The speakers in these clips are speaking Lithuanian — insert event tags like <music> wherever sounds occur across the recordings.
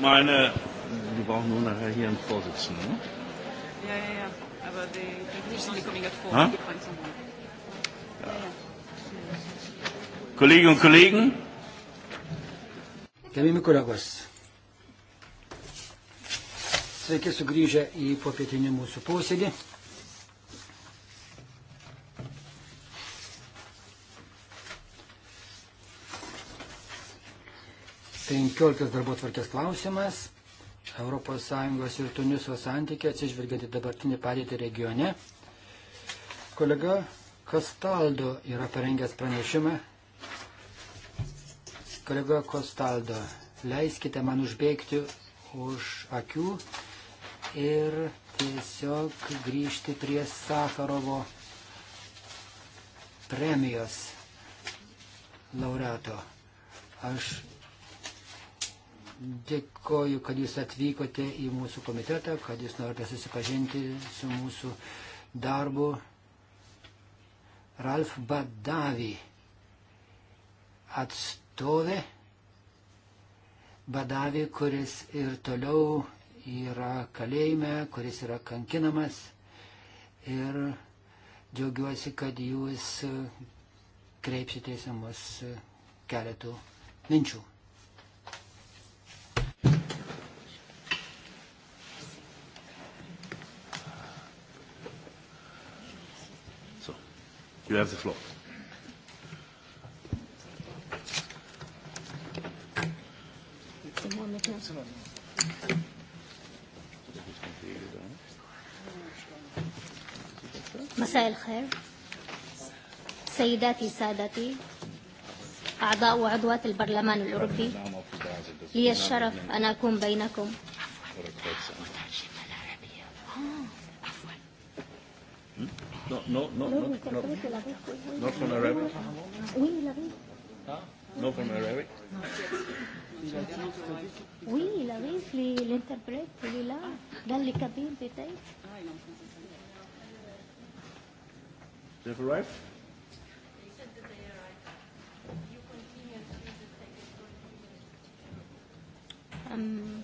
meine. Wir brauchen nur nachher hier einen Vorsitzenden. Ne? Ja, ja, ja. Aber die, die müssen die Kommunikation ha? Ja. Ja, ja. Kolleginnen und Kollegen. Gerbiami kolegos, sveiki sugrįžę į popietinį mūsų posėdį. 15 darbo tvarkės klausimas. ES ir Tuniso santykiai atsižvelgiant į dabartinį padėtį regione. Kolega Kastaldo yra parengęs pranešimą. Kolega Kastaldo, leiskite man užbėgti už akių ir tiesiog grįžti prie Sakarovo premijos laureato. Aš Dėkoju, kad jūs atvykote į mūsų komitetą, kad jūs norite susipažinti su mūsų darbu. Ralf Badavi atstovė, Badavi, kuris ir toliau yra kalėjime, kuris yra kankinamas. Ir džiaugiuosi, kad jūs kreipsitės į mus keletų minčių. You have the floor. مساء الخير سيداتي سادتي أعضاء وعضوات البرلمان الأوروبي لي الشرف أن أكون بينكم Non, non, non, non, non. Not from Arabic. Oui, il arrive. Ah, non from Arabic. Oui, il arrive, l'interprète, il est là, dans les cabines peut-être. They've arrived? Um,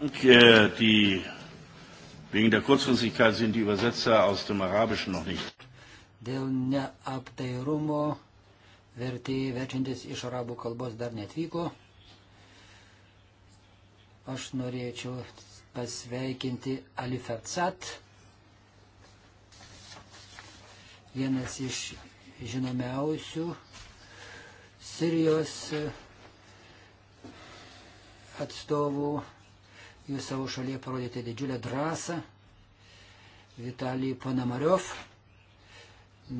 Äh, die, wegen der Kurzfristigkeit sind die Übersetzer aus dem Arabischen noch nicht. Dėl neapdairumo vertėjai verčiantis iš arabų kalbos dar netvyko. Aš norėčiau pasveikinti Alifertsat. Vienas iš žinomiausių Sirijos atstovų Jūs savo šalyje parodėte didžiulę drąsą. Vitalijai Panamariov,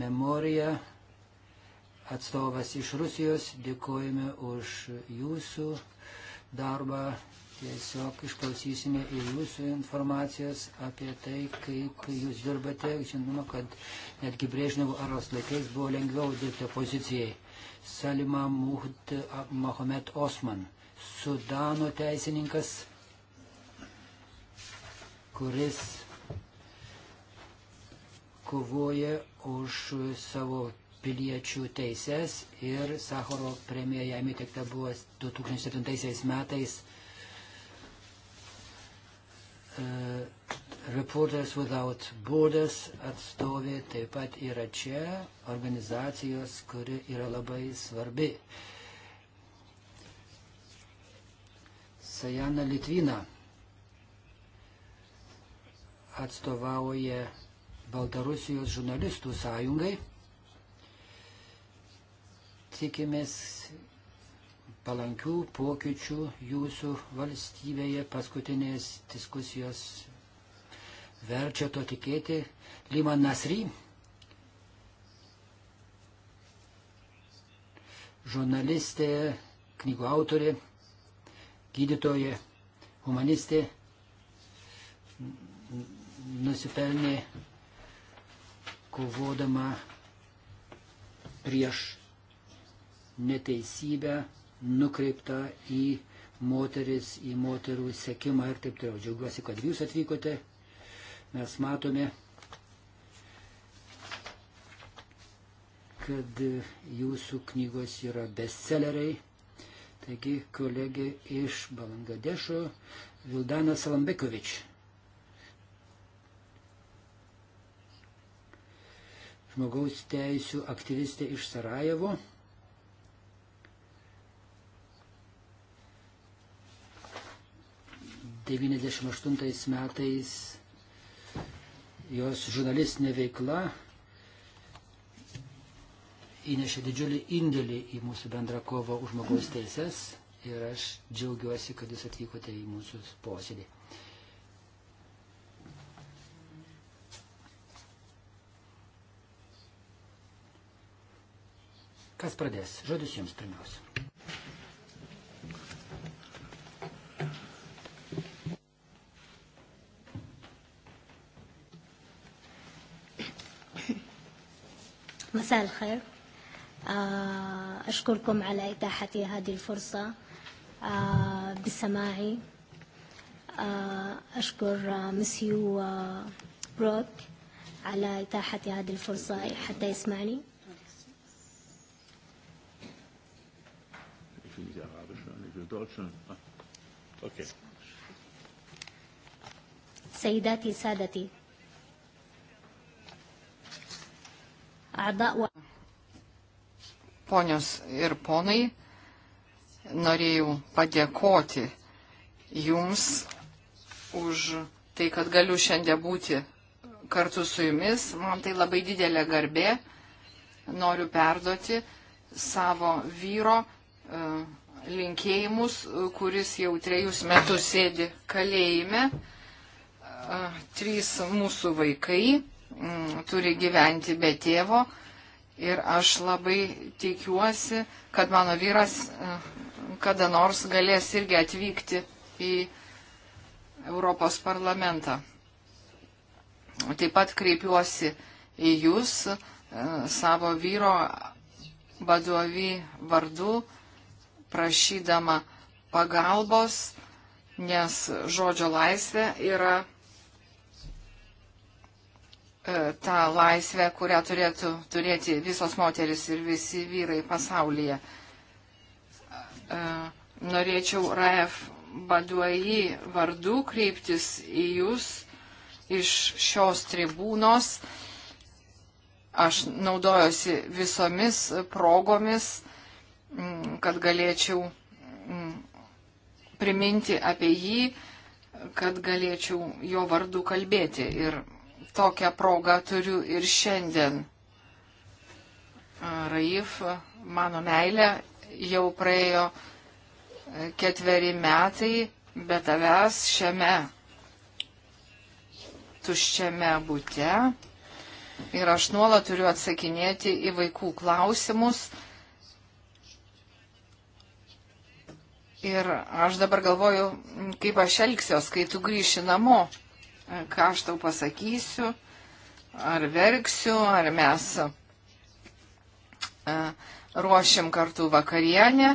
memorija, atstovas iš Rusijos, dėkojame už jūsų darbą. Tiesiog išklausysime ir jūsų informacijos apie tai, kaip jūs dirbate. Žinoma, kad netgi Brėžnevų aros laikais buvo lengviau dirbti opozicijai. Salima Muhd Mohamed Osman, Sudano teisininkas kuris kovoja už savo piliečių teises ir Sakoro premija jam įteikta buvo 2007 metais. Uh, Reporters Without Borders atstovė taip pat yra čia, organizacijos, kuri yra labai svarbi. Sajana Litvina atstovauja Baltarusijos žurnalistų sąjungai. Tikimės palankių pokyčių jūsų valstybėje. Paskutinės diskusijos verčia to tikėti. Liman Nasry, žurnalistė, knygų autorė, gydytoja, humanistė, nusipelnė kovodama prieš neteisybę nukreiptą į moteris, į moterų sekimą ir taip toliau. Džiaugiuosi, kad jūs atvykote. Mes matome, kad jūsų knygos yra bestselleriai. Taigi kolegė iš Balangadešo Vildana Salambekovič žmogaus teisų aktyvistė iš Sarajevo. Devyniasdešimt aštuntais metais jos žurnalistinė veikla įnešė didžiulį indėlį į mūsų bendrą kovą už žmogaus teises ir aš džiaugiuosi, kad jūs atvykote į mūsų posėdį. Kas pradės? Žodis jums pirmiausia. مساء الخير أشكركم على إتاحتي هذه الفرصة بسماعي أشكر مسيو بروك على إتاحتي هذه الفرصة حتى يسمعني Deutschland. Ah, okay. سيداتي سادتي أعضاء Ponios ir ponai, norėjau padėkoti Jums už tai, kad galiu šiandien būti kartu su Jumis. Man tai labai didelė garbė. Noriu perduoti savo vyro uh, linkėjimus, kuris jau trejus metus sėdi kalėjime. Trys mūsų vaikai mm, turi gyventi be tėvo ir aš labai tikiuosi, kad mano vyras kada nors galės irgi atvykti į Europos parlamentą. Taip pat kreipiuosi į Jūs savo vyro vadovį vardu prašydama pagalbos, nes žodžio laisvė yra e, ta laisvė, kurią turėtų turėti visos moteris ir visi vyrai pasaulyje. E, norėčiau Raef Baduaji vardu kreiptis į Jūs iš šios tribūnos. Aš naudojosi visomis progomis Mm, kad galėčiau mm, priminti apie jį, kad galėčiau jo vardu kalbėti. Ir tokią progą turiu ir šiandien. Raif, mano meilė, jau praėjo e, ketveri metai, bet tavęs šiame tuščiame būte. Ir aš nuolat turiu atsakinėti į vaikų klausimus Ir aš dabar galvoju, kaip aš elgsiuos, kai tu grįši namo, ką aš tau pasakysiu, ar verksiu, ar mes e, ruošim kartu vakarienę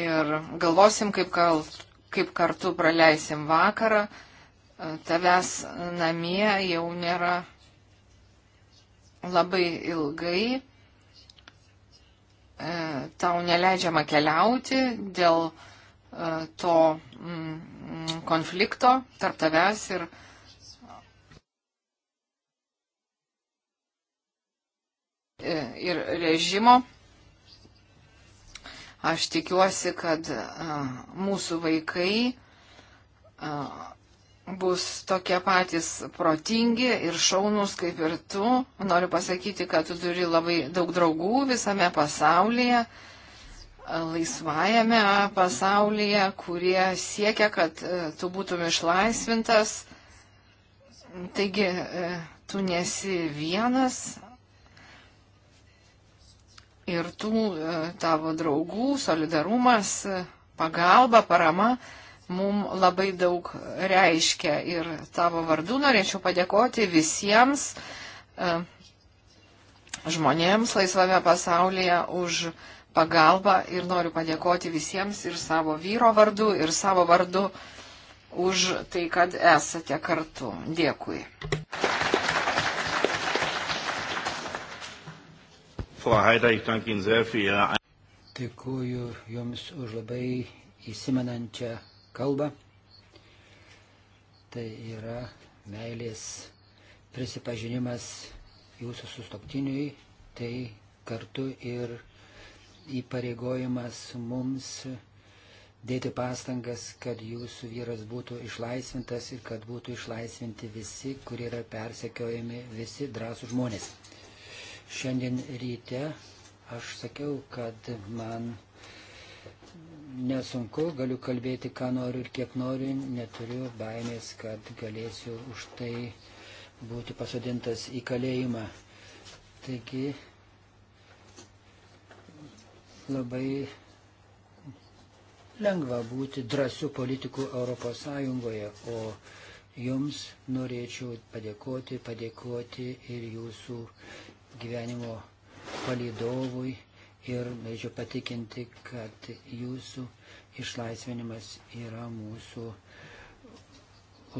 ir galvosim, kaip, kal, kaip kartu praleisim vakarą. E, tavęs namie jau nėra labai ilgai E, tau neleidžiama keliauti dėl e, to mm, konflikto tarp tavęs ir e, ir režimo. Aš tikiuosi, kad mūsų vaikai bus tokie patys protingi ir šaunus kaip ir tu. Noriu pasakyti, kad tu turi labai daug draugų visame pasaulyje, laisvajame pasaulyje, kurie siekia, kad e, tu būtum išlaisvintas. Taigi, e, tu nesi vienas. Ir tų e, tavo draugų solidarumas, pagalba, parama mums labai daug reiškia. Ir tavo vardu norėčiau padėkoti visiems e, žmonėms laisvame pasaulyje už pagalbą ir noriu padėkoti visiems ir savo vyro vardu, ir savo vardu už tai, kad esate kartu. Dėkui. Dėkuoju Jums už labai įsimenančią kalbą. Tai yra meilės prisipažinimas jūsų sustoktiniui, tai kartu ir įpareigojimas mums dėti pastangas, kad jūsų vyras būtų išlaisvintas ir kad būtų išlaisvinti visi, kurie yra persekiojami, visi drąsų žmonės. Šiandien ryte aš sakiau, kad man nesunku, galiu kalbėti, ką noriu ir kiek noriu, neturiu baimės, kad galėsiu už tai būti pasodintas į kalėjimą. Taigi labai lengva būti drąsių politikų Europos Sąjungoje, o jums norėčiau padėkoti, padėkoti ir jūsų gyvenimo palydovui ir norėčiau patikinti, kad jūsų išlaisvinimas yra mūsų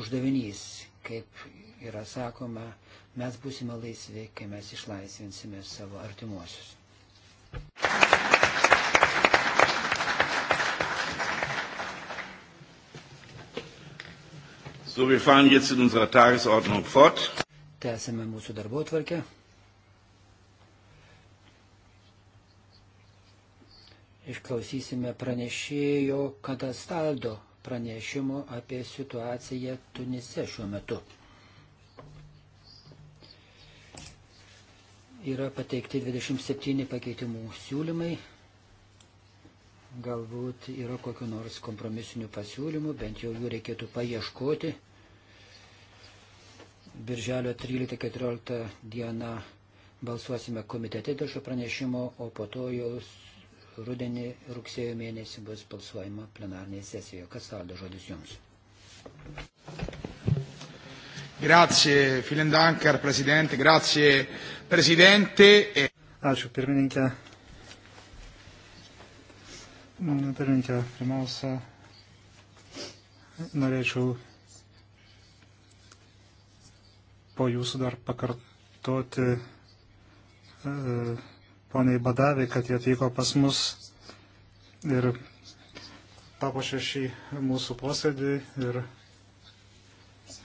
uždavinys. Kaip yra sakoma, mes būsime laisvi, kai mes išlaisvinsime savo artimuosius. So, wir fahren jetzt in unserer Tagesordnung fort. Tęsime mūsų darbo tvarkę. Išklausysime pranešėjo Kadastaldo pranešimo apie situaciją Tunise šiuo metu. Yra pateikti 27 pakeitimų siūlymai. Galbūt yra kokiu nors kompromisinių pasiūlymų, bent jau jų reikėtų paieškoti. Birželio 13-14 dieną balsuosime komitete dėl šio pranešimo, o po to jau rudenį rugsėjo mėnesį bus balsuojama plenarnėje sesijoje. Kas saldo žodis jums? Grazie, vielen dank, ar prezidente, grazie, prezidente. Ačiū, pirmininkė. Pirmininkė, pirmiausia, norėčiau po jūsų dar pakartoti. Uh, e, poniai Badavį, kad jie atvyko pas mus ir papuošė šį mūsų posėdį ir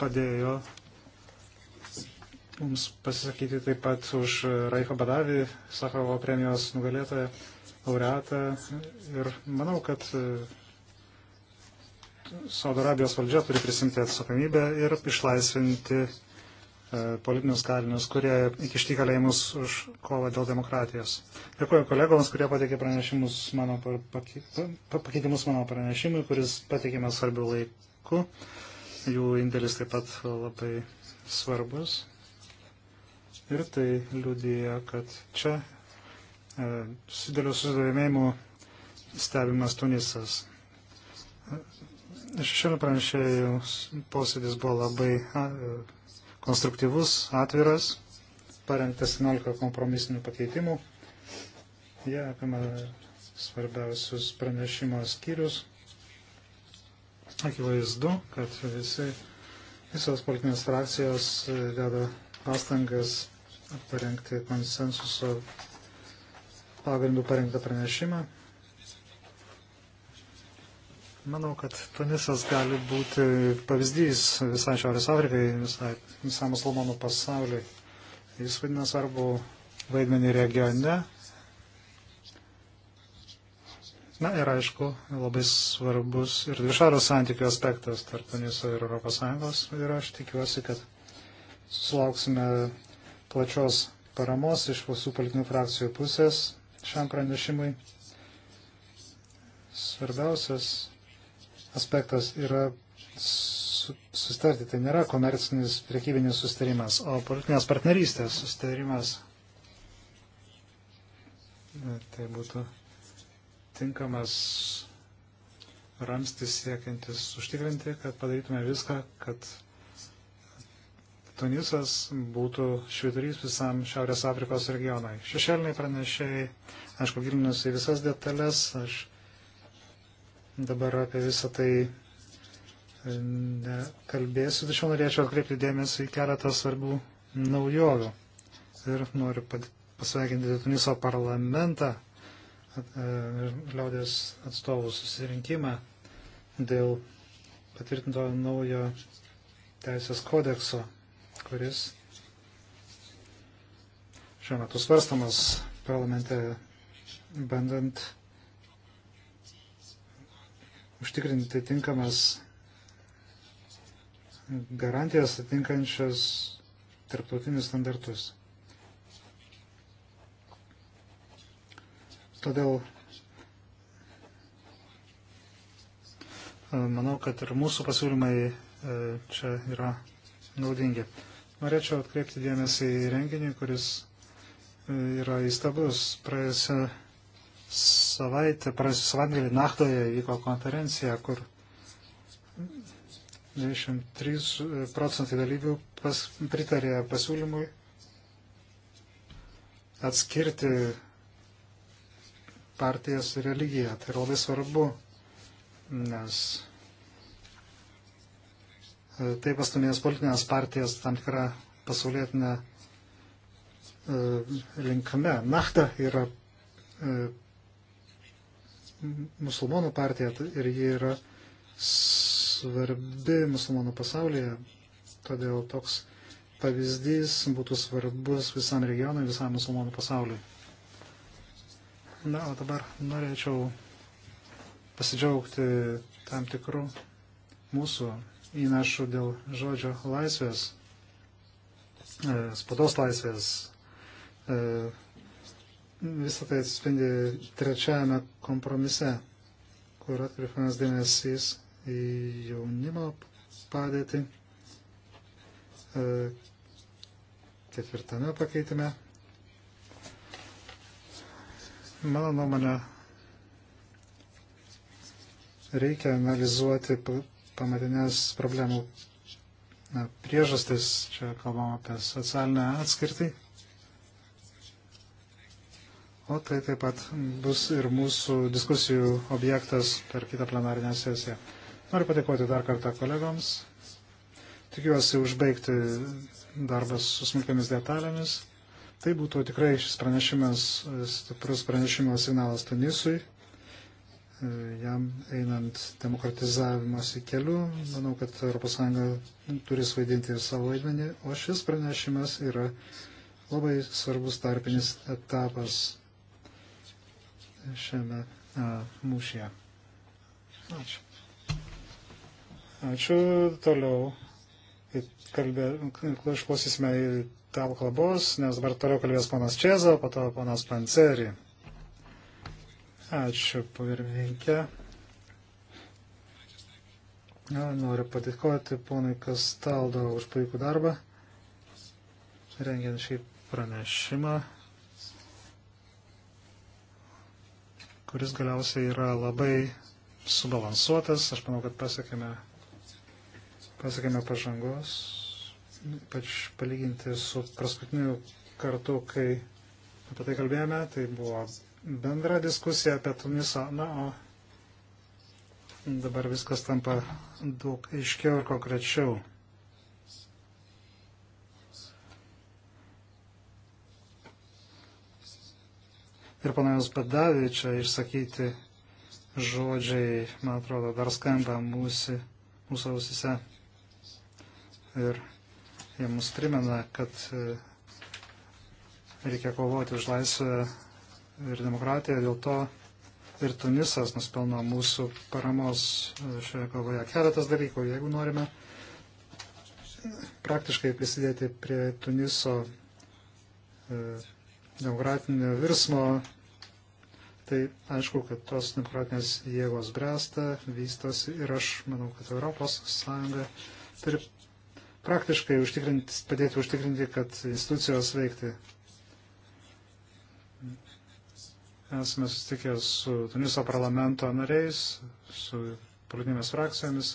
padėjo mums pasisakyti taip pat už Raifą Badavį, Sakarovo premijos nugalėtoją, laureatą. Ir manau, kad Saudo Arabijos valdžia turi prisimti atsakomybę ir išlaisvinti E, politinius kalinius, kurie įkišti kalėjimus už kovą dėl demokratijos. Dėkuoju kolegoms, kurie pateikė pranešimus mano pakeitimus mano pranešimui, kuris pateikimas svarbių laikų. Jų indėlis taip pat labai svarbus. Ir tai liudija, kad čia e, su dėliu susidomėjimu stebimas Tunisas. Šešėlių pranešėjų posėdis buvo labai a, e, konstruktyvus, atviras, parengtas 11 kompromisinių pakeitimų. Jie apima svarbiausius pranešimo skyrius. Akivaizdu, kad visi, visos politinės frakcijos e, deda pastangas parengti konsensuso pagrindų parengtą pranešimą. Manau, kad Tunisas gali būti pavyzdys visai Šiaurės Afrikai, visai, visam musulmonų pasauliui. Jis vadina svarbu vaidmenį regione. Na ir aišku, labai svarbus ir dvišalio santykių aspektas tarp Tuniso ir ES. Ir aš tikiuosi, kad sulauksime plačios paramos iš visų politinių frakcijų pusės šiam pranešimui. Svarbiausias aspektas yra sustarti. Tai nėra komercinis priekybinis sustarimas, o politinės partnerystės sustarimas. Tai būtų tinkamas ramstis siekiantis užtikrinti, kad padarytume viską, kad Tunisas būtų šviturys visam Šiaurės Afrikos regionai. Šešėliniai pranešėjai, aišku, gilinus į visas detalės, aš dabar apie visą tai e, kalbėsiu, tačiau norėčiau atkreipti dėmesį į keletą svarbių naujovių. Ir noriu pasveikinti Tuniso parlamentą ir e, liaudės atstovų susirinkimą dėl patvirtinto naujo teisės kodekso, kuris šiuo metu svarstamas parlamente bandant užtikrinti tinkamas garantijas atitinkančias tarptautinius standartus. Todėl e, manau, kad ir mūsų pasiūlymai e, čia yra naudingi. Norėčiau atkreipti dėmesį į renginį, kuris e, yra įstabus. Praėjusią savaitę, praėjusią savaitgalį Nahdoje vyko konferencija, kur 23 e, procentai dalyvių pas, pritarė pasiūlymui atskirti partijas ir religiją. Tai yra labai svarbu, nes e, tai pastumės politinės partijas tam tikrą pasaulietinę e, linkme. Nahda yra musulmonų partija ir ji yra svarbi musulmonų pasaulyje, todėl toks pavyzdys būtų svarbus visam regionui, visam musulmonų pasauliui. Na, o dabar norėčiau pasidžiaugti tam tikrų mūsų įnašų dėl žodžio laisvės, e, spados laisvės e, visą tai atsispindi trečiajame kompromise, kur atkreipiamas dėmesys į jaunimo padėtį. E, ketvirtame pakeitime. Mano nuomonė, reikia analizuoti pamatinės problemų priežastis. Čia kalbam apie socialinę atskirtį. O tai taip pat bus ir mūsų diskusijų objektas per kitą plenarinę sesiją. Noriu padėkoti dar kartą kolegoms. Tikiuosi užbaigti darbas su smulkiamis detalėmis. Tai būtų tikrai šis pranešimas, stiprus pranešimo signalas Tunisui jam einant demokratizavimas į kelių, manau, kad ES turi svaidinti savo vaidmenį, o šis pranešimas yra labai svarbus tarpinis etapas šiame mūšyje. Ačiū. Ačiū toliau. Kalbė, išklausysime italų kalbos, nes dabar toliau kalbės ponas Čezo, po to ponas Panceri. Ačiū, pavirvinkė. Noriu padėkoti ponui Kastaldo už puikų darbą, rengiant šį pranešimą. kuris galiausiai yra labai subalansuotas. Aš manau, kad pasiekėme, pasiekėme pažangos, ypač palyginti su paskutiniu kartu, kai apie tai kalbėjome, tai buvo bendra diskusija apie Tunisą. Na, o dabar viskas tampa daug aiškiau ir konkrečiau. ir panajos padavė čia išsakyti žodžiai, man atrodo, dar skamba mūsų, mūsų ausise. Ir jie mus primena, kad e, reikia kovoti už laisvę ir demokratiją, dėl to ir Tunisas nuspelno mūsų paramos e, šioje kovoje. Keletas dalykų, jeigu norime praktiškai prisidėti prie Tuniso e, demokratinio virsmo, Tai aišku, kad tos demokratinės jėgos bręsta, vystosi ir aš manau, kad ES turi praktiškai užtikrinti, padėti užtikrinti, kad institucijos veikti. Esame susitikę su Tuniso parlamento nariais, su politinėmis frakcijomis.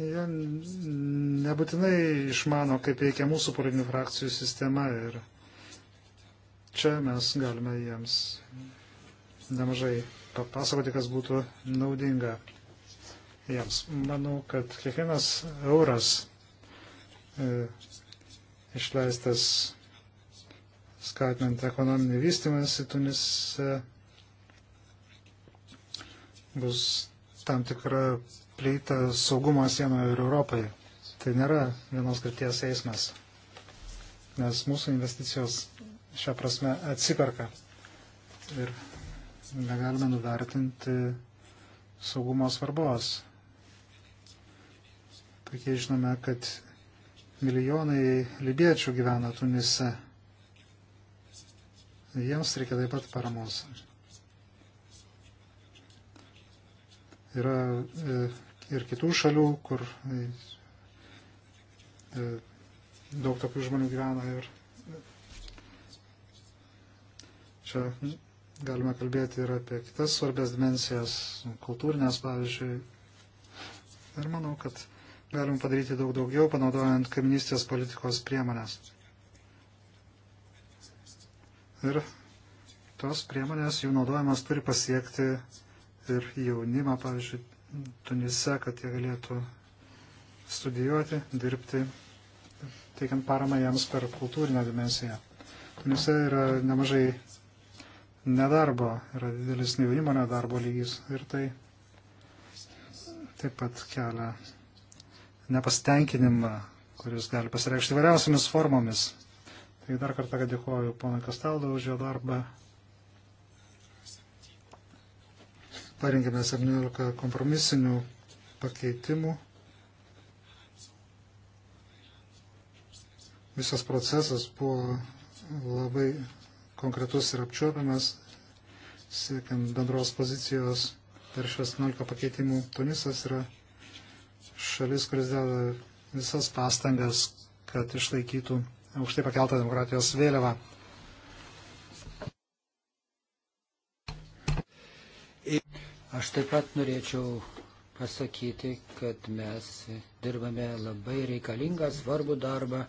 Jie nebūtinai išmano, kaip veikia mūsų politinių frakcijų sistema ir Čia mes galime jiems nemažai papasakoti, kas būtų naudinga jiems. Manau, kad kiekvienas euras e, išleistas skatinant ekonominį vystimąsi Tunise bus tam tikra plyta saugumo sienoje ir Europai. Tai nėra vienos krypties eismas, nes mūsų investicijos šią prasme atsiperka. Ir negalime nuvertinti saugumo svarbos. Puikiai žinome, kad milijonai libiečių gyvena Tunise. Jiems reikia taip pat paramos. Yra e, ir kitų šalių, kur e, e, daug tokių žmonių gyvena ir Čia galime kalbėti ir apie kitas svarbės dimensijas, kultūrinės pavyzdžiui. Ir manau, kad galim padaryti daug daugiau, panaudojant kaiminystės politikos priemonės. Ir tos priemonės, jų naudojimas turi pasiekti ir jaunimą, pavyzdžiui, Tunise, kad jie galėtų studijuoti, dirbti, teikiant paramą jiems per kultūrinę dimensiją. Tunise yra nemažai nedarbo, yra didelis jaunimo nedarbo lygis ir tai taip pat kelia nepastenkinimą, kuris gali pasireikšti variausiamis formomis. Tai dar kartą, kad dėkoju ponui Kastaldo už jo darbą. Parinkime 17 kompromisinių pakeitimų. Visas procesas buvo labai konkretus ir apčiuopiamas, siekiant bendros pozicijos per šios 11 pakeitimų. Tunisas yra šalis, kuris deda visas pastangas, kad išlaikytų aukštai pakeltą demokratijos vėliavą. Aš taip pat norėčiau pasakyti, kad mes dirbame labai reikalingą, svarbų darbą.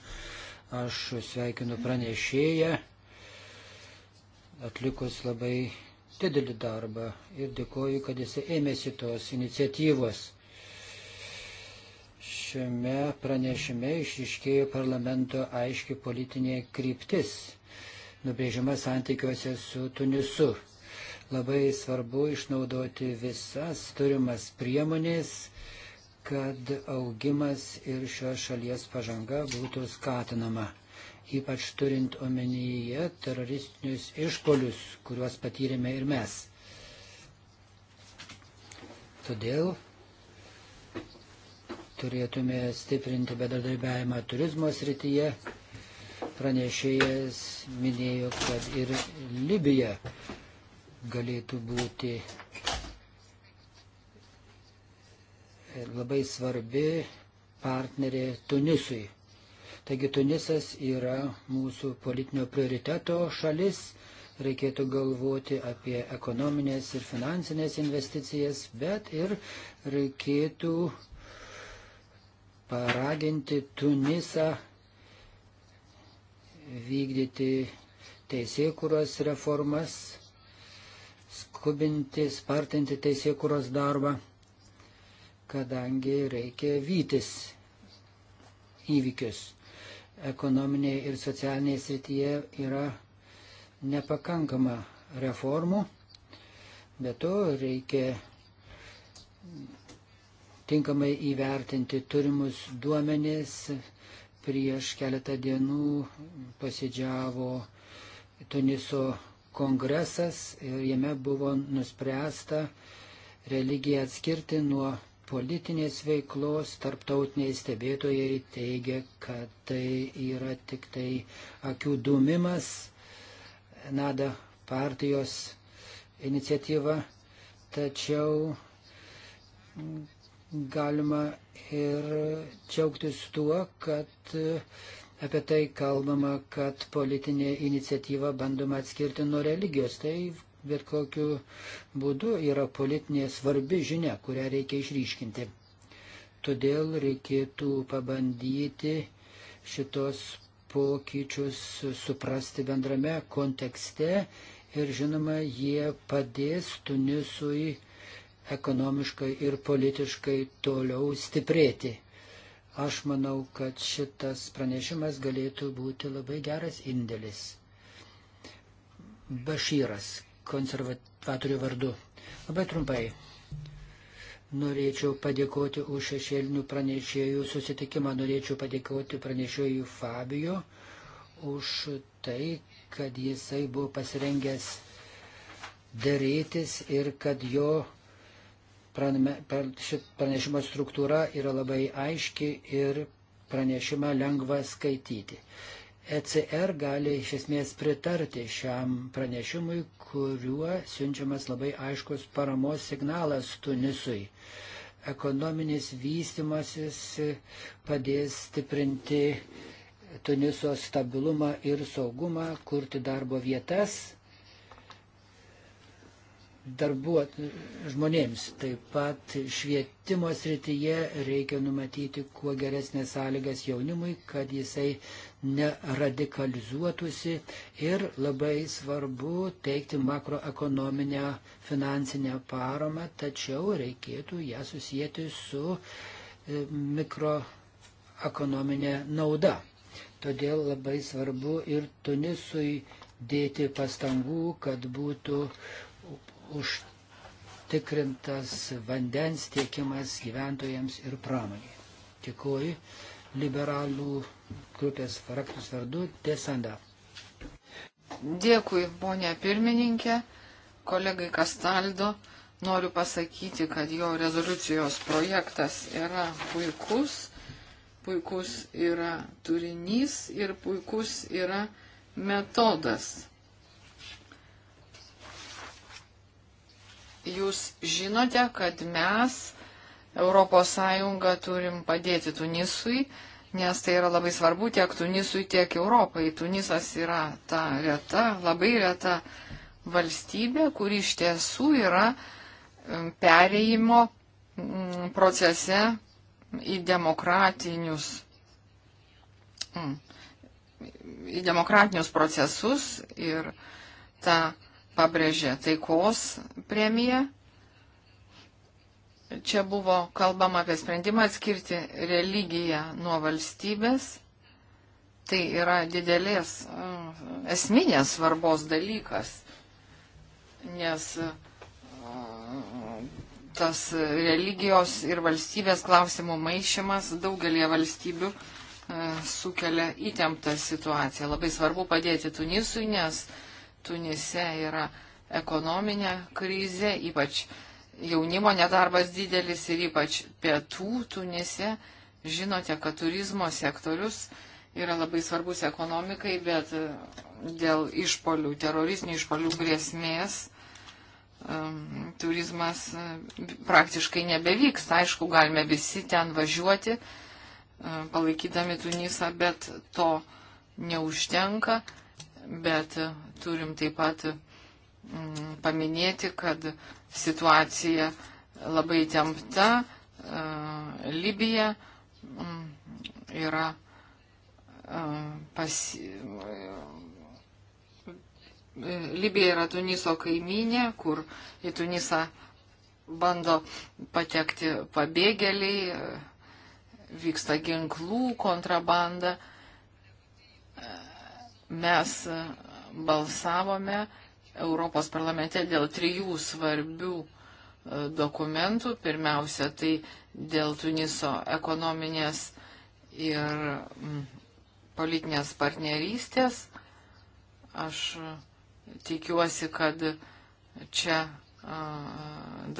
Aš sveikinu pranešėją atlikus labai didelį darbą ir dėkoju, kad jis ėmėsi tos iniciatyvos. Šiame pranešime išiškėjo parlamento aiški politinė kryptis, nubrėžima santykiuose su Tunisu. Labai svarbu išnaudoti visas turimas priemonės, kad augimas ir šios šalies pažanga būtų skatinama ypač turint omenyje teroristinius išpolius, kuriuos patyrėme ir mes. Todėl turėtume stiprinti bedarbiavimą turizmo srityje. Pranešėjas minėjo, kad ir Libija galėtų būti labai svarbi partnerė Tunisui. Taigi Tunisas yra mūsų politinio prioriteto šalis, reikėtų galvoti apie ekonominės ir finansinės investicijas, bet ir reikėtų paraginti Tunisą vykdyti teisėkuros reformas, skubinti, spartinti teisėkuros darbą, kadangi reikia vytis įvykius ekonominėje ir socialinėje srityje yra nepakankama reformų, bet to reikia tinkamai įvertinti turimus duomenis. Prieš keletą dienų posėdžiavo Tuniso kongresas ir jame buvo nuspręsta religiją atskirti nuo politinės veiklos tarptautiniai stebėtojai teigia, kad tai yra tik tai akių dūmimas, nada partijos iniciatyva, tačiau galima ir džiaugtis tuo, kad apie tai kalbama, kad politinė iniciatyva bandoma atskirti nuo religijos. Tai bet kokiu būdu yra politinė svarbi žinia, kurią reikia išryškinti. Todėl reikėtų pabandyti šitos pokyčius suprasti bendrame kontekste ir žinoma, jie padės Tunisui ekonomiškai ir politiškai toliau stiprėti. Aš manau, kad šitas pranešimas galėtų būti labai geras indėlis. Bašyras konservatorių vardu. Labai trumpai. Norėčiau padėkoti už šešėlinių pranešėjų susitikimą, norėčiau padėkoti pranešėjų Fabio už tai, kad jisai buvo pasirengęs darytis ir kad jo pranešimo struktūra yra labai aiški ir pranešimą lengva skaityti. ECR gali iš esmės pritarti šiam pranešimui, kuriuo siunčiamas labai aiškus paramos signalas Tunisui. Ekonominis vystimasis padės stiprinti Tuniso stabilumą ir saugumą, kurti darbo vietas darbuot žmonėms. Taip pat švietimo srityje reikia numatyti kuo geresnės sąlygas jaunimui, kad jisai neradikalizuotųsi ir labai svarbu teikti makroekonominę finansinę paramą, tačiau reikėtų ją susijęti su e, mikroekonominė nauda. Todėl labai svarbu ir Tunisui dėti pastangų, kad būtų užtikrintas vandens tiekimas gyventojams ir pramoniai. Tikuoju liberalų grupės frakcijos vardu Tesanda. Dėkui, ponė pirmininkė, kolegai Kastaldo. Noriu pasakyti, kad jo rezoliucijos projektas yra puikus, puikus yra turinys ir puikus yra metodas. Jūs žinote, kad mes ES turim padėti Tunisui nes tai yra labai svarbu tiek Tunisui, tiek Europai. Tunisas yra ta reta, labai reta valstybė, kuri iš tiesų yra um, pereimo mm, procese į demokratinius, mm, į demokratinius procesus ir tą pabrėžė taikos premija Čia buvo kalbama apie sprendimą atskirti religiją nuo valstybės. Tai yra didelės mm, esminės svarbos dalykas, nes mm, tas religijos ir valstybės klausimų maišymas daugelie valstybių mm, sukelia įtemptą situaciją. Labai svarbu padėti Tunisui, nes Tunise yra ekonominė krizė, ypač uh, jaunimo nedarbas didelis ir ypač pietų Tunise. Žinote, kad turizmo sektorius yra labai svarbus ekonomikai, bet e, dėl išpolių, teroristinių išpolių grėsmės turizmas e, praktiškai nebevyksta. Aišku, galime visi ten važiuoti, e, palaikydami Tunisą, bet to neužtenka. Bet turim taip pat Mm, paminėti, kad situacija labai tempta. E, Libija mm, yra e, pas. E, Libija yra Tuniso kaiminė, kur į Tunisą bando patekti pabėgėliai, vyksta ginklų kontrabanda. Mes balsavome Europos parlamente dėl trijų svarbių e, dokumentų. Pirmiausia, tai dėl Tuniso ekonominės ir mm, politinės partnerystės. Aš e, tikiuosi, kad čia e,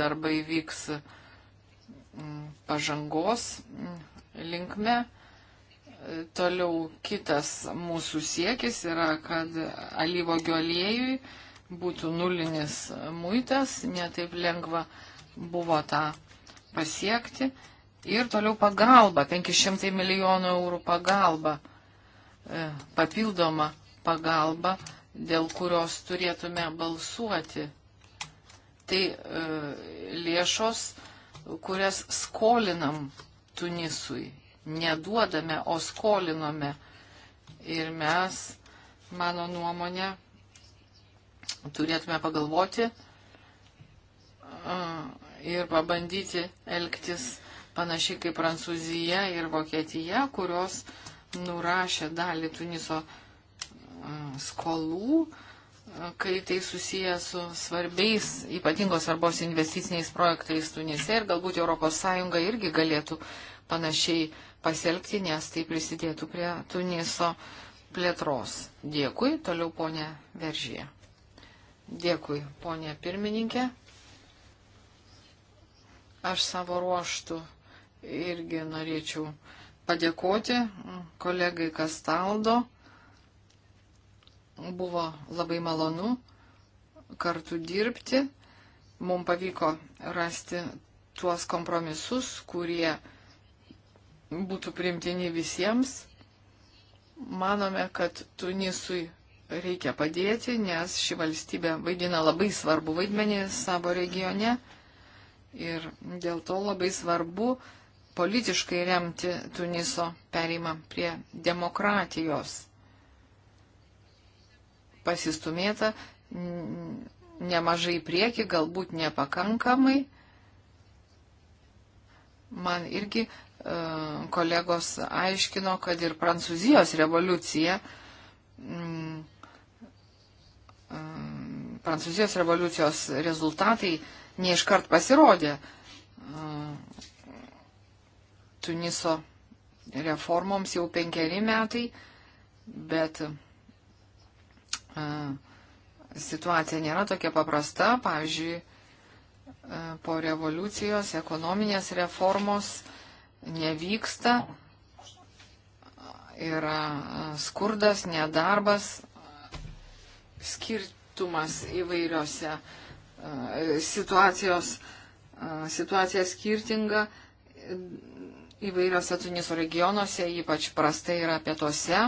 darbai vyks mm, pažangos mm, linkme. Toliau kitas mūsų siekis yra, kad alyvogio aliejui būtų nulinis muitas, netaip lengva buvo tą pasiekti. Ir toliau pagalba, 500 milijonų eurų pagalba, e, papildoma pagalba, dėl kurios turėtume balsuoti. Tai e, lėšos, kurias skolinam Tunisui, neduodame, o skolinome. Ir mes, mano nuomonė, turėtume pagalvoti ir pabandyti elgtis panašiai kaip Prancūzija ir Vokietija, kurios nurašė dalį Tuniso skolų, kai tai susiję su svarbiais, ypatingos svarbos investiciniais projektais Tunise ir galbūt ES irgi galėtų panašiai pasielgti, nes tai prisidėtų prie Tuniso plėtros. Dėkui, toliau ponė Veržyje. Dėkui, ponė pirmininkė. Aš savo ruoštų irgi norėčiau padėkoti kolegai Kastaldo. Buvo labai malonu kartu dirbti. Mums pavyko rasti tuos kompromisus, kurie būtų primtini visiems. Manome, kad Tunisui reikia padėti, nes ši valstybė vaidina labai svarbu vaidmenį savo regione ir dėl to labai svarbu politiškai remti Tuniso perimą prie demokratijos. Pasistumėta nemažai prieki, galbūt nepakankamai. Man irgi e, kolegos aiškino, kad ir Prancūzijos revoliucija mm, Prancūzijos revoliucijos rezultatai neiškart pasirodė. E, Tuniso reformoms jau penkeri metai, bet e, situacija nėra tokia paprasta. Pavyzdžiui, e, po revoliucijos ekonominės reformos nevyksta, yra skurdas, nedarbas, skirti neapibrieštumas įvairiose e, situacijos, e, situacija skirtinga įvairiose Tuniso regionuose, ypač prastai yra pietuose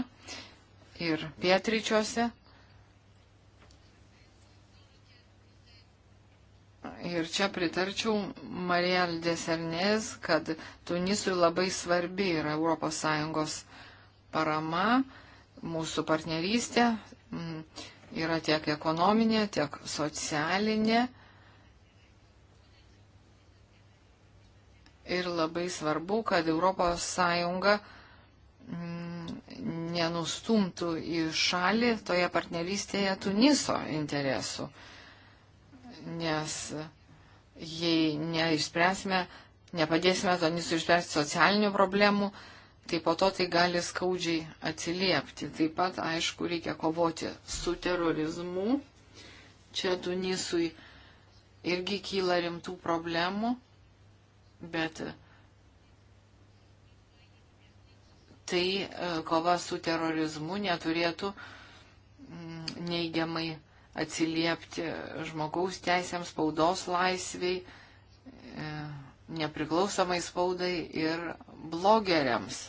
ir pietryčiuose. Ir čia pritarčiau Marijal Desernės, kad Tunisui labai svarbi yra ES parama, mūsų partnerystė. Mm, yra tiek ekonominė, tiek socialinė. Ir labai svarbu, kad ES mm, nenustumtų į šalį toje partnerystėje Tuniso interesų. Nes jei neišspręsime, nepadėsime Tunisui išspręsti socialinių problemų, tai po to tai gali skaudžiai atsiliepti. Taip pat, aišku, reikia kovoti su terorizmu. Čia Tunisui irgi kyla rimtų problemų, bet tai e, kova su terorizmu neturėtų mm, neigiamai atsiliepti žmogaus teisėms, spaudos laisviai, e, nepriklausomai spaudai ir blogeriams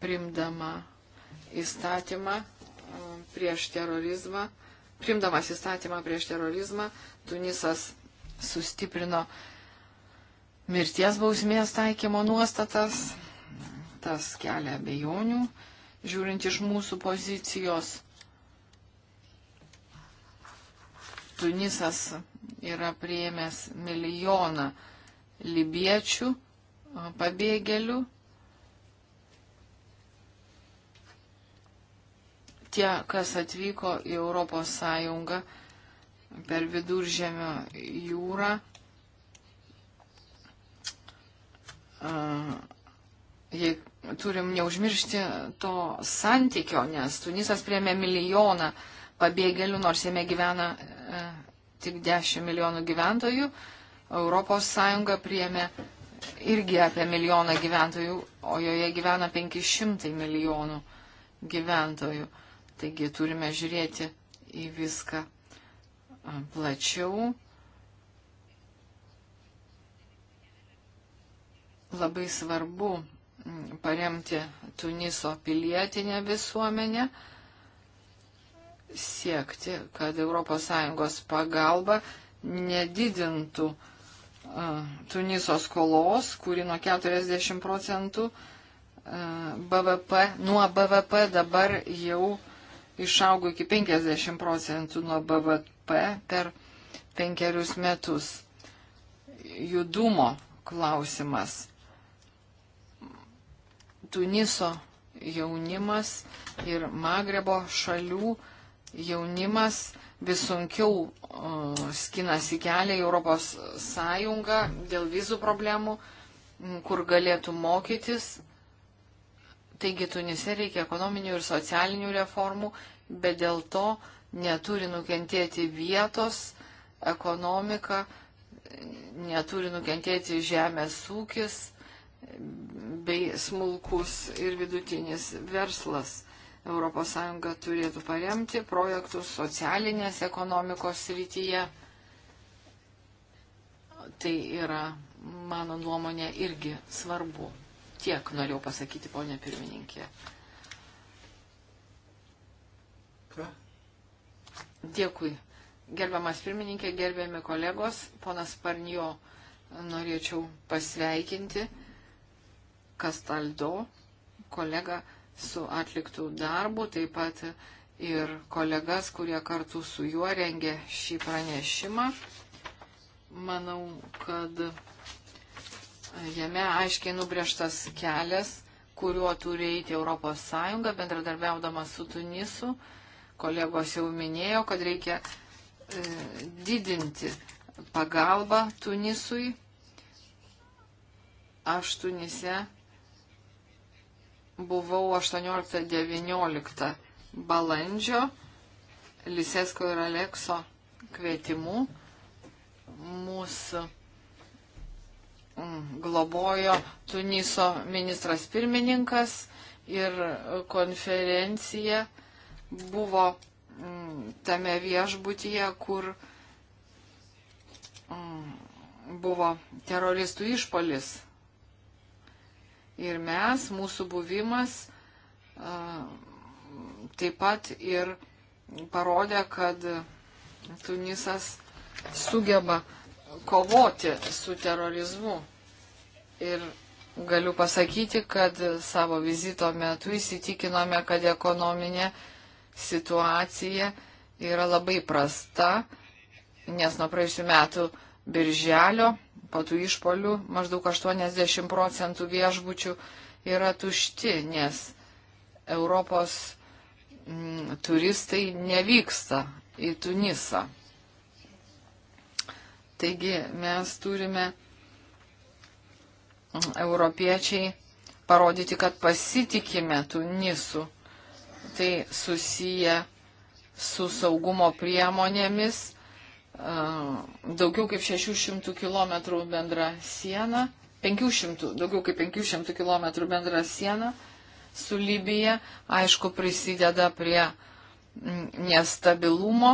primdama įstatymą e, prieš terorizmą, primdamas įstatymą prieš terorizmą, Tunisas sustiprino mirties bausmės taikymo nuostatas, tas kelia abejonių, žiūrint iš mūsų pozicijos. Tunisas yra prieėmęs milijoną libiečių e, pabėgėlių tie, kas atvyko į Europos Sąjungą per viduržėmio jūrą, jei turim neužmiršti to santykio, nes Tunisas priemė milijoną pabėgėlių, nors jame gyvena e, tik 10 milijonų gyventojų, Europos Sąjunga priemė irgi apie milijoną gyventojų, o joje gyvena 500 milijonų gyventojų. Uh, Taigi turime žiūrėti į viską plačiau. Labai svarbu paremti Tuniso pilietinę visuomenę, siekti, kad ES pagalba nedidintų Tuniso skolos, kuri nuo 40 procentų BVP, nuo BVP dabar jau išaugo iki 50 procentų nuo BVP per penkerius metus. Judumo klausimas. Tuniso jaunimas ir Magrebo šalių jaunimas vis sunkiau uh, skinasi kelią į Europos Sąjungą dėl vizų problemų, kur galėtų mokytis, Taigi Tunise reikia ekonominių ir socialinių reformų, bet dėl to neturi nukentėti vietos ekonomika, neturi nukentėti žemės ūkis bei smulkus ir vidutinis verslas. ES turėtų paremti projektus socialinės ekonomikos srityje. Tai yra, mano nuomonė, irgi svarbu. Tiek norėjau pasakyti, ponė pirmininkė. Ką? Dėkui. Gerbiamas pirmininkė, gerbiami kolegos, ponas Parnio norėčiau pasveikinti Kastaldo kolegą su atliktų darbų, taip pat ir kolegas, kurie kartu su juo rengė šį pranešimą. Manau, kad Jame aiškiai nubrieštas kelias, kuriuo turi eiti ES bendradarbiaudama su Tunisu. Kolegos jau minėjo, kad reikia e, didinti pagalbą Tunisui. Aš Tunise buvau 18-19 balandžio Lisesko ir Alekso kvietimu. Mūsų Mm, globojo Tuniso ministras pirmininkas ir konferencija buvo mm, tame viešbutyje, kur mm, buvo teroristų išpolis. Ir mes, mūsų buvimas taip pat ir parodė, kad Tunisas sugeba uh, kovoti su terorizmu. Ir galiu pasakyti, kad savo vizito metu įsitikinome, kad ekonominė situacija yra labai prasta, nes nuo praėjusių metų birželio po tų išpolių maždaug 80 procentų viešbučių yra tušti, nes Europos m, mm, turistai nevyksta į Tunisą. Taigi mes turime europiečiai parodyti, kad pasitikime Tunisu. Tai susiję su saugumo priemonėmis, daugiau kaip 600 km bendra siena, 500, daugiau kaip 500 km bendra siena su Libija, aišku, prisideda prie nestabilumo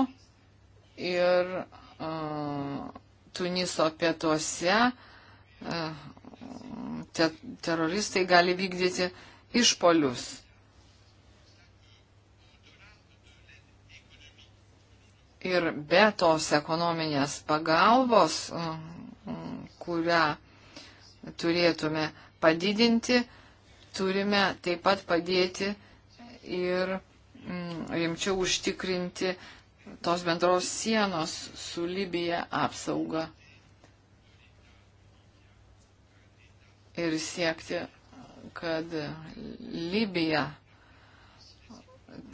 ir uh, Tuniso pietuose e, te, teroristai gali vykdyti išpolius. Ir be tos ekonominės pagalbos, e, kurią turėtume padidinti, turime taip pat padėti ir mm, rimčiau užtikrinti tos bendros sienos su Libija apsaugą ir siekti, kad Libija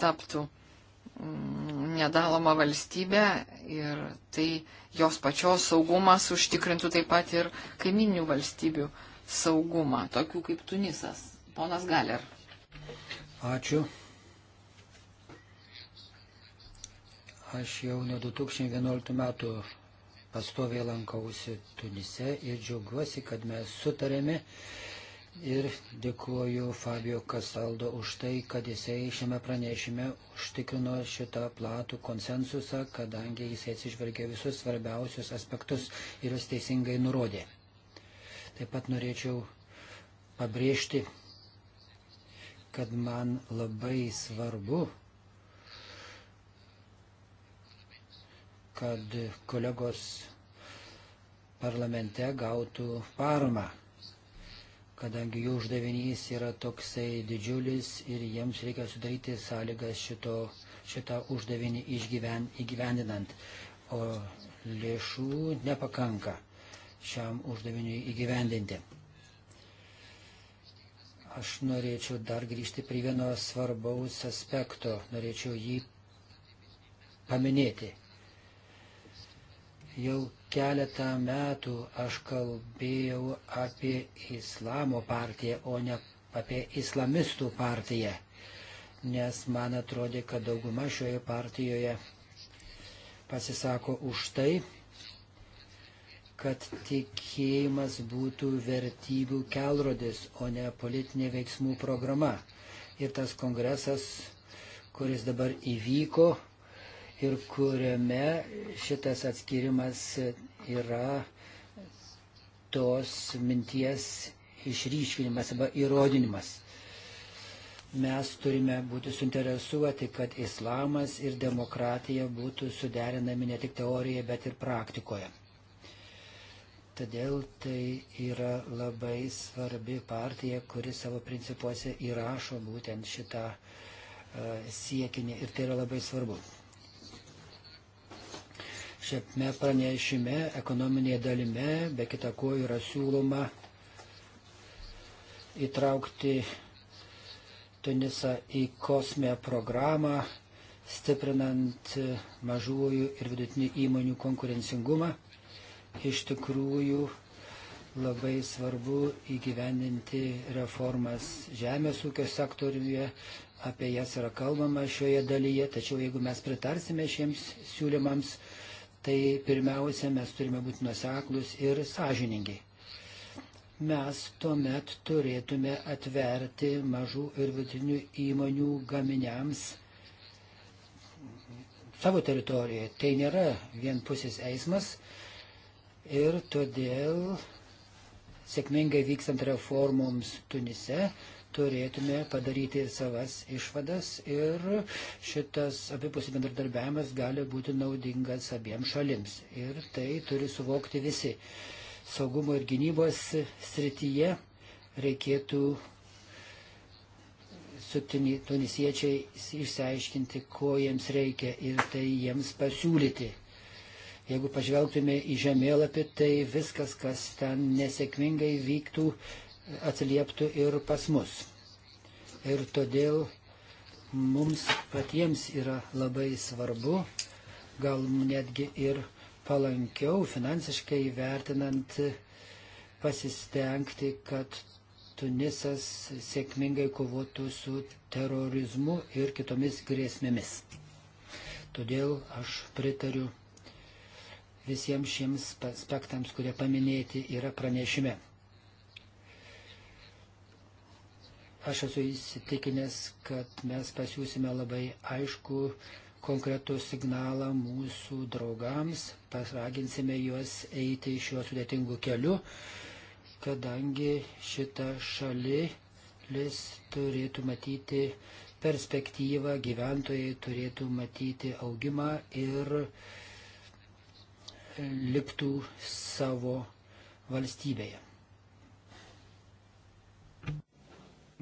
taptų mm, nedaloma valstybė ir tai jos pačios saugumas užtikrintų taip pat ir kaiminių valstybių saugumą, tokių kaip Tunisas. Ponas Galer. Ačiū. Aš jau nuo 2011 metų pastoviai lankausi Tunise ir džiaugiuosi, kad mes sutarėme ir dėkuoju Fabio Kasaldo už tai, kad jisai šiame pranešime užtikrino šitą platų konsensusą, kadangi jisai atsižvelgė visus svarbiausius aspektus ir jis teisingai nurodė. Taip pat norėčiau pabrėžti, kad man labai svarbu kad kolegos parlamente gautų paramą, kadangi jų uždavinys yra toksai didžiulis ir jiems reikia sudaryti sąlygas šito, šitą uždavinį išgyven, įgyvendinant, o lėšų nepakanka šiam uždaviniui įgyvendinti. Aš norėčiau dar grįžti prie vieno svarbaus aspekto, norėčiau jį paminėti. Jau keletą metų aš kalbėjau apie islamo partiją, o ne apie islamistų partiją, nes man atrodė, kad dauguma šioje partijoje pasisako už tai, kad tikėjimas būtų vertybių kelrodis, o ne politinė veiksmų programa. Ir tas kongresas, kuris dabar įvyko, ir kuriame šitas atskirimas yra tos minties išryškinimas arba įrodinimas. Mes turime būti suinteresuoti, kad islamas ir demokratija būtų suderinami ne tik teorijoje, bet ir praktikoje. Todėl tai yra labai svarbi partija, kuri savo principuose įrašo būtent šitą uh, siekinį ir tai yra labai svarbu. Šiame pranešime, ekonominėje dalime, be kita ko yra siūloma įtraukti Tunisą į kosmę programą, stiprinant mažųjų ir vidutinių įmonių konkurencingumą. Iš tikrųjų labai svarbu įgyvendinti reformas žemės ūkio sektoriuje, apie jas yra kalbama šioje dalyje, tačiau jeigu mes pritarsime šiems siūlymams, tai pirmiausia, mes turime būti nuseklus ir sąžiningi. Mes tuomet turėtume atverti mažų ir vidutinių įmonių gaminiams savo teritorijoje. Tai nėra vienpusis eismas ir todėl sėkmingai vykstant reformoms Tunise turėtume padaryti savas išvadas ir šitas abipusis bendradarbiavimas gali būti naudingas abiems šalims. Ir tai turi suvokti visi. Saugumo ir gynybos srityje reikėtų su tunisiečiais išsiaiškinti, ko jiems reikia ir tai jiems pasiūlyti. Jeigu pažvelgtume į žemėlapį, tai viskas, kas ten nesėkmingai vyktų, atsilieptų ir pas mus. Ir todėl mums patiems yra labai svarbu, gal netgi ir palankiau finansiškai vertinant pasistengti, kad Tunisas sėkmingai kovotų su terorizmu ir kitomis grėsmėmis. Todėl aš pritariu visiems šiems aspektams, kurie paminėti yra pranešime. Aš esu įsitikinęs, kad mes pasiūsime labai aišku konkretų signalą mūsų draugams, pasraginsime juos eiti šiuo sudėtingu keliu, kadangi šita šalis turėtų matyti perspektyvą, gyventojai turėtų matyti augimą ir e, liktų savo valstybėje.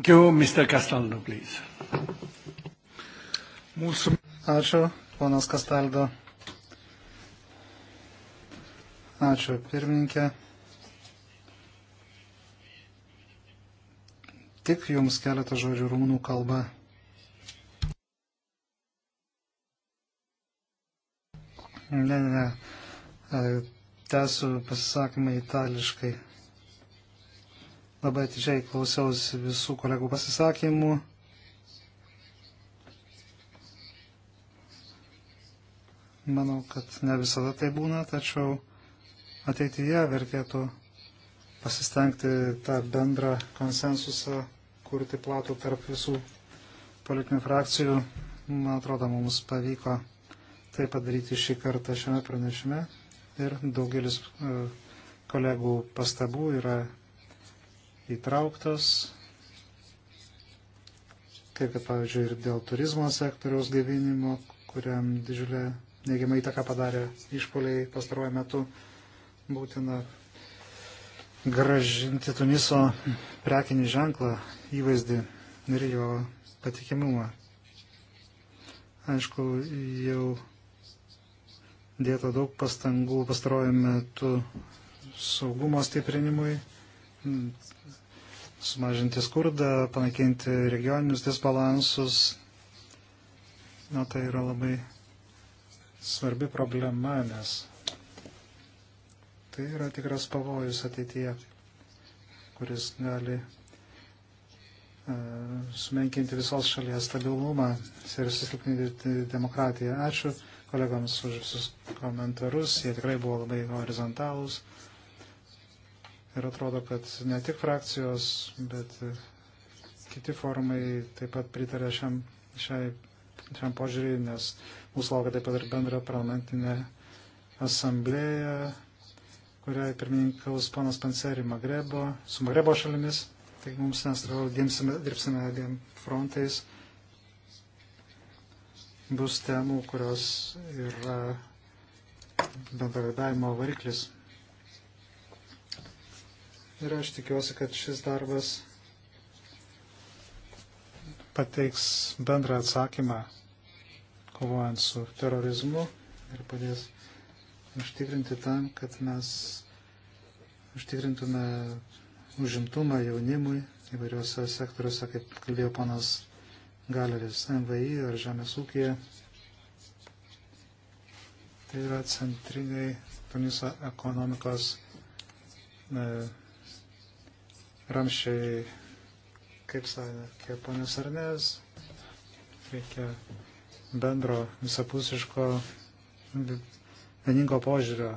You, Mr. Castaldo, please. Mūsų. Ačiū, ponas Kastaldo. Ačiū, pirmininkė. Tik jums keletą žodžių rūmų kalba. Ne, ne, ne. E, tęsiu pasisakymą itališkai. Labai atidžiai klausiausi visų kolegų pasisakymų. Manau, kad ne visada tai būna, tačiau ateityje vertėtų pasistengti tą bendrą konsensusą, kurti platų tarp visų politinių frakcijų. Man atrodo, mums pavyko tai padaryti šį kartą šiame pranešime ir daugelis e, kolegų pastabų yra įtrauktas, kaip kad, pavyzdžiui, ir dėl turizmo sektoriaus gaivinimo, kuriam didžiulę neigiamą įtaką padarė išpoliai pastaruoju metu, būtina gražinti Tuniso prekinį ženklą, įvaizdį ir jo patikimumą. Aišku, jau dėta daug pastangų pastarojame metu saugumo stiprinimui, sumažinti skurdą, panaikinti regioninius disbalansus. Na, tai yra labai svarbi problema, nes tai yra tikras pavojus ateityje, kuris gali uh, sumenkinti visos šalies stabilumą ir susilpninti demokratiją. Ačiū kolegams už visus komentarus, jie tikrai buvo labai horizontalūs. Ir atrodo, kad ne tik frakcijos, bet kiti forumai taip pat pritarė šiam, šiai, šiam požiūriui, nes mūsų laukia taip pat ir bendra parlamentinė asamblėja, kuriai pirmininkaus panas Panseri Magrebo, su Magrebo šalimis. Taigi mums mes dirbsime abiem frontais. Bus temų, kurios yra bendradarbiavimo variklis. Ir aš tikiuosi, kad šis darbas pateiks bendrą atsakymą kovojant su terorizmu ir padės užtikrinti tam, kad mes užtikrintume užimtumą jaunimui įvairiuose sektoriuose, kaip kalbėjo panas Galeris, MVI ar Žemės ūkija. Tai yra centriniai Tuniso ekonomikos e, ramšiai, kaip sakė ponas Arnės, reikia bendro visapusiško vieningo požiūrio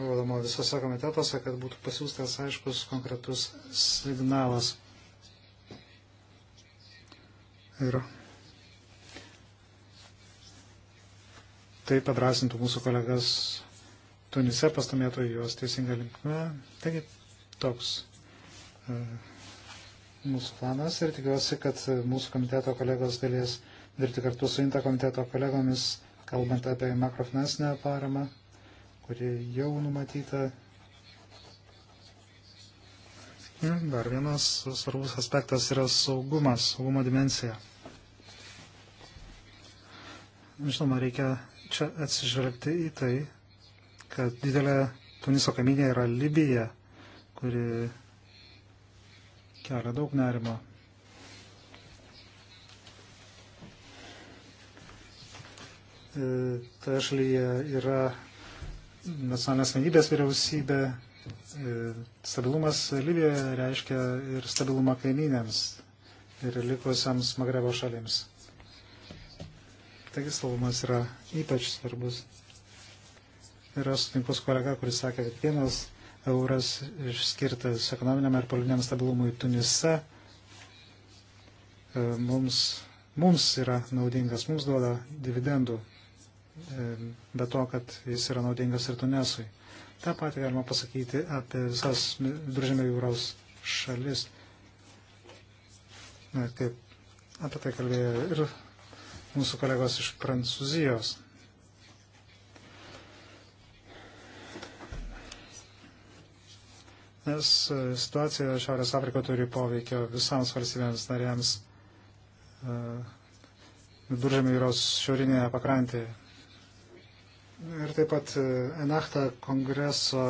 rodoma e, visose komitetuose, kad būtų pasiūstas aiškus konkretus signalas. Ir tai padrasintų mūsų kolegas Tunise pastumėtų juos teisinga linkme. Taigi toks e, mūsų planas ir tikiuosi, kad mūsų komiteto kolegos galės dirbti kartu su INTA komiteto kolegomis, kalbant apie makrofinansinę paramą, kuri jau numatyta. Dar vienas svarbus aspektas yra saugumas, saugumo dimensija. Žinoma, reikia čia atsižvelgti į tai, kad didelė Tuniso kaminė yra Libija, kuri kelia daug nerimo. E, toje šalyje yra nacionalinės vienybės vyriausybė, e, stabilumas Libijoje reiškia ir stabilumą kaimynėms ir likusiams Magrebo šalims. Taigi saugumas yra ypač svarbus. Ir aš sutinku su kolega, kuris sakė, kad vienas euras skirtas ekonominiam ir politiniam stabilumui Tunise e, mums, mums yra naudingas, mums duoda dividendų, e, be to, kad jis yra naudingas ir Tunesui. Ta pati galima pasakyti apie visas Viduržėmio jūros šalis, kaip apie tai kalbėjo ir mūsų kolegos iš Prancūzijos. nes e, situacija Šiaurės Afrikoje turi poveikio visams valstybėms narėms e, viduržėmio jūros šiaurinėje pakrantėje. Ir taip pat e, Enachta kongreso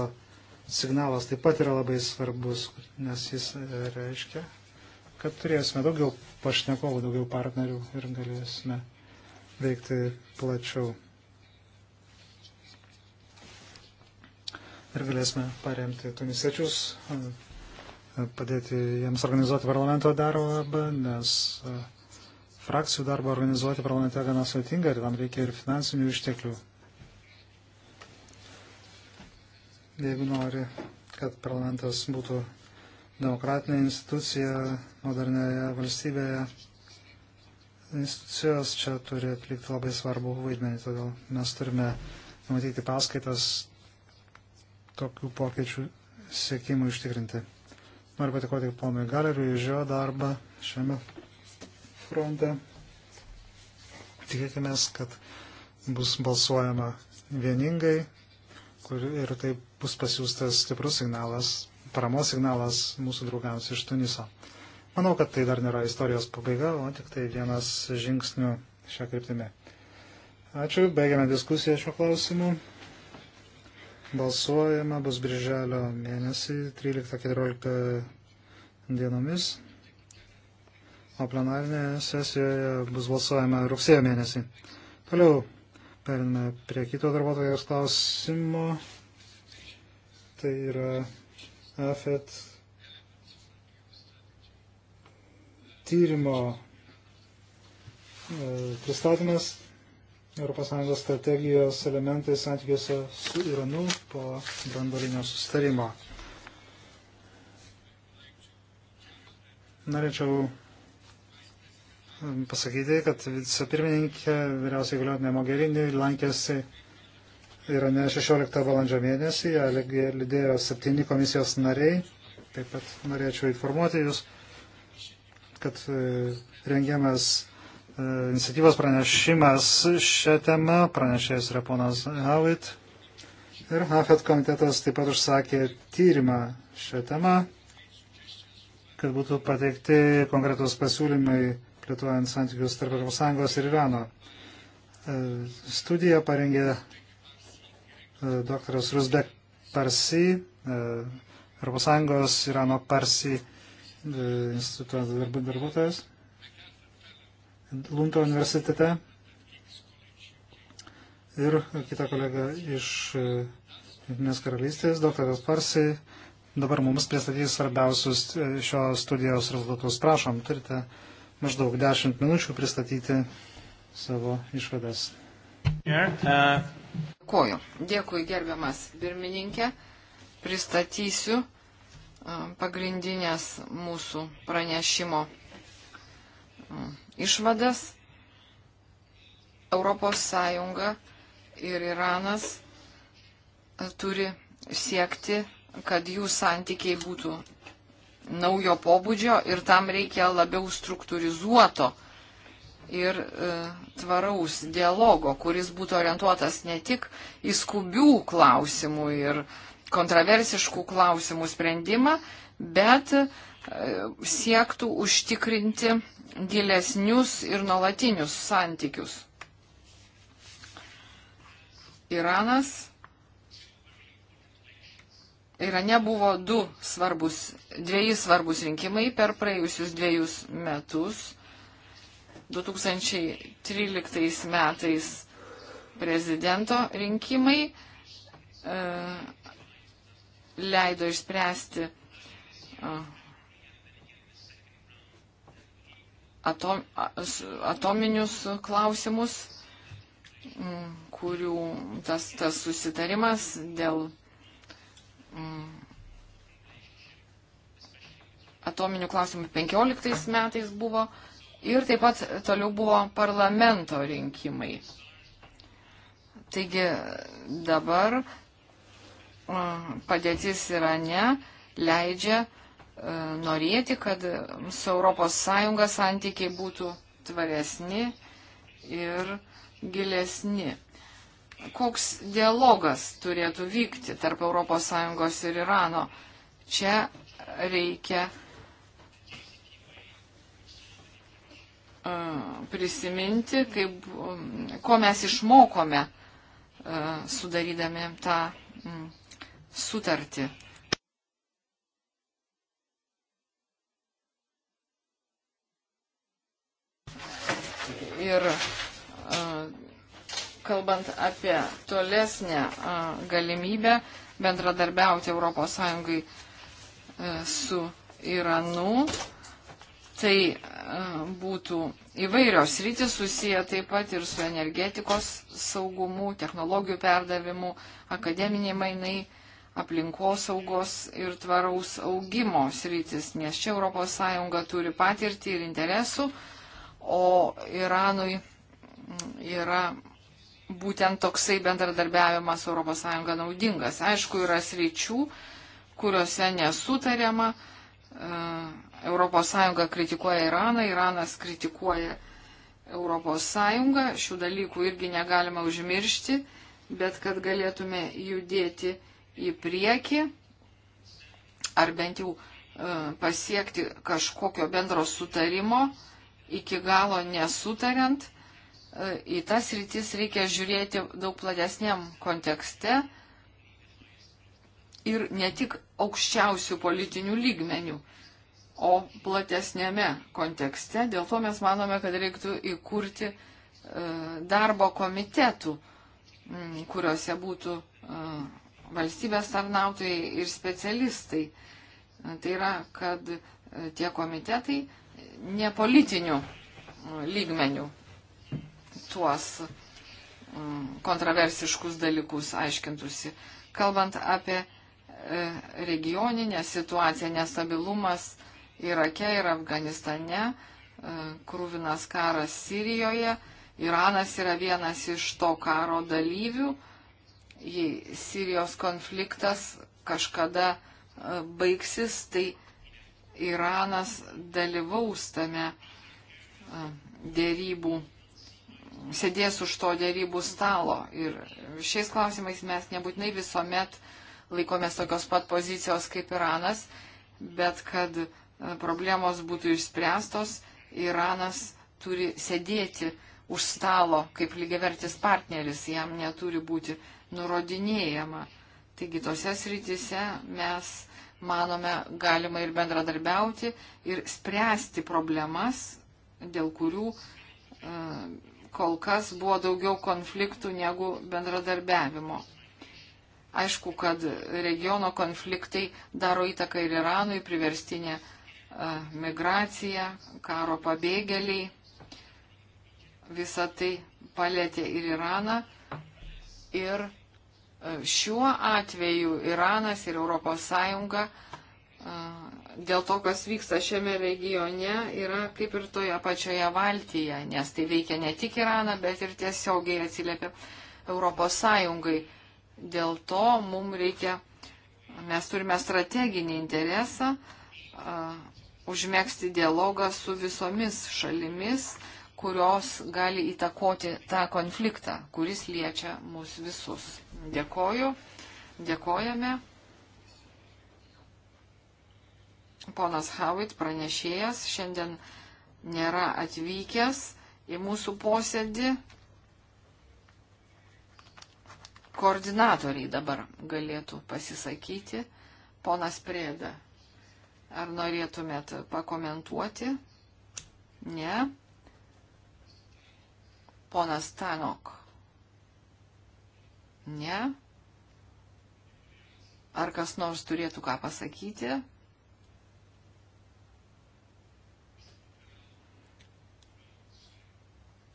signalas taip pat yra labai svarbus, nes jis reiškia, kad turėsime daugiau pašnekovų, daugiau partnerių ir galėsime veikti plačiau. ir galėsime paremti tunisiečius, padėti jiems organizuoti parlamento darbą, nes frakcijų darbą organizuoti parlamente gana sudėtinga ir tam reikia ir finansinių išteklių. Jeigu nori, kad parlamentas būtų demokratinė institucija modernėje valstybėje, institucijos čia turi atlikti labai svarbų vaidmenį, todėl mes turime matyti paskaitas tokių pokyčių siekimui ištikrinti. Noriu patikoti ponui Galeriui už jo darbą šiame fronte. Tikėkime, kad bus balsuojama vieningai kur, ir tai bus pasiūstas stiprus signalas, paramos signalas mūsų draugams iš Tuniso. Manau, kad tai dar nėra istorijos pabaiga, o tik tai vienas žingsnių šią kryptimį. Ačiū, baigiame diskusiją šiuo klausimu. Balsuojama bus birželio mėnesį 13-14 dienomis, o plenarinėje sesijoje bus balsuojama rugsėjo mėnesį. Toliau periname prie kito darbuotojos klausimo. Tai yra AFET tyrimo e, pristatymas ES strategijos elementai santykiuose su Iranu po brandolinio sustarimo. Norėčiau um, pasakyti, kad vicepirmininkė vyriausiai galiotinė Mogherini lankėsi Irane 16 valandžio mėnesį, ją lydėjo septyni komisijos nariai. Taip pat norėčiau informuoti Jūs, kad e, rengiamas E, iniciatyvos pranešimas šią temą, pranešėjas yra ponas Havit. Ir AFET komitetas taip pat užsakė tyrimą šią temą, kad būtų pateikti konkretus pasiūlymai plėtojant santykius tarp ES ir Irano. E, studiją parengė e, dr. Rusbek Parsi, ES Irano Parsi instituto darbuotojas. Lumpio universitete ir kita kolega iš e, Junktinės karalystės, doktoras Parsi, dabar mums pristatys svarbiausius e, šios studijos rezultatus. Prašom, turite maždaug 10 minučių pristatyti savo išvadas. Dėkuoju. Dėkui, gerbiamas pirmininkė. Pristatysiu e, pagrindinės mūsų pranešimo išvadas, Europos Sąjunga ir Iranas turi siekti, kad jų santykiai būtų naujo pobūdžio ir tam reikia labiau struktūrizuoto ir e, tvaraus dialogo, kuris būtų orientuotas ne tik į skubių klausimų ir kontroversiškų klausimų sprendimą, bet e, siektų užtikrinti gilesnius ir nuolatinius santykius. Iranas. Irane buvo du svarbus, dviejai svarbus rinkimai per praėjusius dviejus metus. 2013 metais prezidento rinkimai e, leido išspręsti e, atom, atominius klausimus, mm, kurių tas, tas susitarimas dėl mm, atominių klausimų 15 metais buvo ir taip pat toliau buvo parlamento rinkimai. Taigi dabar mm, padėtis Irane leidžia norėti, kad su ES santykiai būtų tvaresni ir gilesni. Koks dialogas turėtų vykti tarp ES ir Irano? Čia reikia e, prisiminti, kaip, ko mes išmokome e, sudarydami tą sutartį. ir kalbant apie tolesnę galimybę bendradarbiauti ES su Iranu, tai būtų įvairios rytis susiję taip pat ir su energetikos saugumu, technologijų perdavimu, akademiniai mainai, aplinkosaugos ir tvaraus augimo rytis, nes čia ES turi patirtį ir interesų o Iranui yra būtent toksai bendradarbiavimas ES naudingas. Aišku, yra sričių, kuriuose nesutariama. ES kritikuoja Iraną, Iranas kritikuoja ES. Šių dalykų irgi negalima užmiršti, bet kad galėtume judėti į priekį ar bent jau e, pasiekti kažkokio bendro sutarimo, uh, iki galo nesutariant, e, į tas rytis reikia žiūrėti daug platesniam kontekste ir ne tik aukščiausių politinių lygmenių, o platesnėme kontekste. Dėl to mes manome, kad reiktų įkurti e, darbo komitetų, kuriuose būtų e, valstybės tarnautojai ir specialistai. Tai yra, kad tie komitetai nepolitinių mm, lygmenių tuos mm, kontroversiškus dalykus aiškintusi. Kalbant apie e, regioninę situaciją, nestabilumas Irake ir Afganistane, e, krūvinas karas Sirijoje, Iranas yra vienas iš to karo dalyvių. Jei Sirijos konfliktas kažkada e, baigsis, tai Iranas dalyvaus tame dėrybų, sėdės už to dėrybų stalo. Ir šiais klausimais mes nebūtinai visuomet laikomės tokios pat pozicijos kaip Iranas, bet kad problemos būtų išspręstos, Iranas turi sėdėti už stalo kaip lygiavertis partneris, jam neturi būti nurodinėjama. Taigi tose srityse mes manome, galima ir bendradarbiauti ir spręsti problemas, dėl kurių e, kol kas buvo daugiau konfliktų negu bendradarbiavimo. Aišku, kad regiono konfliktai daro įtaką ir Iranui, priverstinė e, migracija, karo pabėgėliai. Visa tai palėtė ir Iraną. Ir šiuo atveju Iranas ir ES dėl to, kas vyksta šiame regione, yra kaip ir toje pačioje Valtyje, nes tai veikia ne tik Iraną, bet ir tiesiogiai atsiliepia ES. Dėl to mums reikia, mes turime strateginį interesą a, užmėgsti dialogą su visomis šalimis, kurios gali įtakoti tą konfliktą, kuris liečia mus visus. Dėkoju. Dėkojame. Ponas Havit, pranešėjas, šiandien nėra atvykęs į mūsų posėdį. Koordinatoriai dabar galėtų pasisakyti. Ponas Prėda, ar norėtumėt pakomentuoti? Ne. Ponas Tanok. Ne. Ar kas nors turėtų ką pasakyti?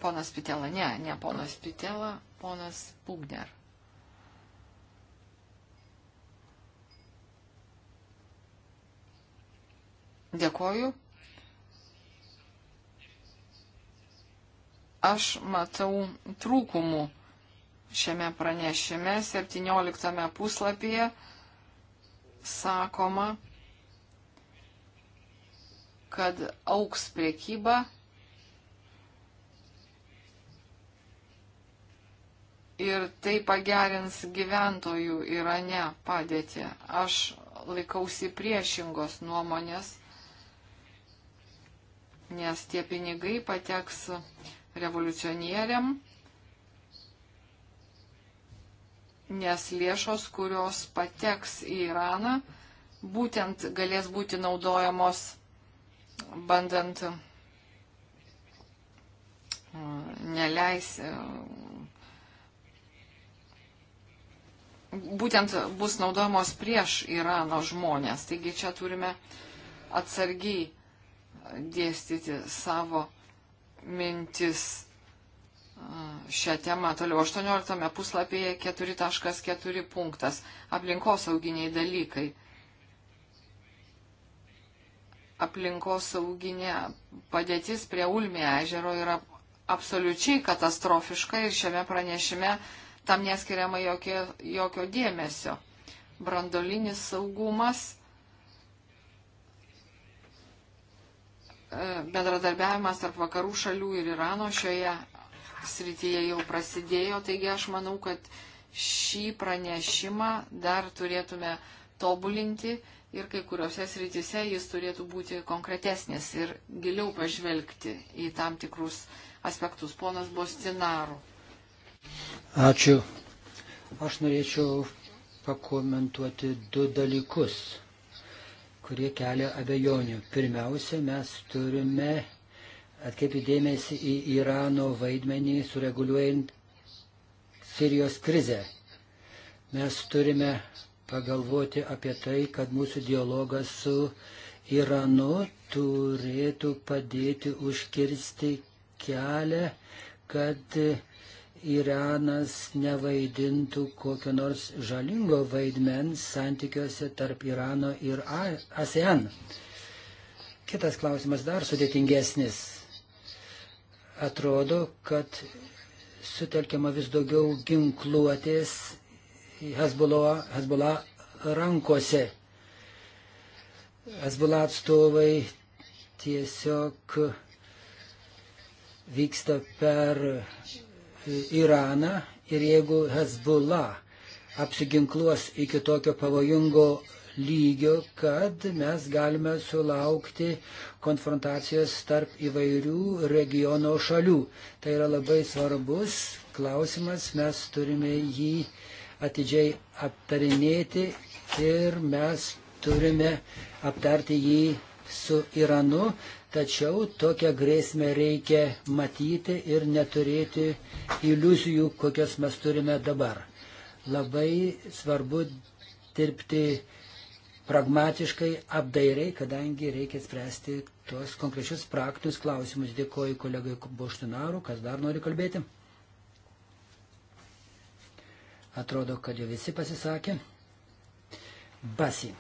Ponas Pitela, ne, ne ponas Pitela, ponas Bugner. Dėkoju. Aš matau trūkumų šiame pranešime 17 puslapyje sakoma, kad auks priekyba ir tai pagerins gyventojų Irane padėtį. Aš laikausi priešingos nuomonės, nes tie pinigai pateks revoliucionieriam nes lėšos, kurios pateks į Iraną, būtent galės būti naudojamos bandant uh, neleis. Uh, būtent bus naudojamos prieš Irano žmonės. Taigi čia turime atsargiai dėstyti savo mintis šią temą. Toliau 18 puslapyje 4.4 punktas. Aplinkosauginiai dalykai. Aplinkosauginė padėtis prie Ulmė ežero yra absoliučiai katastrofiška ir šiame pranešime tam neskiriama jokio, jokio dėmesio. Brandolinis saugumas. E, bendradarbiavimas tarp vakarų šalių ir Irano šioje srityje jau prasidėjo, taigi aš manau, kad šį pranešimą dar turėtume tobulinti ir kai kuriuose srityse jis turėtų būti konkretesnis ir giliau pažvelgti į tam tikrus aspektus. Ponas Bostinaru. Ačiū. Aš norėčiau pakomentuoti du dalykus, kurie kelia abejonių. Pirmiausia, mes turime atkreipti dėmesį į Irano vaidmenį sureguliuojant Sirijos krizę. Mes turime pagalvoti apie tai, kad mūsų dialogas su Iranu turėtų padėti užkirsti kelią, kad Iranas nevaidintų kokio nors žalingo vaidmens santykiuose tarp Irano ir ASEAN. Kitas klausimas dar sudėtingesnis atrodo, kad sutelkiama vis daugiau ginkluotės Hezbollah, Hezbollah rankose. Hezbollah atstovai tiesiog vyksta per Iraną ir jeigu Hezbollah apsiginkluos iki tokio pavojingo lygio, kad mes galime sulaukti konfrontacijos tarp įvairių regiono šalių. Tai yra labai svarbus klausimas, mes turime jį atidžiai aptarinėti ir mes turime aptarti jį su Iranu, tačiau tokią grėsmę reikia matyti ir neturėti iliuzijų, kokias mes turime dabar. Labai svarbu dirbti pragmatiškai, apdairiai, kadangi reikia spręsti tuos konkrečius praktinius klausimus. Dėkoju kolegai Boštinaru, kas dar nori kalbėti. Atrodo, kad jau visi pasisakė. Basi.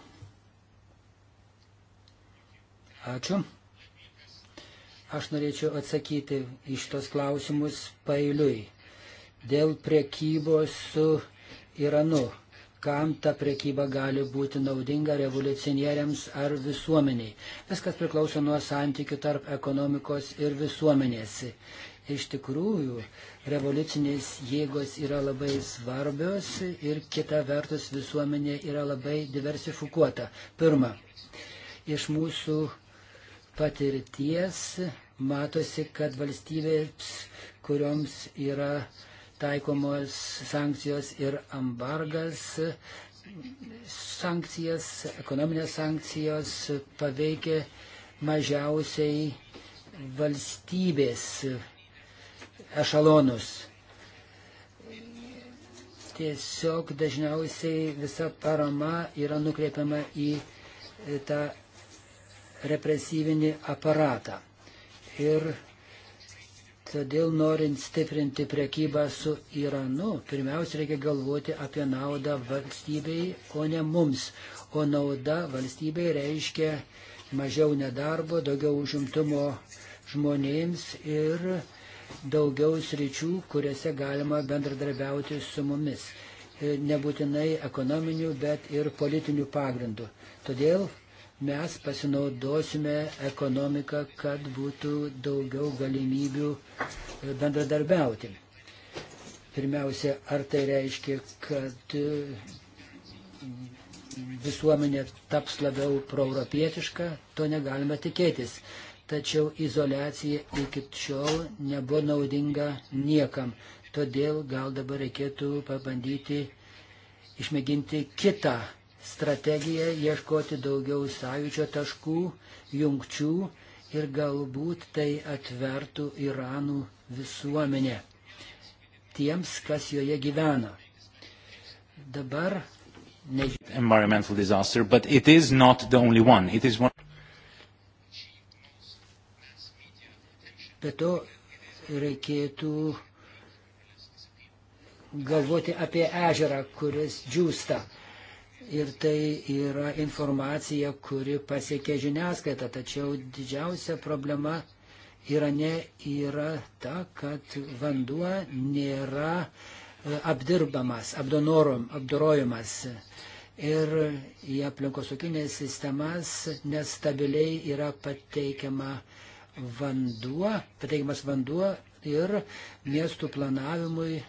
Ačiū. Aš norėčiau atsakyti iš tos klausimus pailiui dėl priekybos su Iranu kam ta prekyba gali būti naudinga revoliucionieriams ar visuomeniai. Viskas priklauso nuo santykių tarp ekonomikos ir visuomenės. Iš tikrųjų, revoliucinės jėgos yra labai svarbios ir kita vertus visuomenė yra labai diversifikuota. Pirma, iš mūsų patirties matosi, kad valstybės, kurioms yra uh, taikomos sankcijos ir embargas. Sankcijas, ekonominės sankcijos paveikė mažiausiai valstybės ešalonus. Tiesiog dažniausiai visa parama yra nukreipiama į tą represyvinį aparatą. Ir Todėl norint stiprinti prekybą su Iranu, pirmiausia reikia galvoti apie naudą valstybei, o ne mums. O nauda valstybei reiškia mažiau nedarbo, daugiau užimtumo žmonėms ir daugiau sričių, kuriuose galima bendradarbiauti su mumis. Ir e, nebūtinai ekonominių, bet ir politinių pagrindų. Todėl mes pasinaudosime ekonomiką, kad būtų daugiau galimybių e, bendradarbiauti. Pirmiausia, ar tai reiškia, kad e, visuomenė taps labiau proeuropietiška, to negalime tikėtis. Tačiau izolacija iki šiol nebuvo naudinga niekam. Todėl gal dabar reikėtų pabandyti išmėginti kitą strategiją, ieškoti daugiau sąjūčio taškų, jungčių ir galbūt tai atvertų Iranų visuomenę tiems, kas joje gyvena. Dabar ne... environmental disaster, but it is not the only one. It is one... Be to reikėtų galvoti apie ežerą, kuris džiūsta ir tai yra informacija, kuri pasiekia žiniasklaidą. Tačiau didžiausia problema Irane yra ta, kad vanduo nėra e, apdirbamas, apdorojamas. Ir į aplinkosukinės sistemas nestabiliai yra pateikiama vanduo, pateikiamas vanduo ir miestų planavimui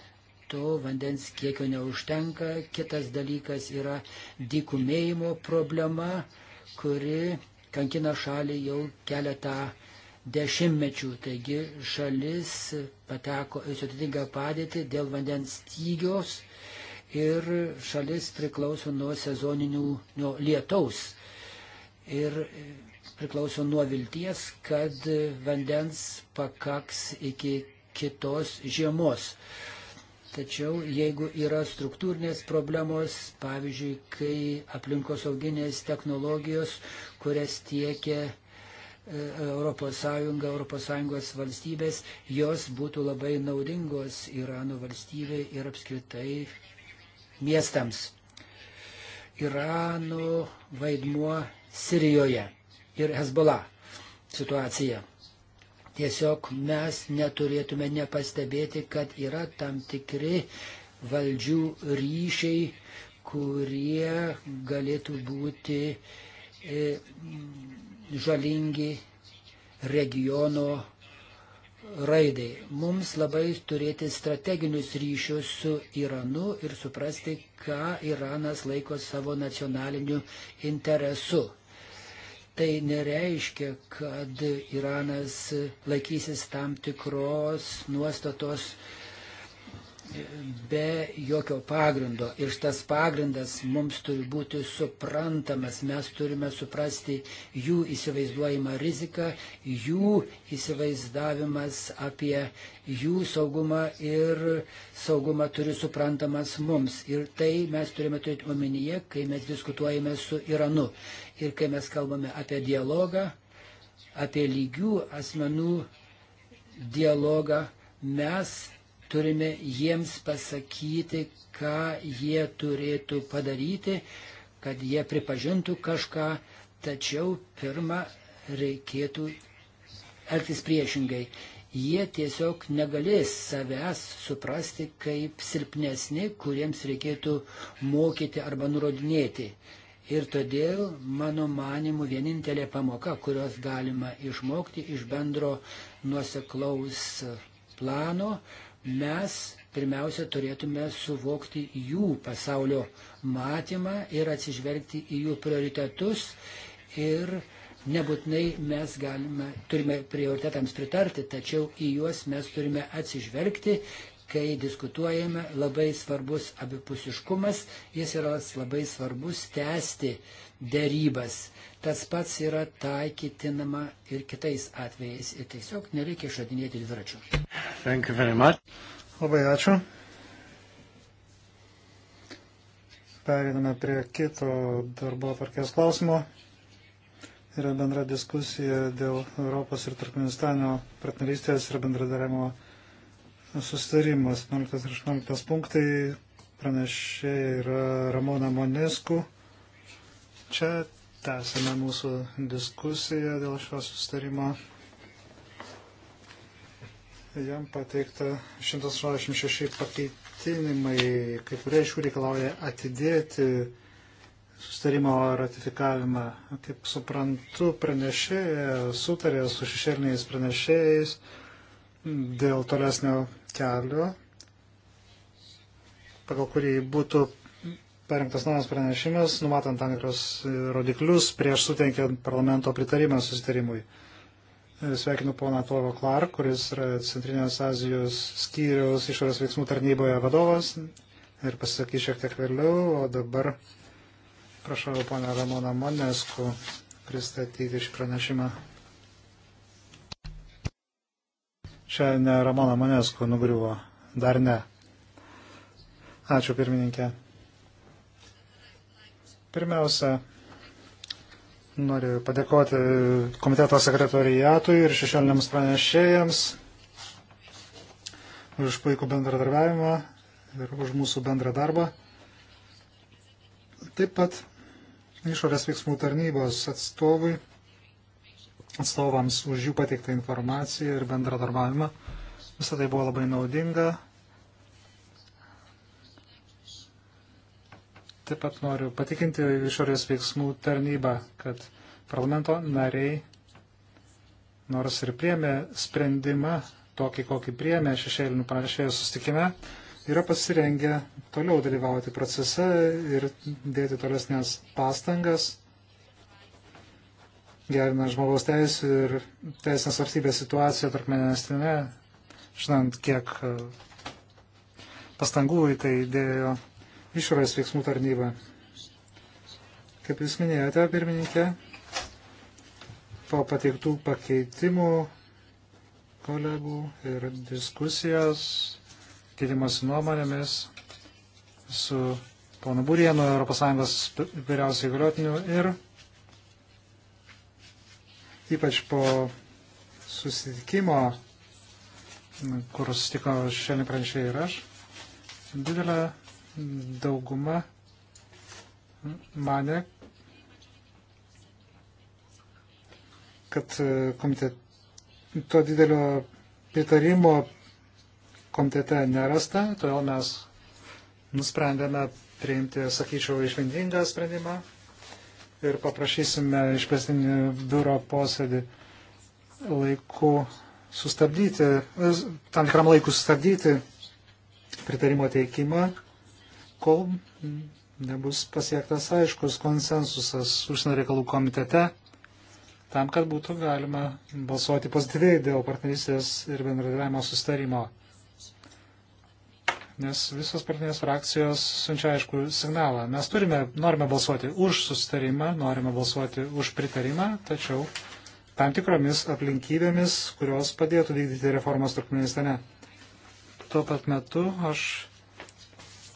to vandens kiekio neužtenka. Kitas dalykas yra dykumėjimo problema, kuri kankina šalį jau keletą dešimtmečių. Taigi šalis pateko į sudėtingą padėtį dėl vandens stygios ir šalis priklauso nuo sezoninių nuo lietaus. Ir priklauso nuo vilties, kad vandens pakaks iki kitos žiemos. Tačiau jeigu yra struktūrinės problemos, pavyzdžiui, kai aplinkosauginės technologijos, kurias tiekia ES, ES valstybės, jos būtų labai naudingos Irano valstybei ir apskritai miestams. Irano vaidmuo Sirijoje ir Hezbollah situacija. Tiesiog mes neturėtume nepastebėti, kad yra tam tikri valdžių ryšiai, kurie galėtų būti e, žalingi regiono raidai. Mums labai turėti strateginius ryšius su Iranu ir suprasti, ką Iranas laiko savo nacionaliniu interesu. Tai nereiškia, kad Iranas laikysis tam tikros nuostatos be jokio pagrindo. Ir tas pagrindas mums turi būti suprantamas. Mes turime suprasti jų įsivaizduojamą riziką, jų įsivaizdavimas apie jų saugumą ir saugumą turi suprantamas mums. Ir tai mes turime turėti omenyje, kai mes diskutuojame su Iranu. Ir kai mes kalbame apie dialogą, apie lygių asmenų dialogą, mes turime jiems pasakyti, ką jie turėtų padaryti, kad jie pripažintų kažką, tačiau pirmą reikėtų elgtis priešingai. Jie tiesiog negalės savęs suprasti kaip silpnesni, kuriems reikėtų mokyti arba nurodinėti. Ir todėl, mano manimu, vienintelė pamoka, kurios galima išmokti iš bendro nuoseklaus plano, mes pirmiausia turėtume suvokti jų pasaulio matymą ir atsižvelgti į jų prioritetus ir Nebūtinai mes galime, turime prioritetams pritarti, tačiau į juos mes turime atsižvelgti, kai diskutuojame, labai svarbus abipusiškumas, jis yra labai svarbus tęsti dėrybas tas pats yra taikytinama ir kitais atvejais. Ir tiesiog nereikia išradinėti dviračių. Labai ačiū. Periname prie kito darbo atvarkės klausimo. Yra bendra diskusija dėl Europos ir Turkmenistano partnerystės ir bendradarimo susitarimo 18 ir 18 punktai pranešė yra Ramona Monesku. Čia tęsame mūsų diskusiją dėl šio sustarimo. Jam pateikta 186 pakeitinimai, kai kurie iš jų reikalauja atidėti sustarimo ratifikavimą. Kaip suprantu, pranešėja sutarė su šešėliniais pranešėjais dėl tolesnio kelio, pagal kurį būtų parengtas naujas pranešimas, numatant tam tikrus rodiklius prieš suteikiant parlamento pritarimą susitarimui. E, sveikinu poną Tovo Klar, kuris yra Centrinės Azijos skyriaus išorės veiksmų tarnyboje vadovas ir pasisakys šiek tiek vėliau, o dabar prašau poną Ramoną Monesku pristatyti šį pranešimą. Čia ne Ramona Monesku nugriuvo, dar ne. Ačiū pirmininkė. Pirmiausia, noriu padėkoti komiteto sekretorijatui ir šešėliniams pranešėjams už puikų bendradarbiavimą ir už mūsų bendrą darbą. Taip pat išorės veiksmų tarnybos atstovui, atstovams už jų pateiktą informaciją ir bendradarbiavimą. Visą tai buvo labai naudinga Taip pat noriu patikinti išorės veiksmų tarnybą, kad parlamento nariai nors ir priemė sprendimą, tokį kokį priemė šešėlinių pranešėjų sustikime, yra pasirengę toliau dalyvauti procese ir dėti tolesnės pastangas, gerina žmogaus teisų ir teisinės valstybės situaciją Turkmenistane, žinant, kiek e, pastangų į tai dėjo išorės veiksmų tarnybą. Kaip Jūs minėjote, pirmininkė, po pateiktų pakeitimų kolegų ir diskusijos, keitimas nuomonėmis su ponu Būrienu, ES vyriausiai galiotiniu ir ypač po susitikimo, kur susitiko šiandien pranešėjai ir aš, didelę dauguma mane, kad e, komitete to didelio pritarimo komitete nerasta, todėl mes nusprendėme priimti, sakyčiau, išvindingą sprendimą ir paprašysime išplėstinį biuro posėdį laiku sustabdyti, tam tikram laiku sustabdyti pritarimo teikimą kol nebus pasiektas aiškus konsensusas užsienio reikalų komitete, tam, kad būtų galima balsuoti pozityviai dėl partnerystės ir bendradarbiavimo sustarimo. Nes visos partinės frakcijos siunčia aišku signalą. Mes turime, norime balsuoti už sustarimą, norime balsuoti už pritarimą, tačiau tam tikromis aplinkybėmis, kurios padėtų vykdyti reformas Turkmenistane. Tuo pat metu aš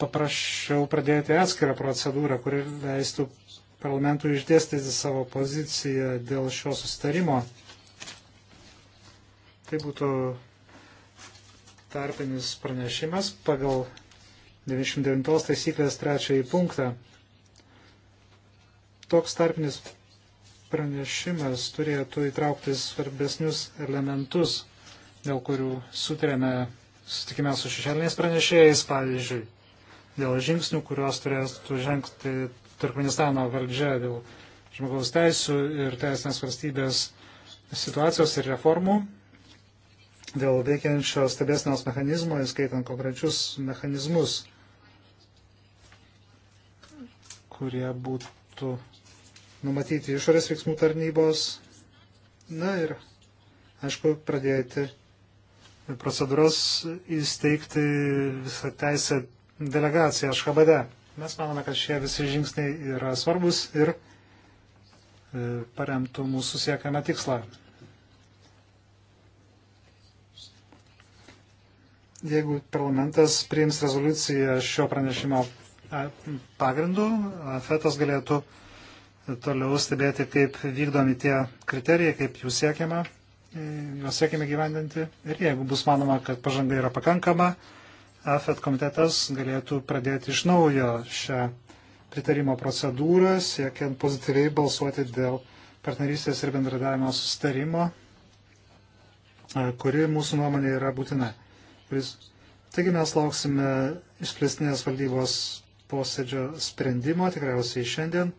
paprašiau pradėti atskirą procedūrą, kuri leistų parlamentui išdėstyti savo poziciją dėl šio sustarimo. Tai būtų tarpinis pranešimas pagal 99 taisyklės trečiąjį punktą. Toks tarpinis pranešimas turėtų įtraukti svarbesnius elementus, dėl kurių sutarėme susitikime su šešėliniais pranešėjais, pavyzdžiui dėl žingsnių, kuriuos turėtų žengti Turkmenistano valdžia dėl žmogaus teisų ir teisinės valstybės situacijos ir reformų, dėl veikiančio stebėsnos mechanizmo, įskaitant konkrečius mechanizmus, kurie būtų numatyti išorės veiksmų tarnybos. Na ir, aišku, pradėti procedūros įsteigti visą teisę delegaciją Aškabade. Mes manome, kad šie visi žingsniai yra svarbus ir e, paremtų mūsų siekiamą tikslą. Jeigu parlamentas priims rezoliuciją šio pranešimo pagrindu, FETAS galėtų toliau stebėti, kaip vykdomi tie kriterijai, kaip jų siekiama, e, juos siekiame gyvendinti. Ir jeigu bus manoma, kad pažanga yra pakankama, AFET komitetas galėtų pradėti iš naujo šią pritarimo procedūrą, siekiant pozityviai balsuoti dėl partnerystės ir bendradavimo sustarimo, kuri mūsų nuomonė yra būtina. Kuris... Taigi mes lauksime išplėstinės valdybos posėdžio sprendimo, tikriausiai šiandien.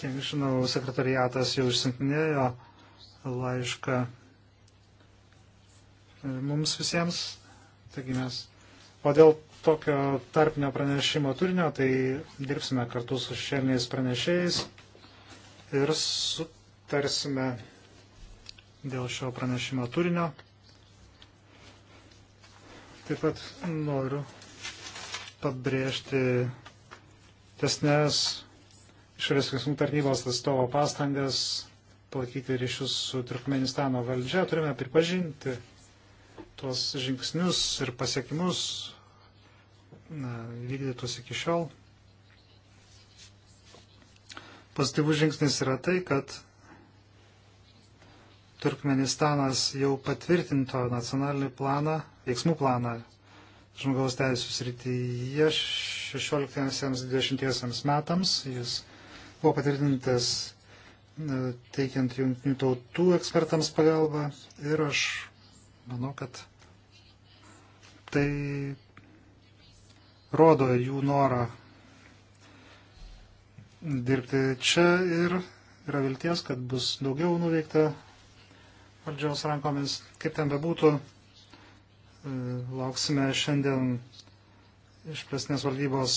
Kiek žinau, sekretariatas jau išsintinėjo laišką mums visiems. Taigi mes. O dėl tokio tarpinio pranešimo turinio, tai dirbsime kartu su šešėliniais pranešėjais ir sutarsime dėl šio pranešimo turinio. Taip pat noriu pabrėžti tesnės išorės veiksmų tarnybos atstovo pastangas palaikyti ryšius su Turkmenistano valdžia. Turime pripažinti tuos žingsnius ir pasiekimus vykdytus iki šiol. Pozityvus žingsnis yra tai, kad Turkmenistanas jau patvirtinto nacionalinį planą, veiksmų planą žmogaus teisų srityje 16-20 metams. Jis buvo patvirtintas teikiant jungtinių tautų ekspertams pagalbą ir aš Manau, kad tai rodo jų norą dirbti čia ir yra vilties, kad bus daugiau nuveikta valdžios rankomis. Kaip ten bebūtų, e, lauksime šiandien išplėsnės valdybos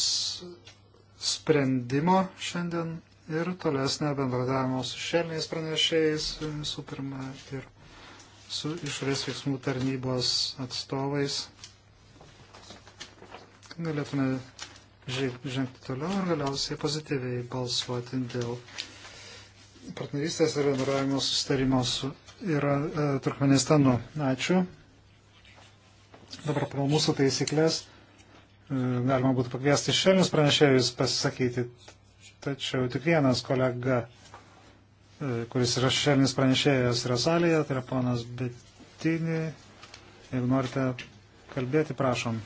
sprendimo šiandien ir tolesnė bendradavimo su šelniais pranešėjais visų pirma ir su išorės veiksmų tarnybos atstovais. Galėtume žengti toliau ir galiausiai pozityviai balsuoti dėl partnerystės ir bendravimo sustarimo su yra, e, Turkmenistanu. Ačiū. Dabar pagal mūsų taisyklės e, galima būtų pakviesti šešėlius pranešėjus pasisakyti, tačiau tik vienas kolega E, kuris yra šešėlinis pranešėjas, yra salėje, tai yra ponas Betini. Jeigu norite kalbėti, prašom.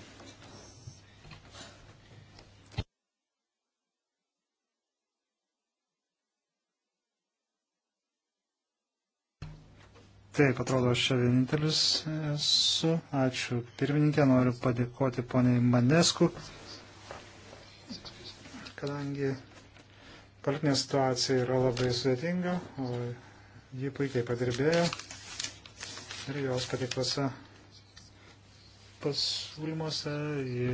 Taip, atrodo, aš čia vienintelis esu. Ačiū pirmininkė, noriu padėkoti poniai Manesku, kadangi Politinė situacija yra labai sudėtinga, o ji puikiai padirbėjo ir jos pateiktose pasiūlymuose ji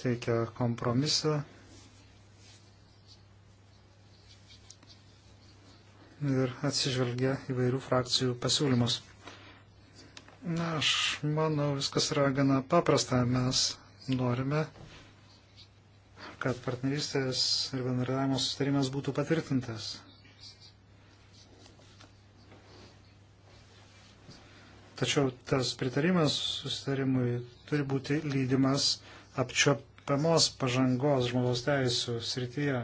teikia kompromisą. ir atsižvelgia įvairių frakcijų pasiūlymus. Na, aš manau, viskas yra gana paprasta. Mes norime kad partnerystės ir bendradavimo sustarimas būtų patvirtintas. Tačiau tas pritarimas sustarimui turi būti lydimas apčiopiamos pažangos žmogaus teisų srityje.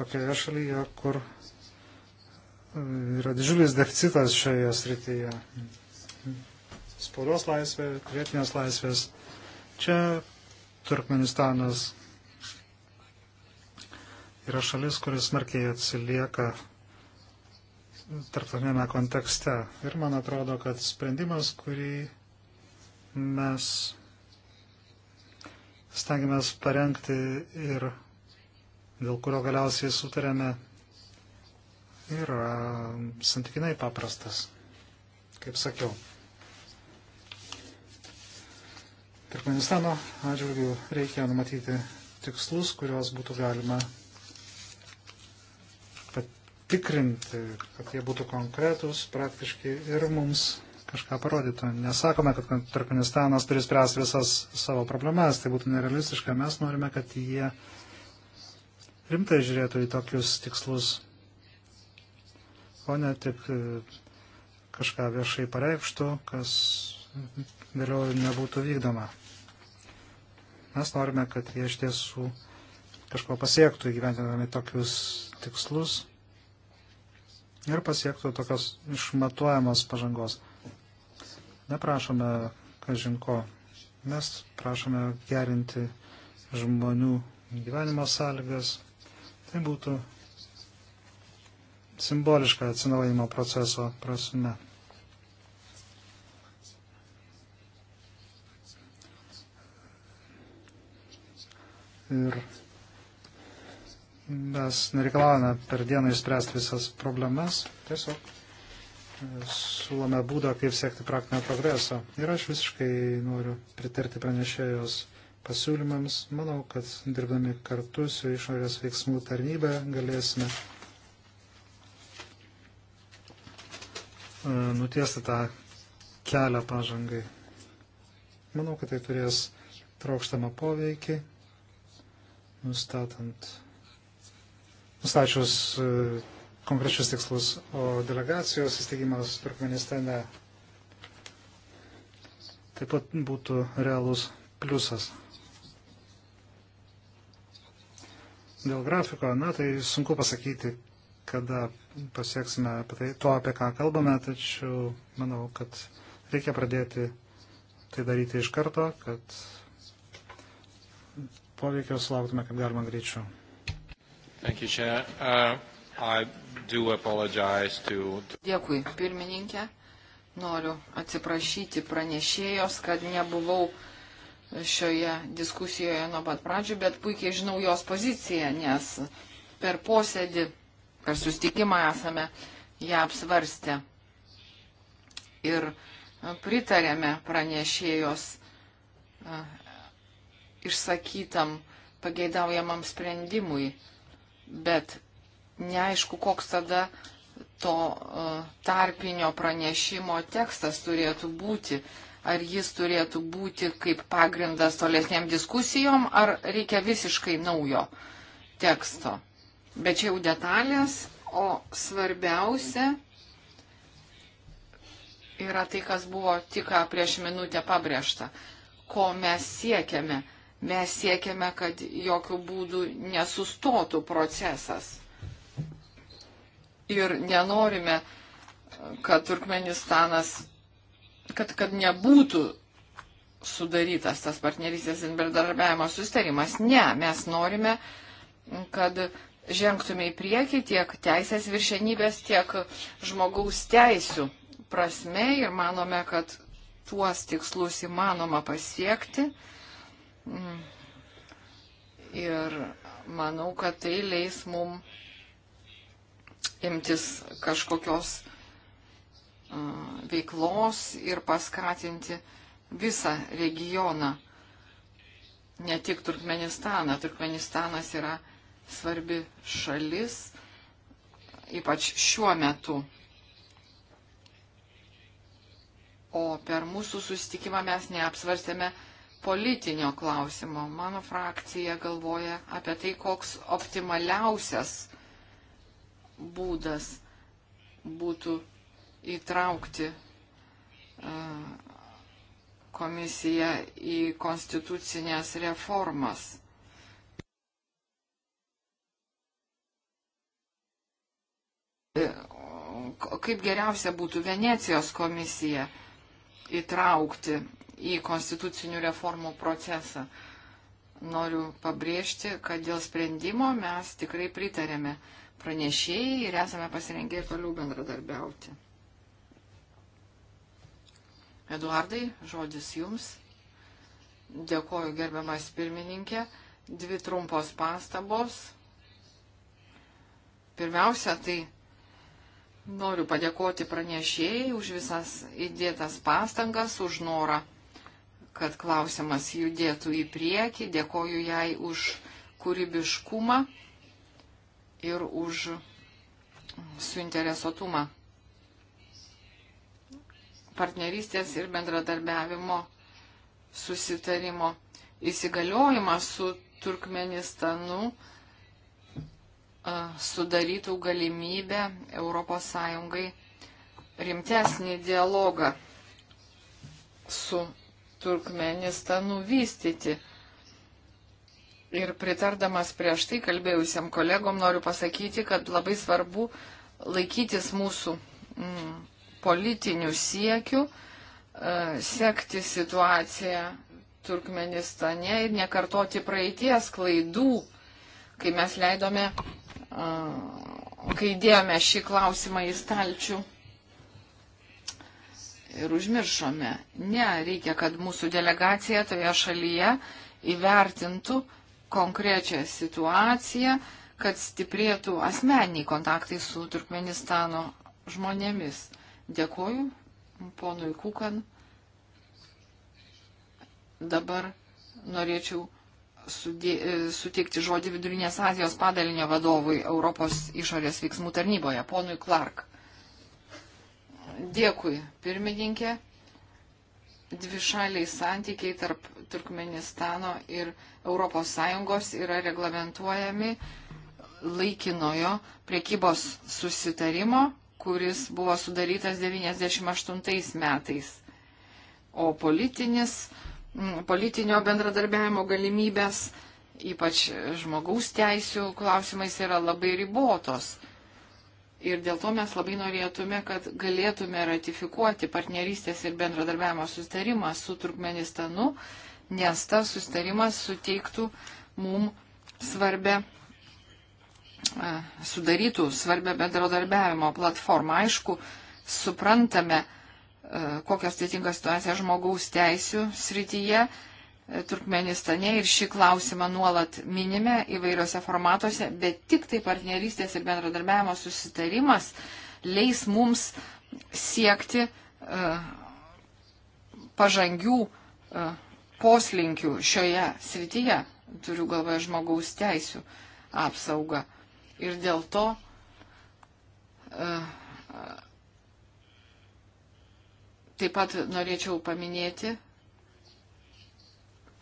Tokioje šalyje, kur e, yra didžiulis deficitas šioje srityje. Spaudos laisvė, pilietinės laisvės. Čia Turkmenistanas yra šalis, kuris smarkiai atsilieka tarptautinėme kontekste. Ir man atrodo, kad sprendimas, kurį mes stengiamės parengti ir dėl kurio galiausiai sutarėme, yra santykinai paprastas, kaip sakiau. Turkmenistano atžvilgių reikia numatyti tikslus, kuriuos būtų galima patikrinti, kad jie būtų konkretus, praktiški ir mums kažką parodytų. Nesakome, kad Turkmenistanas turi spręsti visas savo problemas, tai būtų nerealistiška. Mes norime, kad jie rimtai žiūrėtų į tokius tikslus, o ne tik e, kažką viešai pareikštų, kas vėliau nebūtų vykdoma. Mes norime, kad jie iš tiesų kažko pasiektų įgyventinami tokius tikslus ir pasiektų tokios išmatuojamos pažangos. Neprašome kažinko, mes prašome gerinti žmonių gyvenimo sąlygas. Tai būtų simboliška atsinaujimo proceso prasme. Ir mes nereikalavome per dieną išspręsti visas problemas, tiesiog e, siūlome būdą, kaip siekti praktinio progreso. Ir aš visiškai noriu pritarti pranešėjos pasiūlymams. Manau, kad dirbdami kartu su išorės veiksmų tarnybė galėsime e, nutiesti tą kelią pažangai. Manau, kad tai turės trokštamą poveikį nustatant, nustačius e, konkrečius tikslus, o delegacijos įsteigimas Turkmenistane taip pat būtų realus pliusas. Dėl grafiko, na tai sunku pasakyti, kada pasieksime apie tai, to, apie ką kalbame, tačiau manau, kad reikia pradėti tai daryti iš karto, kad poveikio sulauktume kaip galima greičiau. Thank you, Chair. Uh, I do apologize to... Dėkui, pirmininkė. Noriu atsiprašyti pranešėjos, kad nebuvau šioje diskusijoje nuo pat pradžių, bet puikiai žinau jos poziciją, nes per posėdį, per sustikimą esame ją apsvarstę. Ir pritarėme pranešėjos uh, išsakytam pageidaujamam sprendimui, bet neaišku, koks tada to e, tarpinio pranešimo tekstas turėtų būti. Ar jis turėtų būti kaip pagrindas tolesniam diskusijom, ar reikia visiškai naujo teksto. Bet čia jau detalės, o svarbiausia yra tai, kas buvo tik prieš minutę pabrėžta, ko mes siekiame Mes siekiame, kad jokių būdų nesustotų procesas. Ir nenorime, kad Turkmenistanas, kad, kad nebūtų sudarytas tas partnerystės ir bendradarbiavimo sustarimas. Ne, mes norime, kad žengtume į priekį tiek teisės viršenybės, tiek žmogaus teisų prasme ir manome, kad tuos tikslus įmanoma pasiekti. Ir manau, kad tai leis mum imtis kažkokios veiklos ir paskatinti visą regioną, ne tik Turkmenistaną. Turkmenistanas yra svarbi šalis, ypač šiuo metu. O per mūsų susitikimą mes neapsvarstėme politinio klausimo. Mano frakcija galvoja apie tai, koks optimaliausias būdas būtų įtraukti e, komisiją į konstitucinės reformas. E, kaip geriausia būtų Venecijos komisija įtraukti į konstitucinių reformų procesą. Noriu pabrėžti, kad dėl sprendimo mes tikrai pritarėme pranešėjai ir esame pasirengę ir toliau bendradarbiauti. Eduardai, žodis jums. Dėkoju gerbiamas pirmininkė. Dvi trumpos pastabos. Pirmiausia, tai noriu padėkoti pranešėjai už visas įdėtas pastangas, už norą kad klausimas judėtų į priekį. Dėkoju jai už kūrybiškumą ir už suinteresuotumą partnerystės ir bendradarbiavimo susitarimo įsigaliojimą su Turkmenistanu sudarytų galimybę ES rimtesnį dialogą su Turkmenistanu vystyti. Ir pritardamas prieš tai kalbėjusiam kolegom noriu pasakyti, kad labai svarbu laikytis mūsų mm, politinių siekių, uh, sekti situaciją Turkmenistane ir nekartoti praeities klaidų, kai mes leidome, uh, kai dėjome šį klausimą į stalčių ir užmiršome. Ne, reikia, kad mūsų delegacija toje šalyje įvertintų konkrečią situaciją, kad stiprėtų asmeniniai kontaktai su Turkmenistano žmonėmis. Dėkoju ponui Kukan. Dabar norėčiau sudė, suteikti žodį Vidurinės Azijos padalinio vadovui Europos išorės veiksmų tarnyboje, ponui Clark. Dėkui, pirmininkė. Dvišaliai santykiai tarp Turkmenistano ir ES yra reglamentuojami laikinojo priekybos susitarimo, kuris buvo sudarytas 98 metais. O politinis, politinio bendradarbiavimo galimybės, ypač žmogaus teisų klausimais, yra labai ribotos. Ir dėl to mes labai norėtume, kad galėtume ratifikuoti partnerystės ir bendradarbiavimo sustarimą su Turkmenistanu, nes tas sustarimas suteiktų mum svarbę sudarytų svarbę bendradarbiavimo platformą. Aišku, suprantame, kokią sudėtingą situaciją žmogaus teisų srityje Turkmenistane ir šį klausimą nuolat minime įvairiose formatuose, bet tik tai partnerystės ir bendradarbiavimo susitarimas leis mums siekti uh, pažangių uh, poslinkių šioje srityje, turiu galvoje žmogaus teisų apsaugą. Ir dėl to uh, taip pat norėčiau paminėti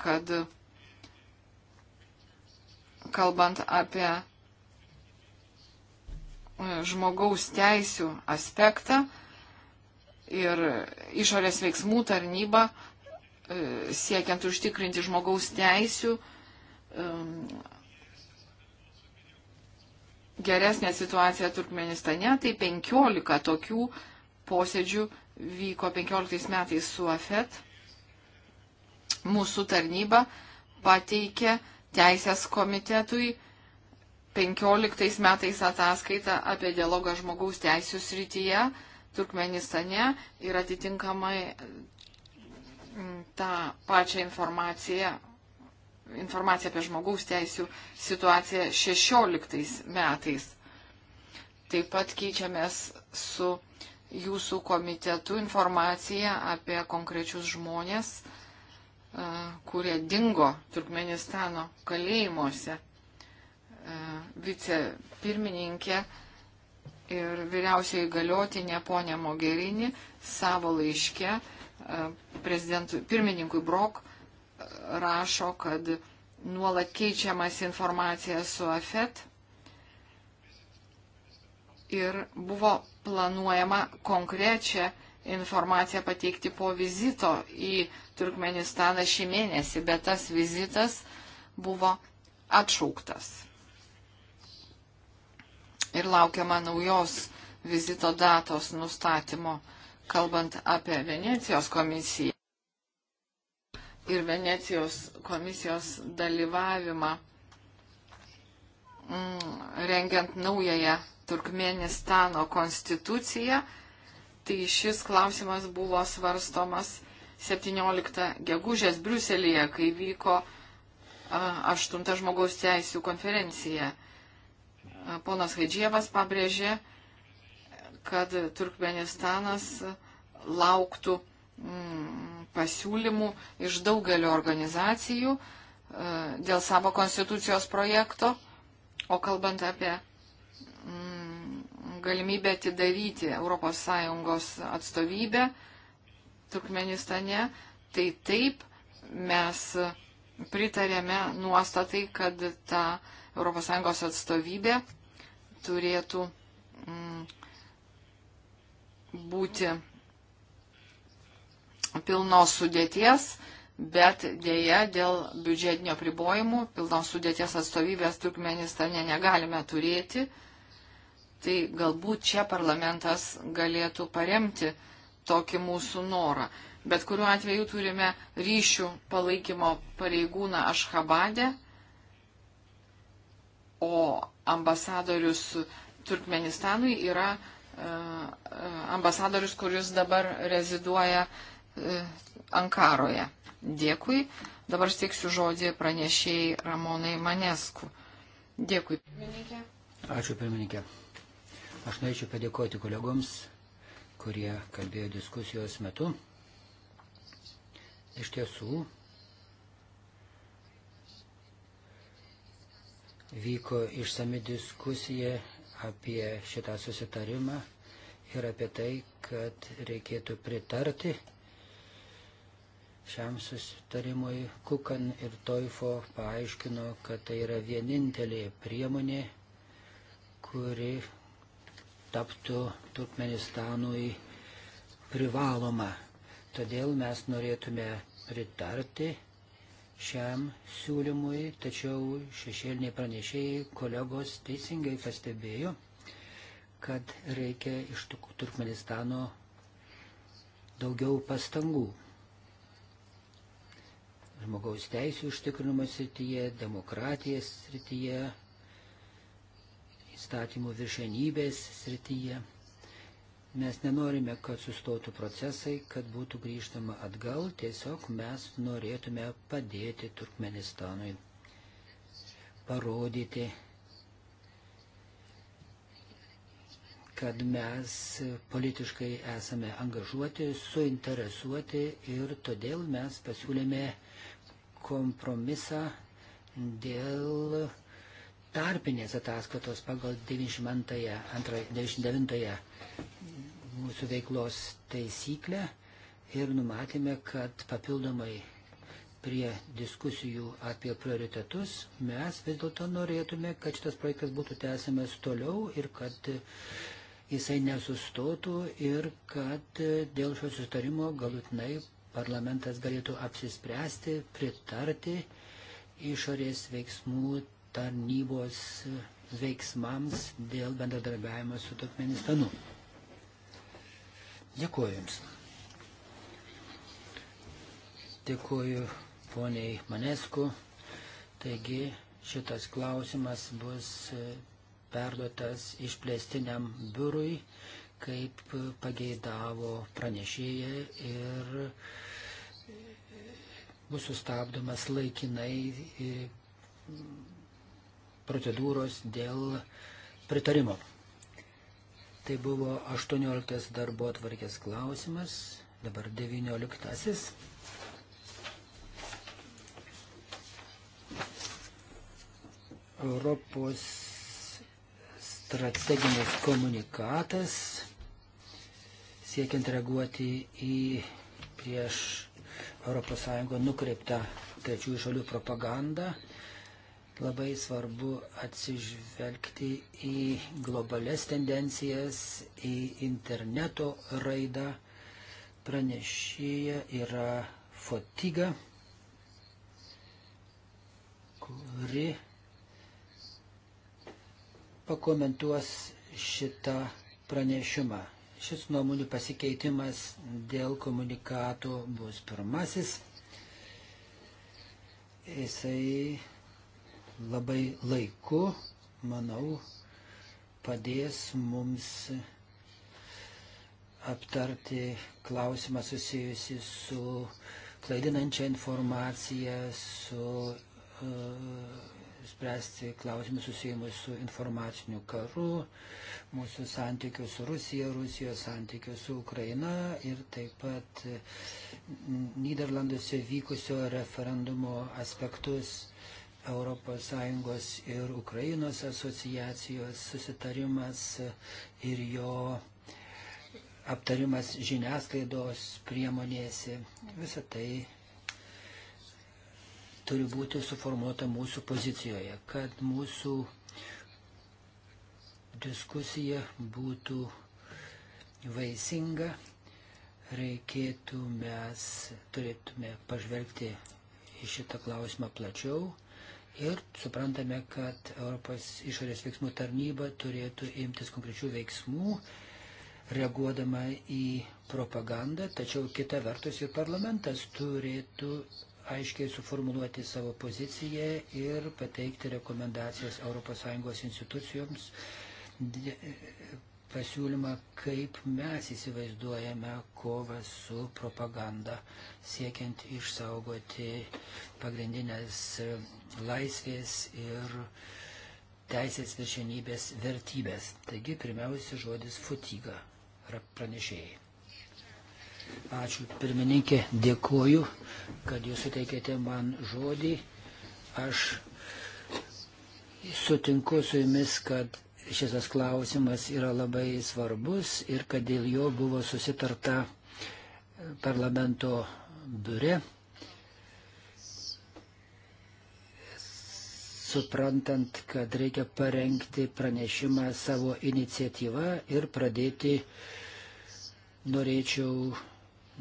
kad kalbant apie e, žmogaus teisų aspektą ir išorės veiksmų tarnybą e, siekiant užtikrinti žmogaus teisų e, geresnė situacija Turkmenistane, tai 15 tokių posėdžių vyko 15 metais su AFET mūsų tarnyba pateikė Teisės komitetui 15 metais ataskaitą apie dialogą žmogaus teisų srityje Turkmenistane ir atitinkamai mm, tą pačią informaciją, informaciją apie žmogaus teisų situaciją 16 metais. Taip pat keičiamės su jūsų komitetu informaciją apie konkrečius žmonės, kurie dingo Turkmenistano kalėjimuose. Vicepirmininkė ir vyriausiai galiotinė ponė Mogerini savo laiške pirmininkui Brok rašo, kad nuolat keičiamas informacija su AFET ir buvo planuojama konkrečia informaciją pateikti po vizito į Turkmenistaną šį mėnesį, bet tas vizitas buvo atšauktas. Ir laukiama naujos vizito datos nustatymo, kalbant apie Venecijos komisiją ir Venecijos komisijos dalyvavimą mm, rengiant naująją Turkmenistano konstituciją tai šis klausimas buvo svarstomas 17 gegužės Briuselėje, kai vyko 8 žmogaus teisų konferencija. Ponas Haidžievas pabrėžė, kad Turkmenistanas lauktų mm, pasiūlymų iš daugelio organizacijų dėl savo konstitucijos projekto, o kalbant apie mm, galimybę atidaryti ES atstovybę Turkmenistane, tai taip mes pritarėme nuostatai, kad ta ES atstovybė turėtų mm, būti pilnos sudėties, bet dėja dėl biudžetinio pribojimų pilnos sudėties atstovybės Turkmenistane negalime turėti. Mm, Tai galbūt čia parlamentas galėtų paremti tokį mūsų norą. Bet kuriuo atveju turime ryšių palaikymo pareigūną Ašhabadę, o ambasadorius Turkmenistanui yra e, e, ambasadorius, kuris dabar reziduoja e, Ankaroje. Dėkui. Dabar steiksiu žodį pranešėjai Ramonai Manesku. Dėkui, pirmininkė. Ačiū, pirmininkė. Aš norėčiau padėkoti kolegoms, kurie kalbėjo diskusijos metu. Iš tiesų, vyko išsami diskusija apie šitą susitarimą ir apie tai, kad reikėtų pritarti šiam susitarimui. Kukan ir Toifo paaiškino, kad tai yra vienintelė priemonė, kuri taptų Turkmenistanui privaloma. Todėl mes norėtume pritarti šiam siūlymui, tačiau šešėliniai pranešėjai kolegos teisingai pastebėjo, kad reikia iš Turkmenistano daugiau pastangų. Žmogaus teisų užtikrinimo srityje, demokratijos srityje, įstatymų viršenybės srityje. Mes nenorime, kad sustotų procesai, kad būtų grįžtama atgal, tiesiog mes norėtume padėti Turkmenistanui, parodyti, kad mes politiškai esame angažuoti, suinteresuoti ir todėl mes pasiūlėme kompromisą dėl tarpinės ataskaitos pagal 99 mūsų veiklos taisyklę ir numatėme, kad papildomai prie diskusijų apie prioritetus mes vis dėlto norėtume, kad šitas projektas būtų tęsiamas toliau ir kad jisai nesustotų ir kad dėl šio sustarimo galutinai parlamentas galėtų apsispręsti, pritarti išorės veiksmų tarnybos veiksmams dėl bendradarbiavimo su Turkmenistanu. Dėkuoju Jums. Dėkuoju poniai Manesku. Taigi šitas klausimas bus perduotas išplėstiniam biurui, kaip pageidavo pranešėja ir bus sustabdomas laikinai procedūros dėl pritarimo. Tai buvo 18 darbo atvarkės klausimas, dabar 19. Europos strateginis komunikatas siekiant reaguoti į prieš ES nukreiptą trečiųjų šalių propagandą Labai svarbu atsižvelgti į globales tendencijas, į interneto raidą. Pranešėja yra Fotiga, kuri pakomentuos šitą pranešimą. Šis nuomonių pasikeitimas dėl komunikato bus pirmasis. Jisai labai laiku, manau, padės mums aptarti klausimą susijusi su klaidinančia informacija, su uh, spręsti klausimus susijimus su informaciniu karu, mūsų santykiu su Rusija, Rusijos santykiu su Ukraina ir taip pat Niderlanduose vykusio referendumo aspektus. ES ir Ukrainos asociacijos susitarimas ir jo aptarimas žiniasklaidos priemonėse, visa tai turi būti suformuota mūsų pozicijoje, kad mūsų diskusija būtų vaisinga, reikėtų mes turėtume pažvelgti į šitą klausimą plačiau Ir suprantame, kad Europos išorės veiksmų tarnyba turėtų imtis konkrečių veiksmų, reaguodama į propagandą, tačiau kita vertus ir parlamentas turėtų aiškiai suformuluoti savo poziciją ir pateikti rekomendacijas ES institucijoms pasiūlymą, kaip mes įsivaizduojame kovą su propaganda, siekiant išsaugoti pagrindinės laisvės ir teisės viršenybės vertybės. Taigi, pirmiausia, žodis futiga pranešėjai. Ačiū pirmininkė, dėkoju, kad jūs suteikėte man žodį. Aš sutinku su jumis, kad šitas klausimas yra labai svarbus ir kad dėl jo buvo susitarta parlamento biure. suprantant, kad reikia parengti pranešimą savo iniciatyvą ir pradėti norėčiau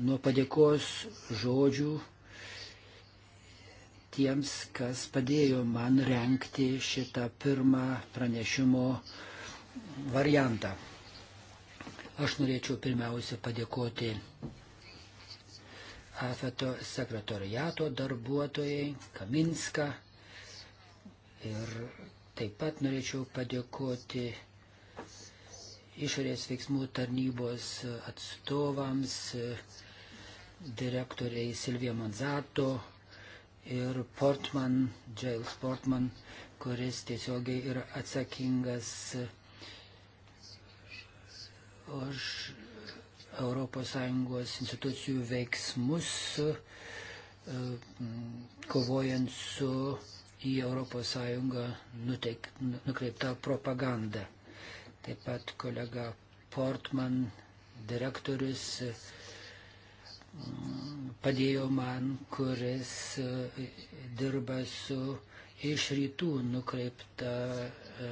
nuo padėkos žodžių tiems, kas padėjo man renkti šitą pirmą pranešimo variantą. Aš norėčiau pirmiausia padėkoti AFETO sekretoriato darbuotojai Kaminska ir taip pat norėčiau padėkoti išorės veiksmų tarnybos atstovams, direktoriai Silvija Manzato, ir Portman, Giles Portman, kuris tiesiogiai yra atsakingas už ES institucijų veiksmus, e, kovojant su į ES nuteik, nukreipta propaganda. Taip pat kolega Portman, direktorius padėjo man, kuris e, dirba su iš rytų nukreipta e,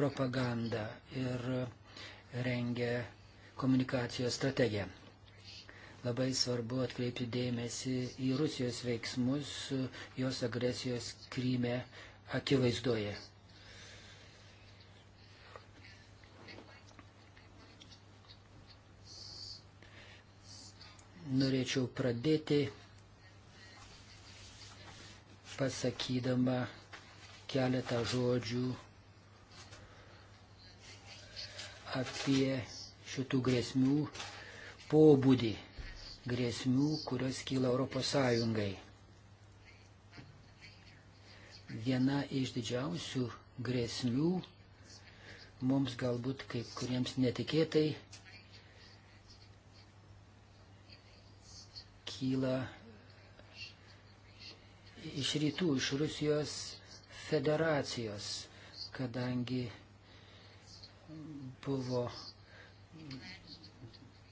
propaganda ir rengia komunikacijos strategiją. Labai svarbu atkreipti dėmesį į Rusijos veiksmus e, jos agresijos kryme akivaizdoje. norėčiau pradėti pasakydama keletą žodžių apie šitų grėsmių pobūdį, grėsmių, kurios kyla Europos Sąjungai. Viena iš didžiausių grėsmių mums galbūt kaip kuriems netikėtai kyla iš rytų, iš Rusijos federacijos, kadangi buvo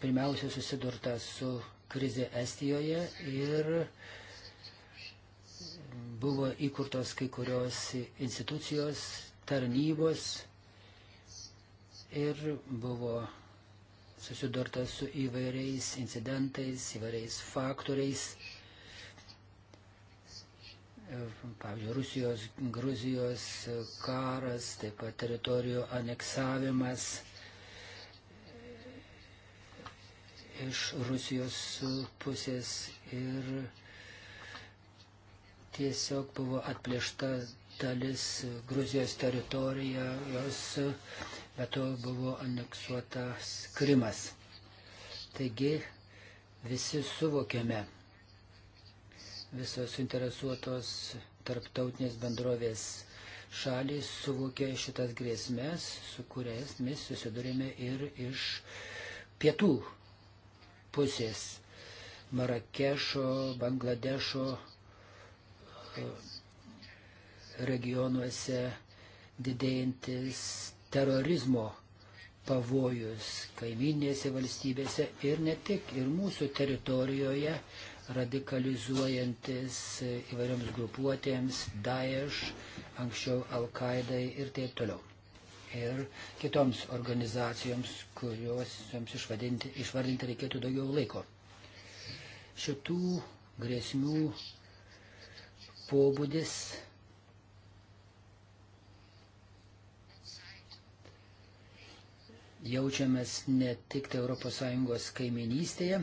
pirmiausia susidurta su krize Estijoje ir buvo įkurtos kai kurios institucijos, tarnybos ir buvo susidurta su įvairiais incidentais, įvairiais faktoriais. Pavyzdžiui, Rusijos, Gruzijos karas, taip pat teritorijų aneksavimas iš Rusijos pusės ir tiesiog buvo atplėšta dalis Gruzijos teritorija, jos bet to buvo aneksuotas Krimas. Taigi visi suvokėme, visos suinteresuotos tarptautinės bendrovės šalys suvokė šitas grėsmės, su kuriais mes susidurėme ir iš pietų pusės Marakešo, Bangladešo e, regionuose didėjantis terorizmo pavojus kaiminėse valstybėse ir ne tik, ir mūsų teritorijoje radikalizuojantis įvairioms grupuotėms, Daesh, anksčiau Al-Qaidai ir taip toliau. Ir kitoms organizacijoms, kurios joms išvadinti, išvardinti reikėtų daugiau laiko. Šitų grėsmių pobūdis jaučiamės ne tik tai ES kaiminystėje,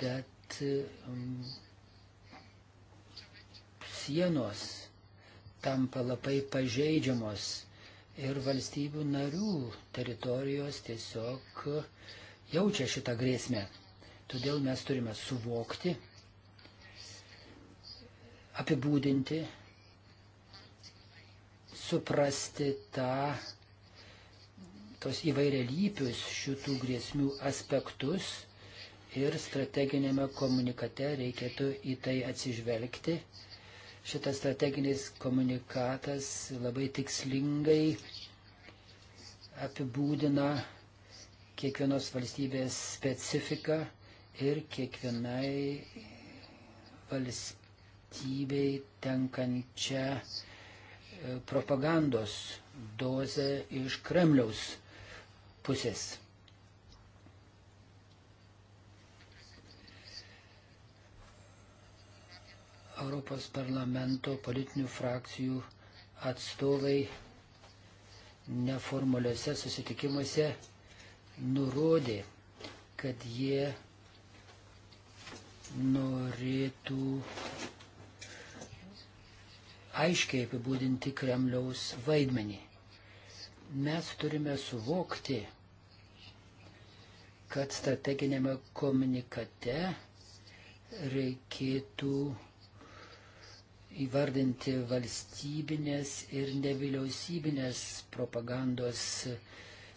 bet um, sienos tampa labai pažeidžiamos ir valstybių narių teritorijos tiesiog jaučia šitą grėsmę. Todėl mes turime suvokti, apibūdinti, suprasti tą tos įvairialypius šitų grėsmių aspektus ir strateginėme komunikate reikėtų į tai atsižvelgti. Šitas strateginis komunikatas labai tikslingai apibūdina kiekvienos valstybės specifiką ir kiekvienai valstybei tenkančią e, propagandos dozę iš Kremliaus pusės. Europos parlamento politinių frakcijų atstovai neformaliuose susitikimuose nurodė, kad jie norėtų aiškiai apibūdinti Kremliaus vaidmenį. Mes turime suvokti, kad strateginėme komunikate reikėtų įvardinti valstybinės ir nevyliausybinės propagandos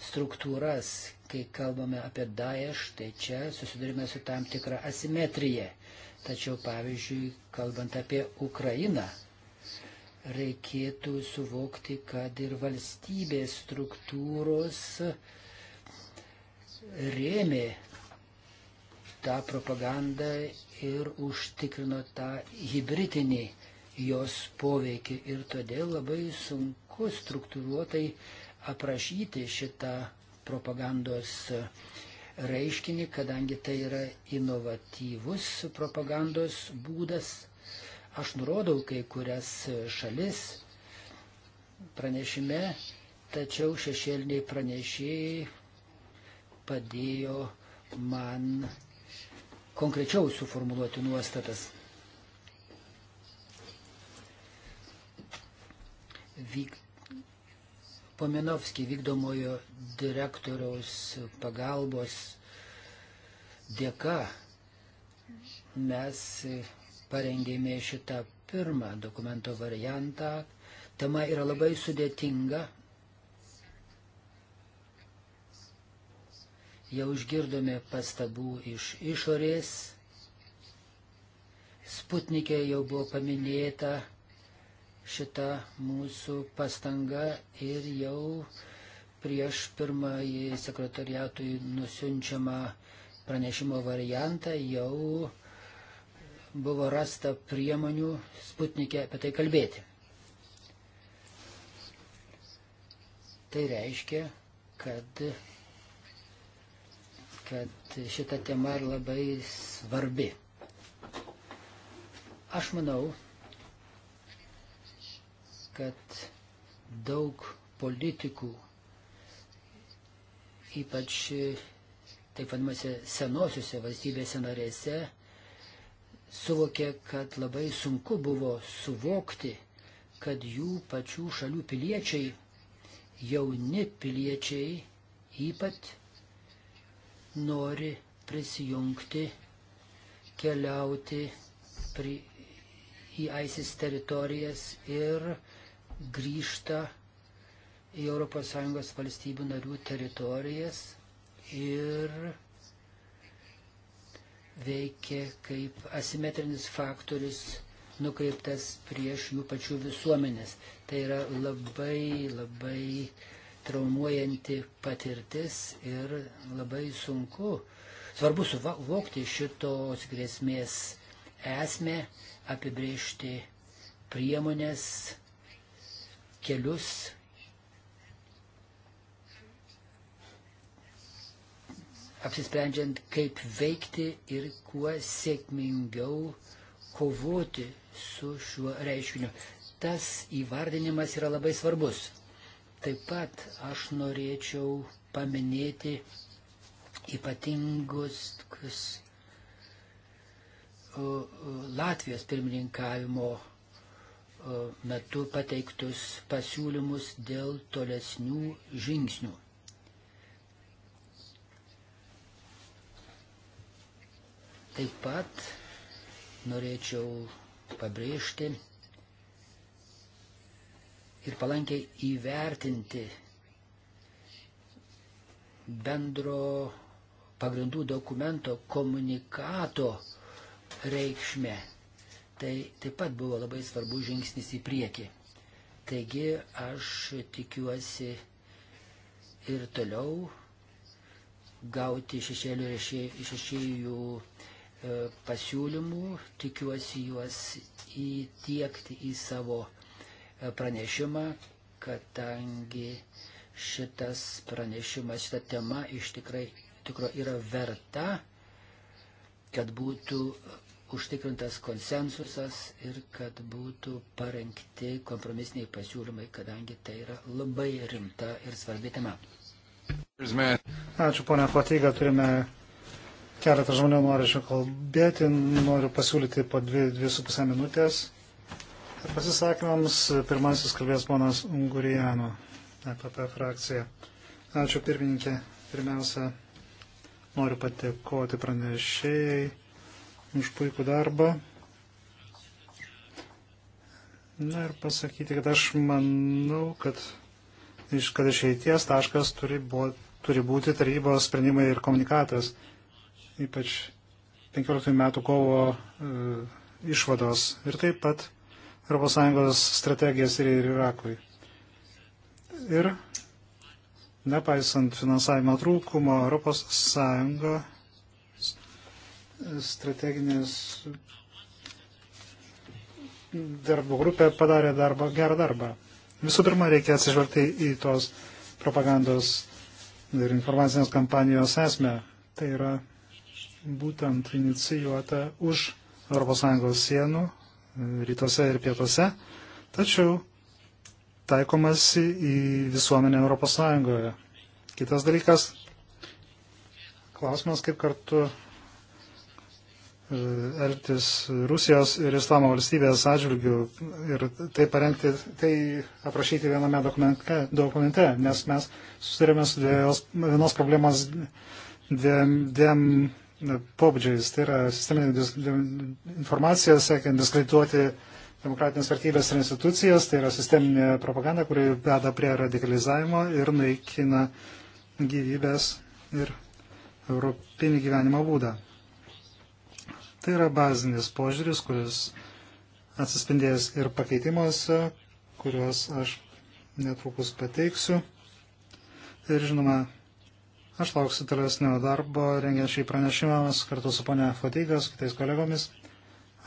struktūras. Kai kalbame apie Daesh, tai čia susidurime su tam tikra asimetrija. Tačiau, pavyzdžiui, kalbant apie Ukrainą, reikėtų suvokti, kad ir valstybės struktūros rėmė tą propagandą ir užtikrino tą hybridinį jos poveikį. Ir todėl labai sunku struktūruotai aprašyti šitą propagandos reiškinį, kadangi tai yra inovatyvus propagandos būdas, Aš nurodau kai kurias šalis pranešime, tačiau šešėliniai pranešėjai padėjo man konkrečiau suformuluoti nuostatas. Vyk... Pominovskį vykdomojo direktoriaus pagalbos dėka mes parengėme šitą pirmą dokumento variantą. Tema yra labai sudėtinga. Jau išgirdome pastabų iš išorės. Sputnikė jau buvo paminėta šita mūsų pastanga ir jau prieš pirmąjį sekretariatui nusiunčiamą pranešimo variantą jau buvo rasta priemonių Sputnikė apie tai kalbėti. Tai reiškia, kad, kad šita tema yra labai svarbi. Aš manau, kad daug politikų, ypač taip vadinamose senosiuose valstybėse narėse, suvokė, kad labai sunku buvo suvokti, kad jų pačių šalių piliečiai, jauni piliečiai ypat nori prisijungti, keliauti pri, į ISIS teritorijas ir grįžta į ES valstybių narių teritorijas ir veikia kaip asimetrinis faktorius nukreiptas prieš jų pačių visuomenės. Tai yra labai, labai traumuojanti patirtis ir labai sunku, svarbu suvokti šitos grėsmės esmę, apibriežti priemonės, kelius apsisprendžiant, kaip veikti ir kuo sėkmingiau kovoti su šiuo reiškiniu. Tas įvardinimas yra labai svarbus. Taip pat aš norėčiau paminėti ypatingus Latvijos pirmininkavimo metu pateiktus pasiūlymus dėl tolesnių žingsnių. Taip pat norėčiau pabrėžti ir palankiai įvertinti bendro pagrindų dokumento komunikato reikšmę. Tai taip pat buvo labai svarbus žingsnis į priekį. Taigi aš tikiuosi ir toliau gauti šešėlių šešėjų E, pasiūlymų, tikiuosi juos įtiekti į savo e, pranešimą, kadangi šitas pranešimas, šita tema iš tikrai tikro yra verta, kad būtų užtikrintas konsensusas ir kad būtų parengti kompromisiniai pasiūlymai, kadangi tai yra labai rimta ir svarbi tema. Ačiū, ponia Fatiga, turime Keletą žmonių nori čia kalbėti, noriu pasiūlyti po 2,5 minutės. Ir pasisakymams pirmasis kalbės ponas Ungurijano, EPP frakcija. Ačiū pirmininkė. Pirmiausia, noriu patikoti pranešėjai už puikų darbą. Na ir pasakyti, kad aš manau, kad, iš, kad išeities taškas turi, buvo, turi būti tarybos sprendimai ir komunikatas ypač 15 metų kovo e, išvados ir taip pat ES strategijas ir Irakui. Ir nepaisant finansavimo trūkumo, ES strateginės darbo grupė padarė darbą, gerą darbą. Visų pirma, reikia atsižvelgti į tos propagandos ir informacinės kampanijos esmę. Tai yra būtent inicijuota už ES sienų, rytuose ir pietuose, tačiau taikomas į visuomenę ES. Kitas dalykas, klausimas, kaip kartu e, elgtis Rusijos ir Islamo valstybės atžvilgių ir tai parengti, tai aprašyti viename dokumente, dokumente nes mes susirėmės su dviejos, vienos problemos dviem, dviem pobūdžiais. Tai yra sisteminė informacija, siekiant diskredituoti demokratinės vertybės ir institucijas, tai yra sisteminė propaganda, kuri veda prie radikalizavimo ir naikina gyvybės ir europinį gyvenimo būdą. Tai yra bazinis požiūris, kuris atsispindės ir pakeitimuose, kuriuos aš netrukus pateiksiu. Ir žinoma, Aš lauksiu tolesnio darbo, rengiant šį pranešimą kartu su ponia Fotyga, su kitais kolegomis.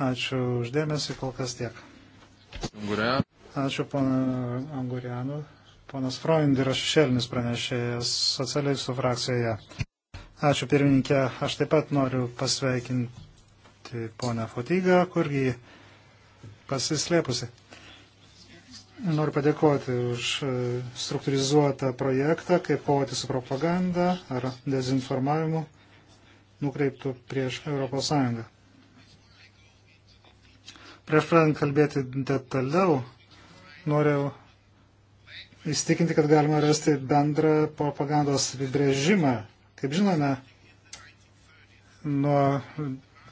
Ačiū uždėmesi, kol kas tiek. Ačiū pana Angurianu. Ponas Freund yra šešėlinis pranešėjas socialistų frakcijoje. Ačiū pirmininkė, aš taip pat noriu pasveikinti ponę Fotygą, kurgi pasislėpusi. Noriu padėkoti už e, struktūrizuotą projektą, kaip kovoti su propaganda ar dezinformavimu nukreiptų prieš ES. Prieš pradant kalbėti detaliau, noriu įstikinti, kad galima rasti bendrą propagandos apibrėžimą. Kaip žinome, nuo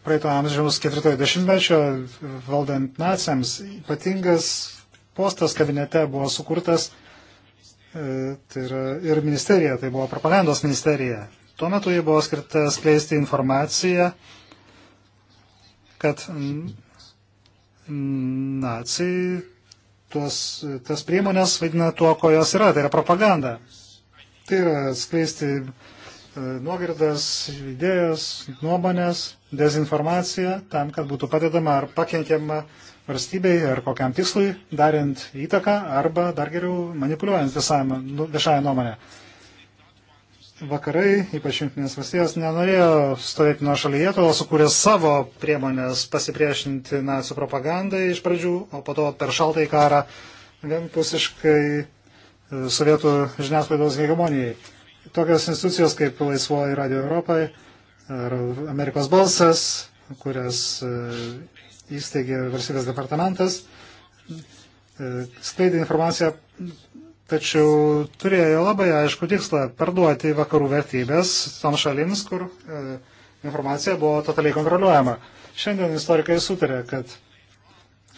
praeito amžiaus ketvirtojo dešimtmečio valdant naciams ypatingas postas kabinete buvo sukurtas e, tai yra, ir ministerija, tai buvo propagandos ministerija. Tuo metu jie buvo skirta skleisti informaciją, kad nacijai tuos, tas priemonės vadina tuo, ko jos yra, tai yra propaganda. Tai yra skleisti e, nuogirdas, idėjas, nuomonės, dezinformaciją tam, kad būtų padedama ar pakenkiama uh, valstybei ar kokiam tikslui, darint įtaką arba dar geriau manipuliuojant nu, viešąją nuomonę. Vakarai, ypač Junktinės valstijos, nenorėjo stovėti nuo šalyje, todėl sukūrė savo priemonės pasipriešinti nacių propagandai iš pradžių, o po to per šaltąjį karą vienpusiškai e, sovietų žiniasklaidos hegemonijai. Tokios institucijos kaip Laisvoji Radio Europai ar Amerikos balsas, kurias e, įsteigė valstybės departamentas, e, skleidė informaciją, tačiau turėjo labai aišku tikslą parduoti vakarų vertybės tom šalims, kur e, informacija buvo totaliai kontroliuojama. Šiandien istorikai sutarė, kad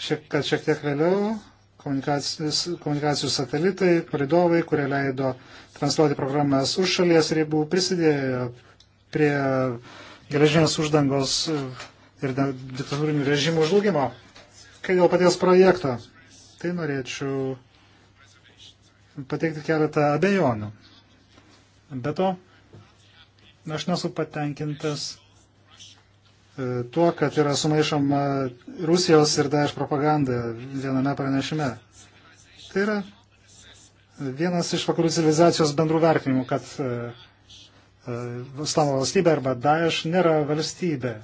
šiek, kad šiek tiek vėliau komunikacijų satelitai, palidovai, kurie leido transliuoti programas už šalies ribų, prisidėjo prie geležinės uždangos ir diktatūrinių režimų žlugimo. Kai dėl paties projekto, tai norėčiau pateikti keletą abejonių. Be to, aš nesu patenkintas e, tuo, kad yra sumaišoma Rusijos ir Daesh propaganda viename pranešime. Tai yra vienas iš vakarų civilizacijos bendrų vertinimų, kad e, e, Islamo valstybė arba Daesh nėra valstybė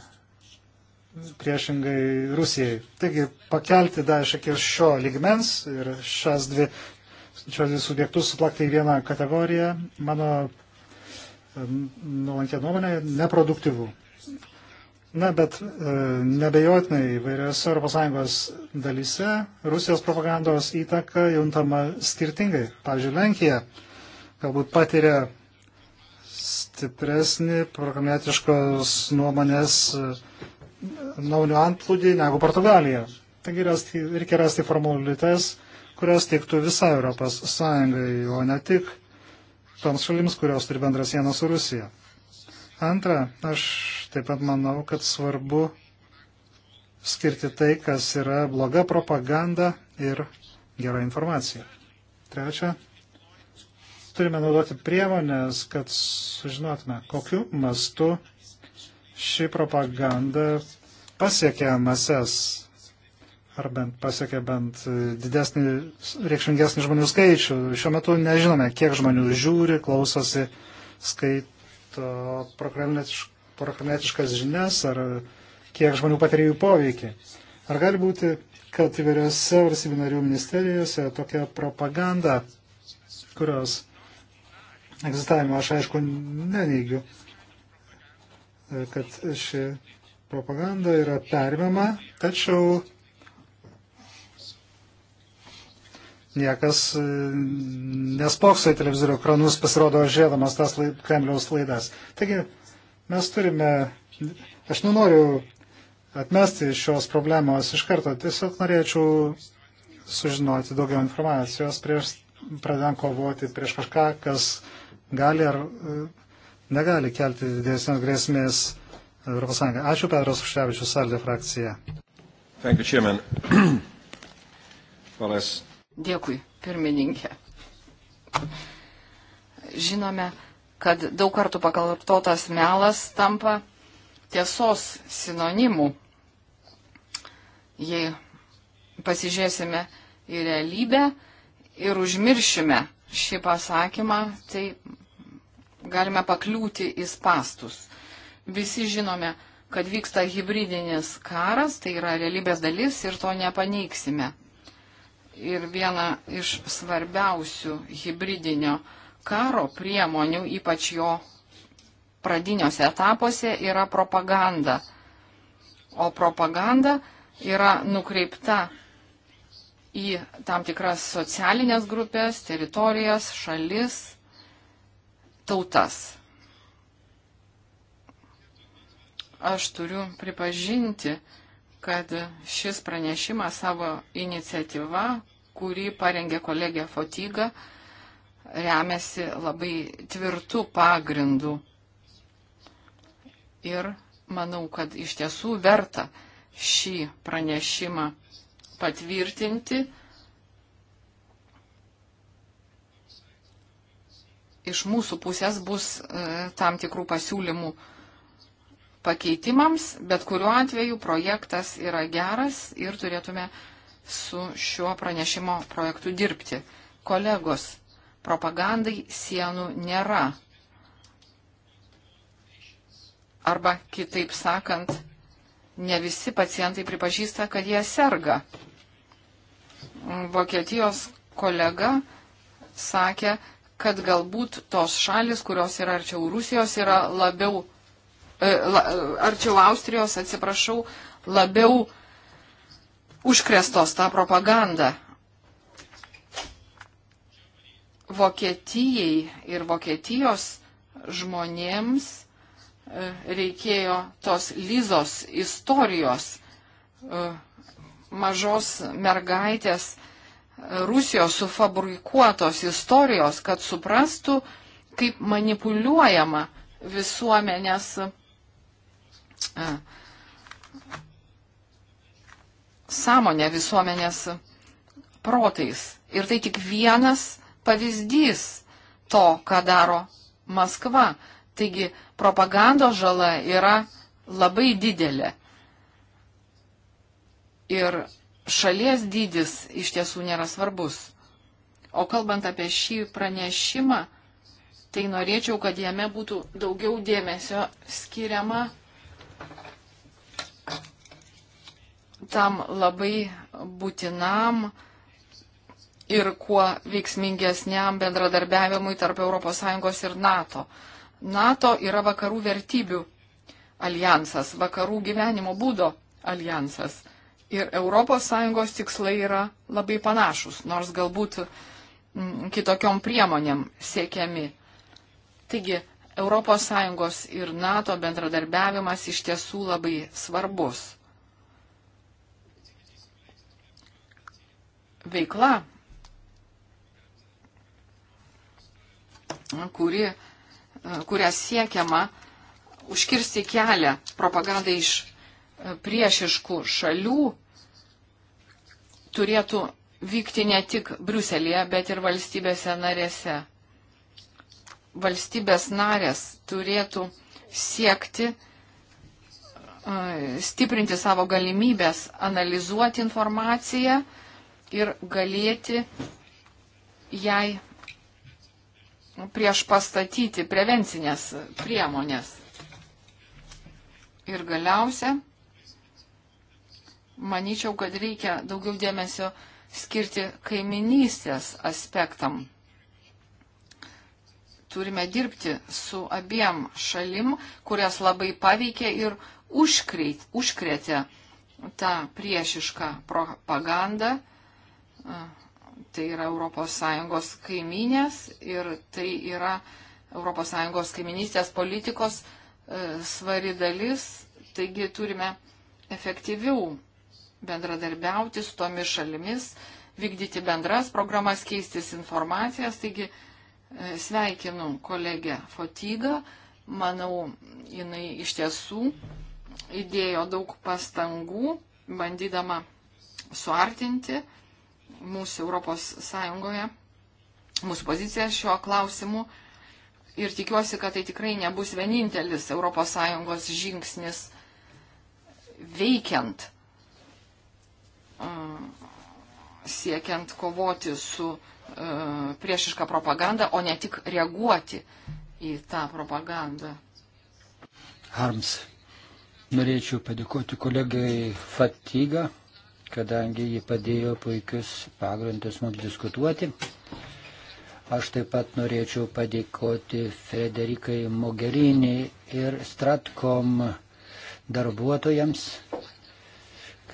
priešingai Rusijai. Taigi pakelti Daešą iki šio ligmens ir šias dvi, šios dvi subjektus suplakti į vieną kategoriją, mano nuolankė nuomonė, neproduktyvų. Na, bet e, nebejotinai įvairiose ES dalyse Rusijos propagandos įtaka juntama skirtingai. Pavyzdžiui, Lenkija galbūt patiria stipresnį programatiškos nuomonės e, naunių antplūdį negu Portugalija. Taigi rasti, reikia rasti formulytes, kurios tiktų visai Europos Sąjungai, o ne tik toms šalims, kurios turi bendrą sieną su Rusija. Antra, aš taip pat manau, kad svarbu skirti tai, kas yra bloga propaganda ir gera informacija. Trečia, turime naudoti priemonės, kad sužinotume, kokiu mastu ši propaganda pasiekia mases, ar bent pasiekia bent didesnį, reikšmingesnį žmonių skaičių. Šiuo metu nežinome, kiek žmonių žiūri, klausosi, skaito programetiškas žinias, ar kiek žmonių patiria jų poveikį. Ar gali būti, kad įvairiose valstybių narių ministerijose tokia propaganda, kurios egzistavimo aš aišku neneigiu, kad ši propaganda yra perimama, tačiau niekas e, nespokso į televizorių ekranus, pasirodo žiūrėdamas tas laid, Kremliaus laidas. Taigi mes turime, aš nenoriu atmesti šios problemos iš karto, tiesiog norėčiau sužinoti daugiau informacijos prieš pradedant kovoti prieš kažką, kas gali ar e, negali kelti didesnės grėsmės ES. Ačiū Petras Užtevičius, Saldė frakcija. Thank you, Chairman. <clears throat> well, as... Dėkui, pirmininkė. Žinome, kad daug kartų pakartotas melas tampa tiesos sinonimu. Jei pasižiūrėsime į realybę ir užmiršime šį pasakymą, tai galime pakliūti į pastus. Visi žinome, kad vyksta hybridinis karas, tai yra realybės dalis ir to nepaneiksime. Ir viena iš svarbiausių hybridinio karo priemonių, ypač jo pradiniuose etapuose, yra propaganda. O propaganda yra nukreipta į tam tikras socialinės grupės, teritorijas, šalis, tautas. Aš turiu pripažinti, kad šis pranešimas savo iniciatyva, kurį parengė kolegė Fotyga, remiasi labai tvirtų pagrindų. Ir manau, kad iš tiesų verta šį pranešimą patvirtinti iš mūsų pusės bus e, tam tikrų pasiūlymų pakeitimams, bet kuriuo atveju projektas yra geras ir turėtume su šiuo pranešimo projektu dirbti. Kolegos, propagandai sienų nėra. Arba kitaip sakant, ne visi pacientai pripažįsta, kad jie serga. Vokietijos kolega sakė, kad galbūt tos šalis, kurios yra arčiau Rusijos, yra labiau, e, arčiau Austrijos, atsiprašau, labiau užkrestos tą propagandą. Vokietijai ir Vokietijos žmonėms e, reikėjo tos Lizos istorijos e, mažos mergaitės, Rusijos sufabrikuotos istorijos, kad suprastų, kaip manipuliuojama visuomenės e, sąmonė, visuomenės protais. Ir tai tik vienas pavyzdys to, ką daro Maskva. Taigi propagandos žala yra labai didelė. Ir šalies dydis iš tiesų nėra svarbus. O kalbant apie šį pranešimą, tai norėčiau, kad jame būtų daugiau dėmesio skiriama tam labai būtinam ir kuo veiksmingesniam bendradarbiavimui tarp ES ir NATO. NATO yra vakarų vertybių alijansas, vakarų gyvenimo būdo alijansas ir ES tikslai yra labai panašus, nors galbūt mm, kitokiom priemonėm siekiami. Taigi, ES ir NATO bendradarbiavimas iš tiesų labai svarbus. Veikla, kuri, kurią siekiama užkirsti kelią propagandai iš priešiškų šalių turėtų vykti ne tik Bruselėje, bet ir valstybėse narėse. Valstybės narės turėtų siekti stiprinti savo galimybės analizuoti informaciją ir galėti jai prieš pastatyti prevencinės priemonės. Ir galiausia, manyčiau, kad reikia daugiau dėmesio skirti kaiminystės aspektam. Turime dirbti su abiem šalim, kurias labai paveikė ir užkreit, užkrėtė tą priešišką propagandą. Tai yra ES kaiminės ir tai yra ES kaiminystės politikos e, svari dalis. Taigi turime efektyviau bendradarbiauti su tomis šalimis, vykdyti bendras programas, keistis informacijas. Taigi e, sveikinu kolegę Fotygą, manau, jinai iš tiesų įdėjo daug pastangų, bandydama suartinti mūsų Europos Sąjungoje, mūsų poziciją šiuo klausimu. Ir tikiuosi, kad tai tikrai nebus vienintelis ES žingsnis veikiant siekiant kovoti su e, priešiška propaganda, o ne tik reaguoti į tą propagandą. Harms, norėčiau padėkoti kolegai Fatiga, kadangi ji padėjo puikius pagrindus mums diskutuoti. Aš taip pat norėčiau padėkoti Frederikai Mogherini ir Stratkom darbuotojams,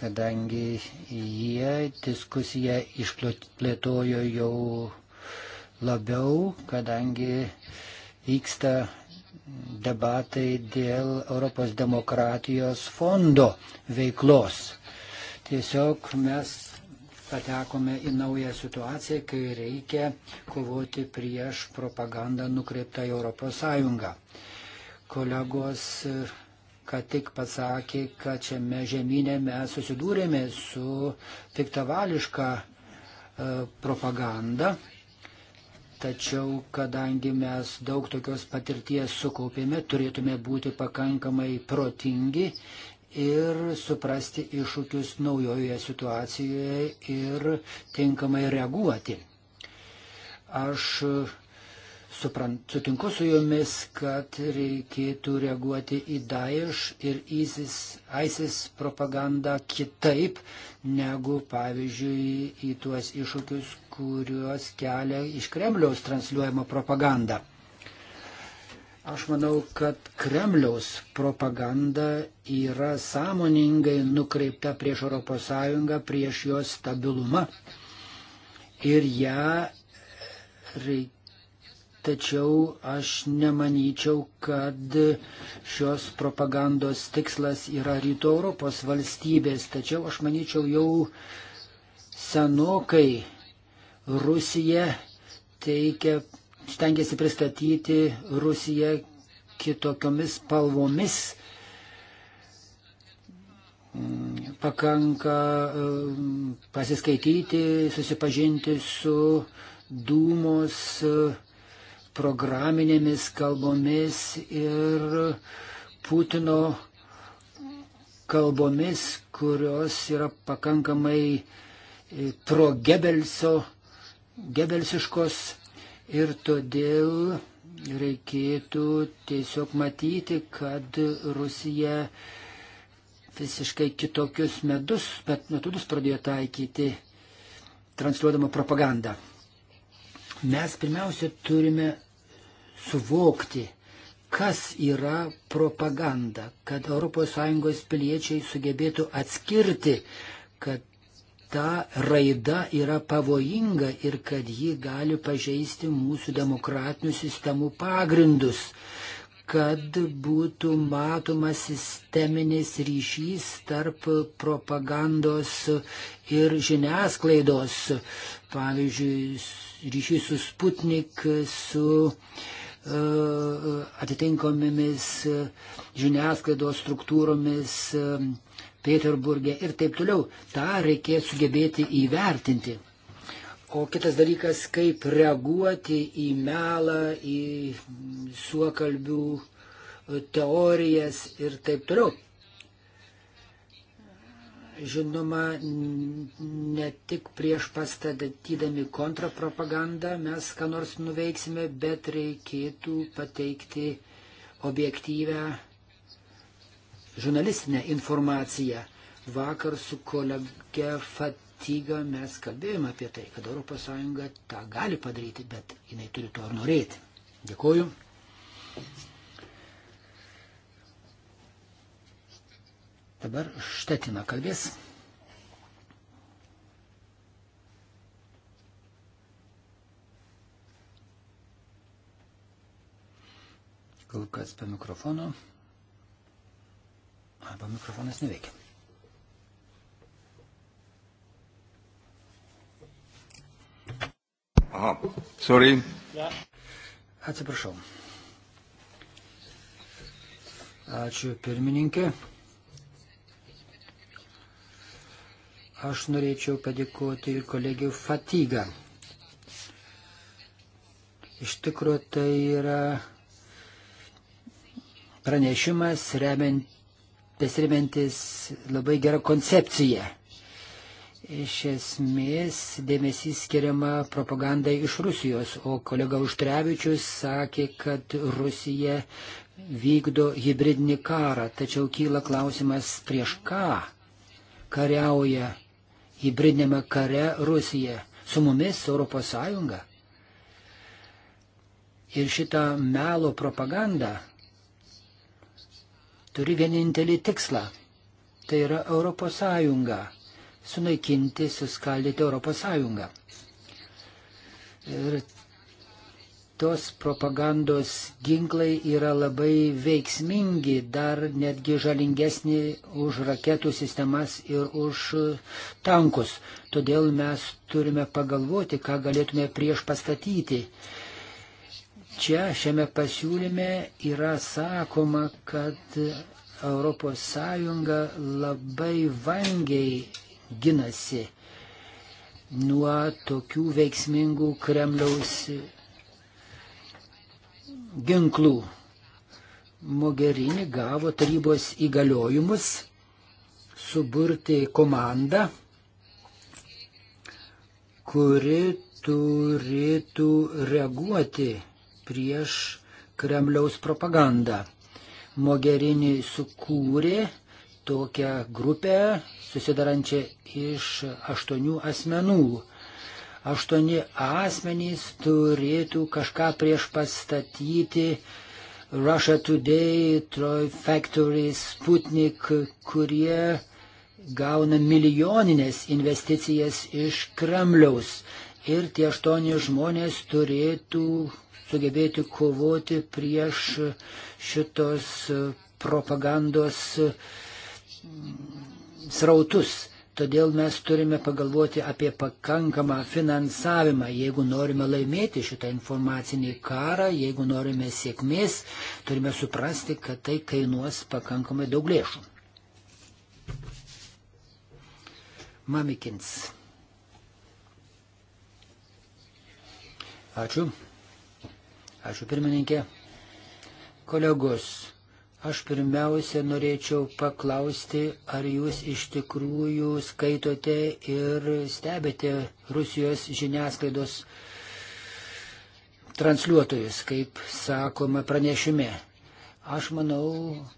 kadangi jie diskusiją išplėtojo jau labiau, kadangi vyksta debatai dėl Europos demokratijos fondo veiklos. Tiesiog mes patekome į naują situaciją, kai reikia kovoti prieš propagandą nukreiptą į Europos Sąjungą. Kolegos ką tik pasakė, kad šiame žemynė mes susidūrėme su piktavališka e, propaganda. Tačiau, kadangi mes daug tokios patirties sukaupėme, turėtume būti pakankamai protingi ir suprasti iššūkius naujoje situacijoje ir tinkamai reaguoti. Aš Suprant, sutinku su jumis, kad reikėtų reaguoti į Daesh ir ISIS, ISIS propagandą kitaip, negu, pavyzdžiui, į tuos iššūkius, kuriuos kelia iš Kremliaus transliuojama propaganda. Aš manau, kad Kremliaus propaganda yra sąmoningai nukreipta prieš ES, prieš jos stabilumą. Ir ją reikia Tačiau aš nemanyčiau, kad šios propagandos tikslas yra rytų Europos valstybės. Tačiau aš manyčiau jau senokai Rusija teikia, stengiasi pristatyti Rusiją kitokiomis spalvomis. Pakanka e, pasiskaityti, susipažinti su Dūmos e, programinėmis kalbomis ir Putino kalbomis, kurios yra pakankamai e, pro-Gebelso, Gebelsiškos ir todėl reikėtų tiesiog matyti, kad Rusija visiškai kitokius medus, metodus pradėjo taikyti, transliuodama propagandą. Mes pirmiausia turime suvokti, kas yra propaganda, kad ES piliečiai sugebėtų atskirti, kad ta raida yra pavojinga ir kad ji gali pažeisti mūsų demokratinių sistemų pagrindus, kad būtų matomas sisteminis ryšys tarp propagandos ir žiniasklaidos, pavyzdžiui, ryšys su Sputnik, su e, atitinkomomis e, žiniasklaidos struktūromis e, Peterburgė ir taip toliau. Ta reikės sugebėti įvertinti. O kitas dalykas, kaip reaguoti į melą, į suokalbių teorijas ir taip toliau. Žinoma, ne tik prieš pastatydami kontrapropagandą mes ką nors nuveiksime, bet reikėtų pateikti objektyvę žurnalistinę informaciją. Vakar su kolege Fatiga mes kalbėjome apie tai, kad ES tą gali padaryti, bet jinai turi to ar norėti. Dėkuoju. Dabar Štetina kalbės. Kol kas be mikrofono. Arba mikrofonas neveikia. Aha, sorry. Atsiprašau. Ačiū pirmininkė. Aš norėčiau padėkoti ir kolegijų Fatyga. Iš tikrųjų tai yra pranešimas besirimintis labai gerą koncepciją. Iš esmės dėmesys skiriama propagandai iš Rusijos, o kolega Užtrevičius sakė, kad Rusija vykdo hybridinį karą, tačiau kyla klausimas prieš ką kariauja hybridinėme kare Rusija, su mumis, su Europos Sąjunga. Ir šitą melo propagandą turi vienintelį tikslą. Tai yra Europos Sąjunga. Sunaikinti, suskaldyti Europos Sąjungą. Ir tos propagandos ginklai yra labai veiksmingi, dar netgi žalingesni už raketų sistemas ir už tankus. Todėl mes turime pagalvoti, ką galėtume prieš pastatyti. Čia šiame pasiūlyme yra sakoma, kad ES labai vangiai ginasi nuo tokių veiksmingų Kremliaus ginklų. Mogherini gavo tarybos įgaliojimus suburti komandą, kuri turėtų reaguoti prieš Kremliaus propagandą. Mogherini sukūrė tokią grupę susidarančią iš aštuonių asmenų aštuoni asmenys turėtų kažką prieš pastatyti Russia Today, Troy Factory, Sputnik, kurie gauna milijoninės investicijas iš Kremliaus. Ir tie aštuoni žmonės turėtų sugebėti kovoti prieš šitos propagandos srautus. Todėl mes turime pagalvoti apie pakankamą finansavimą, jeigu norime laimėti šitą informacinį karą, jeigu norime sėkmės, turime suprasti, kad tai kainuos pakankamai daug lėšų. Mamikins. Ačiū. Ačiū pirmininkė. Kolegos Aš pirmiausia norėčiau paklausti, ar jūs iš tikrųjų skaitote ir stebite Rusijos žiniasklaidos transliuotojus, kaip sakoma pranešime. Aš manau,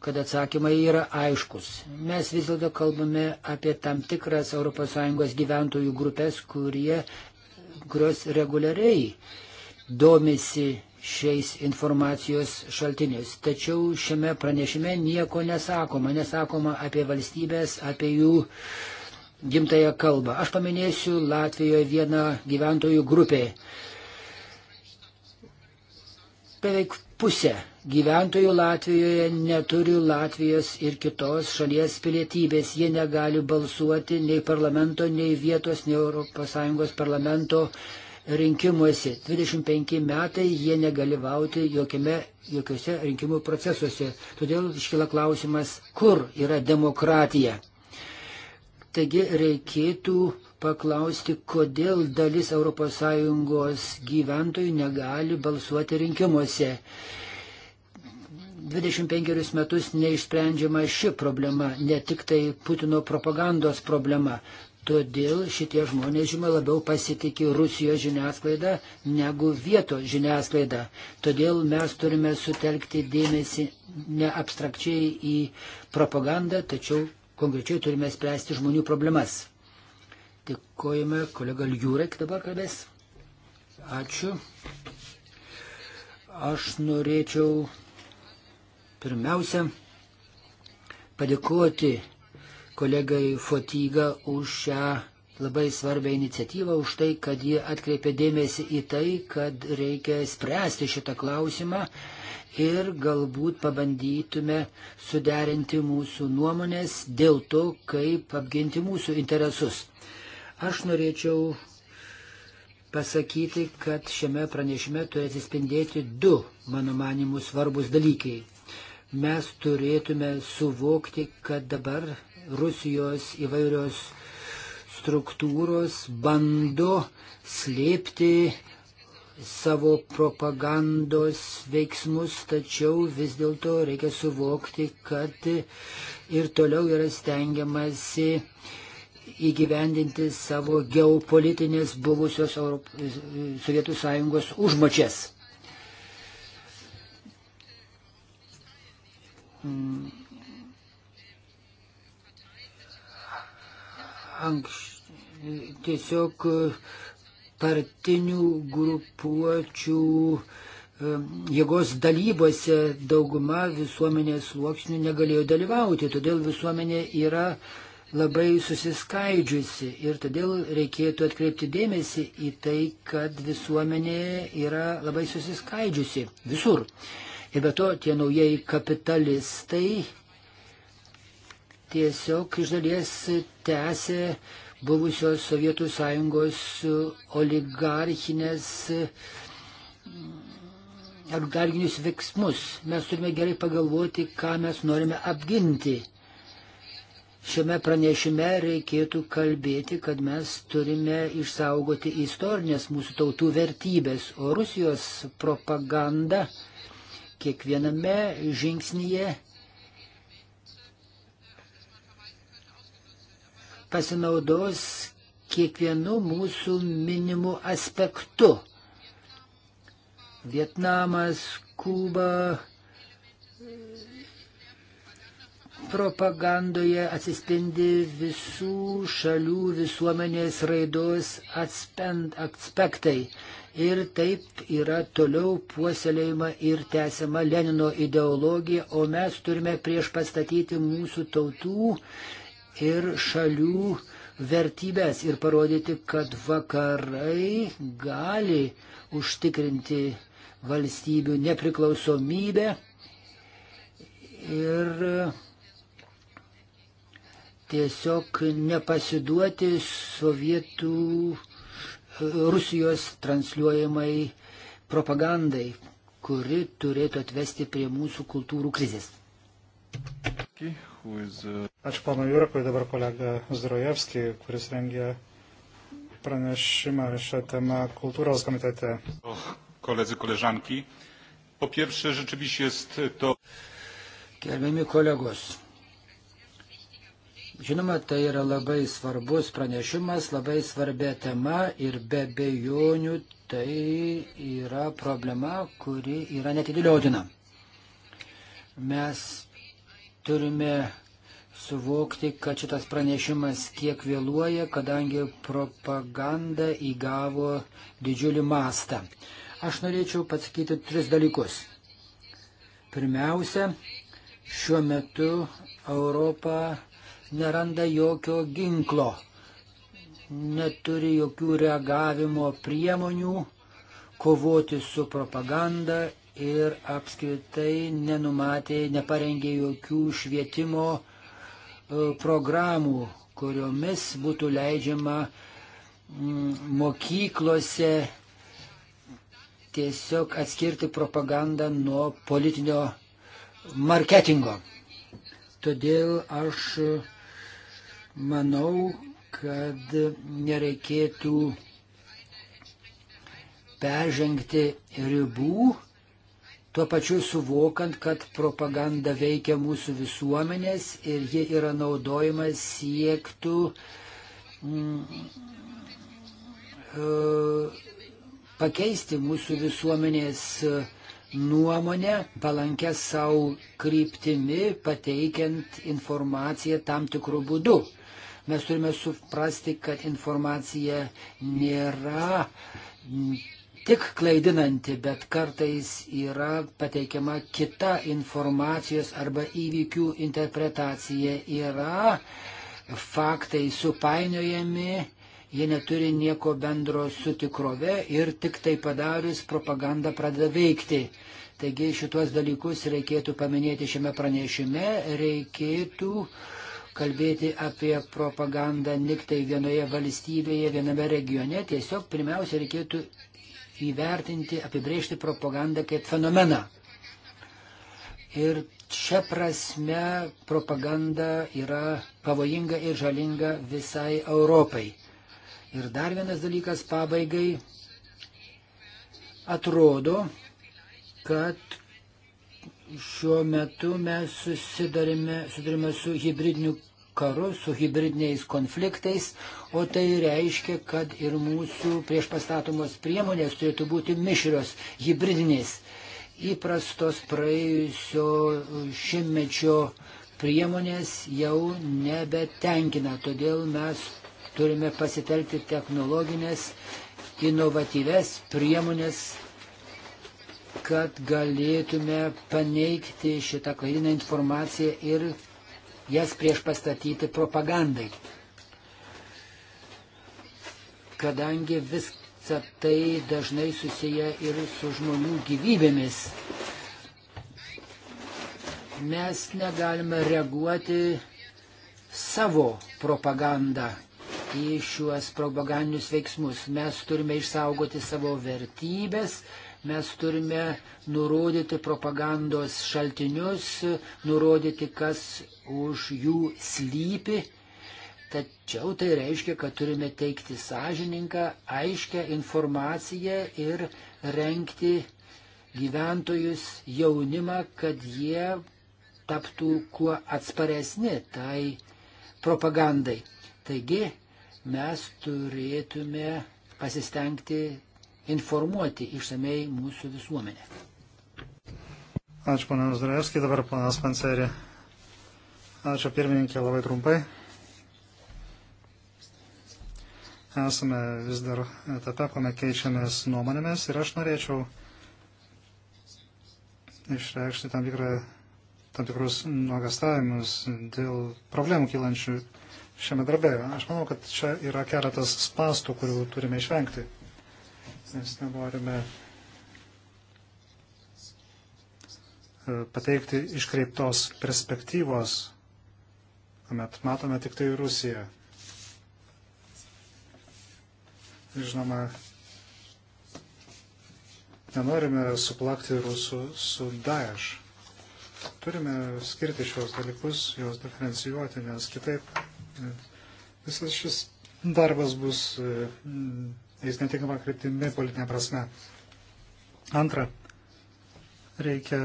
kad atsakymai yra aiškus. Mes vis dėlto kalbame apie tam tikras ES gyventojų grupės, kurie, kurios reguliariai domisi šiais informacijos šaltiniais. Tačiau šiame pranešime nieko nesakoma, nesakoma apie valstybės, apie jų gimtają kalbą. Aš paminėsiu Latvijoje vieną gyventojų grupę. Beveik pusė gyventojų Latvijoje neturi Latvijos ir kitos šalies pilietybės. Jie negali balsuoti nei parlamento, nei vietos, nei ES parlamento rinkimuose. 25 metai jie negalyvauti jokiame, jokiuose rinkimų procesuose. Todėl iškila klausimas, kur yra demokratija. Taigi reikėtų paklausti, kodėl dalis ES gyventojų negali balsuoti rinkimuose. 25 metus neišsprendžiama ši problema, ne tik tai Putino propagandos problema. Todėl šitie žmonės, žinoma, labiau pasitikė Rusijos žiniasklaida negu vietos žiniasklaida. Todėl mes turime sutelkti dėmesį ne abstrakčiai į propagandą, tačiau konkrečiai turime spręsti žmonių problemas. Dėkojame, kolega Jurek dabar kalbės. Ačiū. Aš norėčiau pirmiausia padėkoti kolegai Fotyga už šią labai svarbią iniciatyvą, už tai, kad ji atkreipė dėmesį į tai, kad reikia spręsti šitą klausimą ir galbūt pabandytume suderinti mūsų nuomonės dėl to, kaip apginti mūsų interesus. Aš norėčiau pasakyti, kad šiame pranešime turi atsispindėti du, mano manimu, svarbus dalykai. Mes turėtume suvokti, kad dabar Rusijos įvairios struktūros bando slėpti savo propagandos veiksmus, tačiau vis dėlto reikia suvokti, kad ir toliau yra stengiamasi įgyvendinti savo geopolitinės buvusios Europ... Sovietų Sąjungos užmačias. Mm anks, tiesiog e, partinių grupuočių e, jėgos dalybose dauguma visuomenės sluoksnių negalėjo dalyvauti, todėl visuomenė yra labai susiskaidžiusi ir todėl reikėtų atkreipti dėmesį į tai, kad visuomenė yra labai susiskaidžiusi visur. Ir be to tie naujieji kapitalistai tiesiog iš dalies tęsė buvusios Sovietų sąjungos oligarchinės mm, oligarchinius veiksmus. Mes turime gerai pagalvoti, ką mes norime apginti. Šiame pranešime reikėtų kalbėti, kad mes turime išsaugoti istorinės mūsų tautų vertybės, o Rusijos propaganda kiekviename žingsnyje pasinaudos kiekvienu mūsų minimu aspektu. Vietnamas, Kuba propagandoje atsispindi visų šalių visuomenės raidos atspend, aspektai. Ir taip yra toliau puoselėjama ir tęsiama Lenino ideologija, o mes turime prieš pastatyti mūsų tautų ir šalių vertybės ir parodyti, kad vakarai gali užtikrinti valstybių nepriklausomybę ir tiesiog nepasiduoti sovietų Rusijos transliuojamai propagandai, kuri turėtų atvesti prie mūsų kultūrų krizės. Okay is... Uh, Ačiū pono Jurakui, dabar kolega Zdrojevski, kuris rengė pranešimą šią temą kultūros komitete. Oh, koledzy, koleżanki. Po pierwsze, rzeczywiście jest to... Gerbiami kolegos, Žinoma, tai yra labai svarbus pranešimas, labai svarbia tema ir be bejonių tai yra problema, kuri yra netidėliotina. Mes turime suvokti, kad šitas pranešimas kiek vėluoja, kadangi propaganda įgavo didžiulį mastą. Aš norėčiau pasakyti tris dalykus. Pirmiausia, šiuo metu Europa neranda jokio ginklo, neturi jokių reagavimo priemonių kovoti su propaganda ir apskritai nenumatė, neparengė jokių švietimo e, programų, kuriomis būtų leidžiama mm, mokyklose tiesiog atskirti propagandą nuo politinio marketingo. Todėl aš manau, kad nereikėtų peržengti ribų tuo pačiu suvokant, kad propaganda veikia mūsų visuomenės ir ji yra naudojama siektų mm, e, pakeisti mūsų visuomenės nuomonę palankę savo kryptimi, pateikiant informaciją tam tikrų būdų. Mes turime suprasti, kad informacija nėra tik klaidinanti, bet kartais yra pateikiama kita informacijos arba įvykių interpretacija, yra faktai supainiojami, jie neturi nieko bendro su tikrove ir tik tai padarius propaganda pradeda veikti. Taigi šitos dalykus reikėtų paminėti šiame pranešime, reikėtų kalbėti apie propagandą tik tai vienoje valstybėje, viename regione, tiesiog pirmiausia reikėtų įvertinti, apibrėžti propagandą kaip fenomeną. Ir čia prasme propaganda yra pavojinga ir žalinga visai Europai. Ir dar vienas dalykas pabaigai. Atrodo, kad šiuo metu mes susidarime, susidarime su hybridiniu karu, su hybridiniais konfliktais, o tai reiškia, kad ir mūsų priešpastatomos priemonės turėtų būti mišrios, hybridinės. Įprastos praėjusio šimmečio priemonės jau nebetenkina, todėl mes turime pasitelkti technologinės, inovatyves priemonės, kad galėtume paneigti šitą klaidinę informaciją ir jas prieš pastatyti propagandai. Kadangi visą tai dažnai susiję ir su žmonių gyvybėmis, mes negalime reaguoti savo propagandą į šiuos propagandinius veiksmus. Mes turime išsaugoti savo vertybės, mes turime nurodyti propagandos šaltinius, nurodyti, kas už jų slypi. Tačiau tai reiškia, kad turime teikti sąžininką, aiškę informaciją ir renkti gyventojus, jaunimą, kad jie taptų kuo atsparesni tai propagandai. Taigi mes turėtume pasistengti informuoti išsamei mūsų visuomenę. Ačiū, panas Zdravski, dabar panas Panseri. Ačiū, pirmininkė, labai trumpai. Esame vis dar etape, kuomet keičiamės nuomonėmis ir aš norėčiau išreikšti tam, tikrą, tam tikrus nuogastavimus dėl problemų kylančių šiame darbe. Aš manau, kad čia yra keletas spastų, kurių turime išvengti. Mes nenorime e, pateikti iškreiptos perspektyvos, kuomet matome tik tai Rusiją. Žinoma, nenorime suplakti rusų su Daesh. Turime skirti šios dalykus, juos diferencijuoti, nes kitaip e, visas šis darbas bus e, eis netinkama kryptimi politinė prasme. Antra, reikia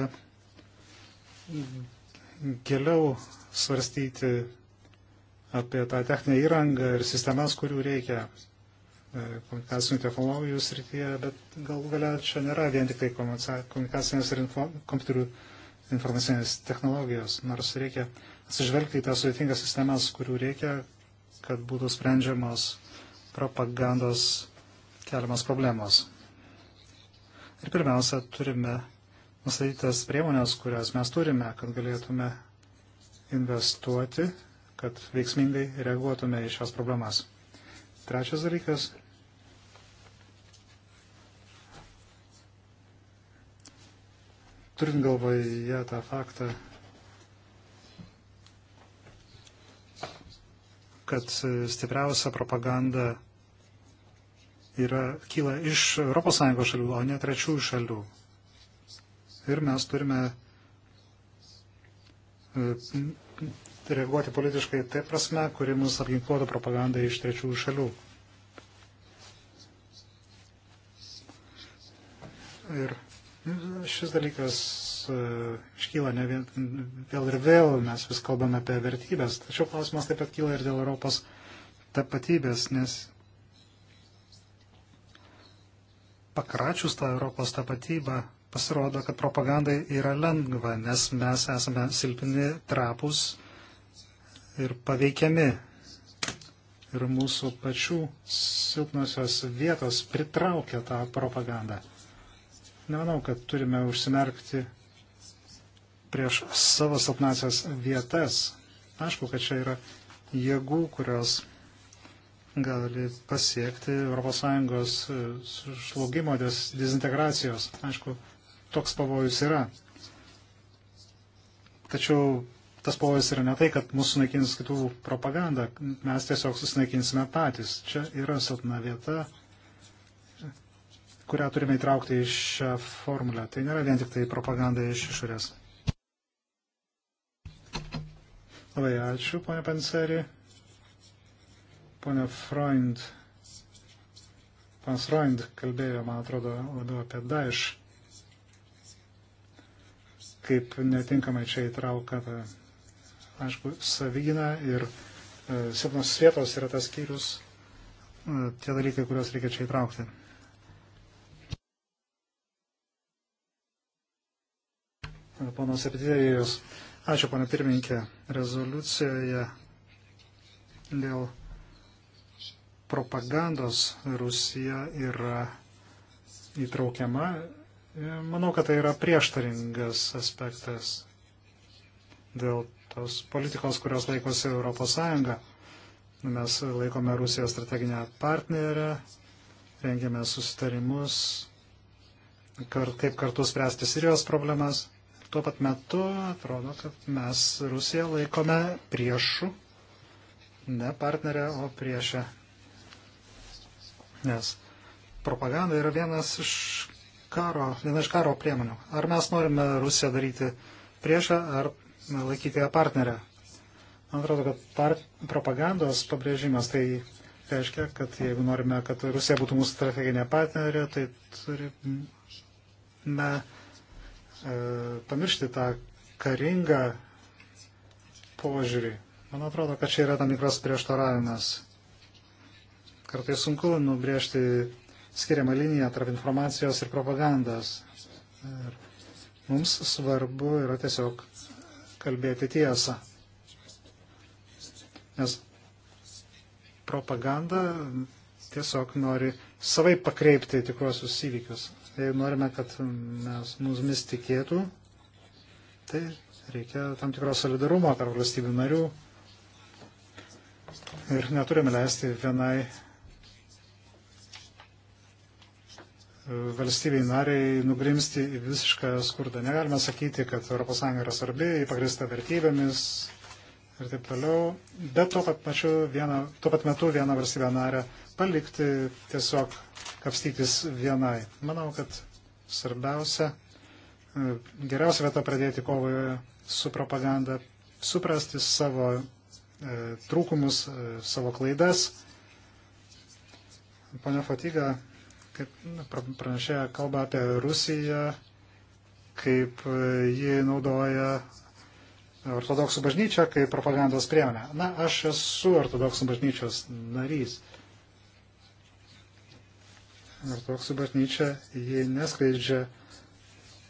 giliau svarstyti apie tą techninę įrangą ir sistemas, kurių reikia e, komunikacinių technologijų srityje, bet galų galia čia nėra vien tik tai komunikacinės ir info, kompiuterių informacinės technologijos, nors reikia atsižvelgti į tas sudėtingas sistemas, kurių reikia, kad būtų sprendžiamos propagandos keliamos problemos. Ir pirmiausia, turime nustatytas priemonės, kurias mes turime, kad galėtume investuoti, kad veiksmingai reaguotume į šias problemas. Trečias dalykas. Turint galvoje tą faktą, kad stipriausia propaganda yra, kyla iš ES šalių, o ne trečiųjų šalių. Ir mes turime e, reaguoti politiškai taip prasme, kuri mus apginkluotų propagandą iš trečiųjų šalių. Ir šis dalykas e, iškyla ne vien, vėl ir vėl, mes vis kalbame apie vertybės. Tačiau klausimas taip pat kyla ir dėl Europos tapatybės, nes pakračius tą Europos tapatybą, pasirodo, kad propagandai yra lengva, nes mes esame silpni, trapus ir paveikiami. Ir mūsų pačių silpnosios vietos pritraukia tą propagandą. Nemanau, kad turime užsimerkti prieš savo silpnasias vietas. Aišku, kad čia yra jėgų, kurios gali pasiekti ES e, žlugimo dezintegracijos. Aišku, toks pavojus yra. Tačiau tas pavojus yra ne tai, kad mūsų sunaikins kitų propagandą, mes tiesiog susinaikinsime patys. Čia yra silpna vieta, kurią turime įtraukti į šią formulę. Tai nėra vien tik tai propaganda iš išorės. Labai ačiū, ponia Panseri. Pone Freund, pas Freund kalbėjo, man atrodo, labiau apie Daesh, kaip netinkamai čia įtrauka, aišku, savigina ir e, silpnos vietos yra tas skyrius, e, tie dalykai, kuriuos reikia čia įtraukti. Ponas Epidėjus, ačiū, ponė pirmininkė, rezoliucijoje dėl propagandos Rusija yra įtraukiama. Manau, kad tai yra prieštaringas aspektas dėl tos politikos, kurios laikosi Europos Sąjunga. Nu, mes laikome Rusiją strateginę partnerę, rengiame susitarimus, kar, kaip kartu spręsti Sirijos problemas. Tuo pat metu atrodo, kad mes Rusiją laikome priešų, ne partnerę, o priešę nes propaganda yra vienas iš karo, viena iš karo priemonių. Ar mes norime Rusiją daryti priešą, ar laikyti ją partnerę? Man atrodo, kad par propagandos pabrėžimas tai reiškia, kad jeigu norime, kad Rusija būtų mūsų strateginė partnerė, tai turime e, pamiršti tą karingą požiūrį. Man atrodo, kad čia yra tam tikras prieštaravimas. Kartais sunku nubrėžti skiriamą liniją tarp informacijos ir propagandos. Ir mums svarbu yra tiesiog kalbėti tiesą. Nes propaganda tiesiog nori savai pakreipti tikruosius įvykius. Jei norime, kad mes mumis tikėtų, tai reikia tam tikro solidarumo tarp valstybių narių. Ir neturime leisti vienai valstybei nariai nugrimsti į visišką skurdą. Negalime sakyti, kad ES yra svarbi, pagrįsta vertybėmis ir taip toliau, bet tuo pat, vieną, tuo pat metu vieną valstybę narę palikti tiesiog kapstytis vienai. Manau, kad svarbiausia, e, geriausia vieta pradėti kovoje su propaganda, suprasti savo e, trūkumus, e, savo klaidas. Pane Fatiga kaip pranešėja kalba apie Rusiją, kaip e, ji naudoja ortodoksų bažnyčią kaip propagandos priemonę. Na, aš esu ortodoksų bažnyčios narys. Ortodoksų bažnyčia, ji neskleidžia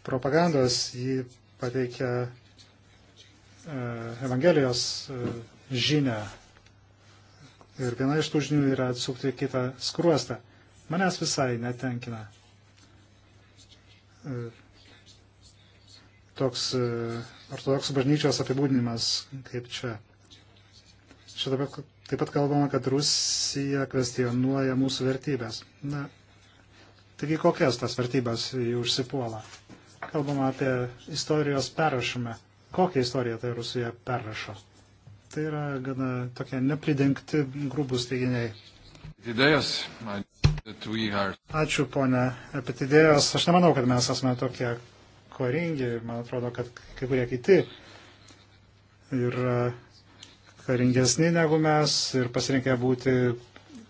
propagandos, ji pateikia e, Evangelijos e, žinę. Ir viena iš tų žinių yra atsukti kitą skruostą manęs visai netenkina e, toks e, ortodoksų bažnyčios apibūdinimas, kaip čia. Čia taip pat, taip pat kalbama, kad Rusija kvestionuoja mūsų vertybės. Na, taigi kokias tas vertybės jų užsipuola? Kalbama apie istorijos perrašymą. Kokią istoriją tai Rusija perrašo? Tai yra gana tokie nepridengti grūbus teiginiai. Idėjas. Man... Ačiū, ponia Epitidėjos. Aš nemanau, kad mes esame tokie koringi. Man atrodo, kad kai kurie kiti yra karingesni negu mes ir pasirinkę būti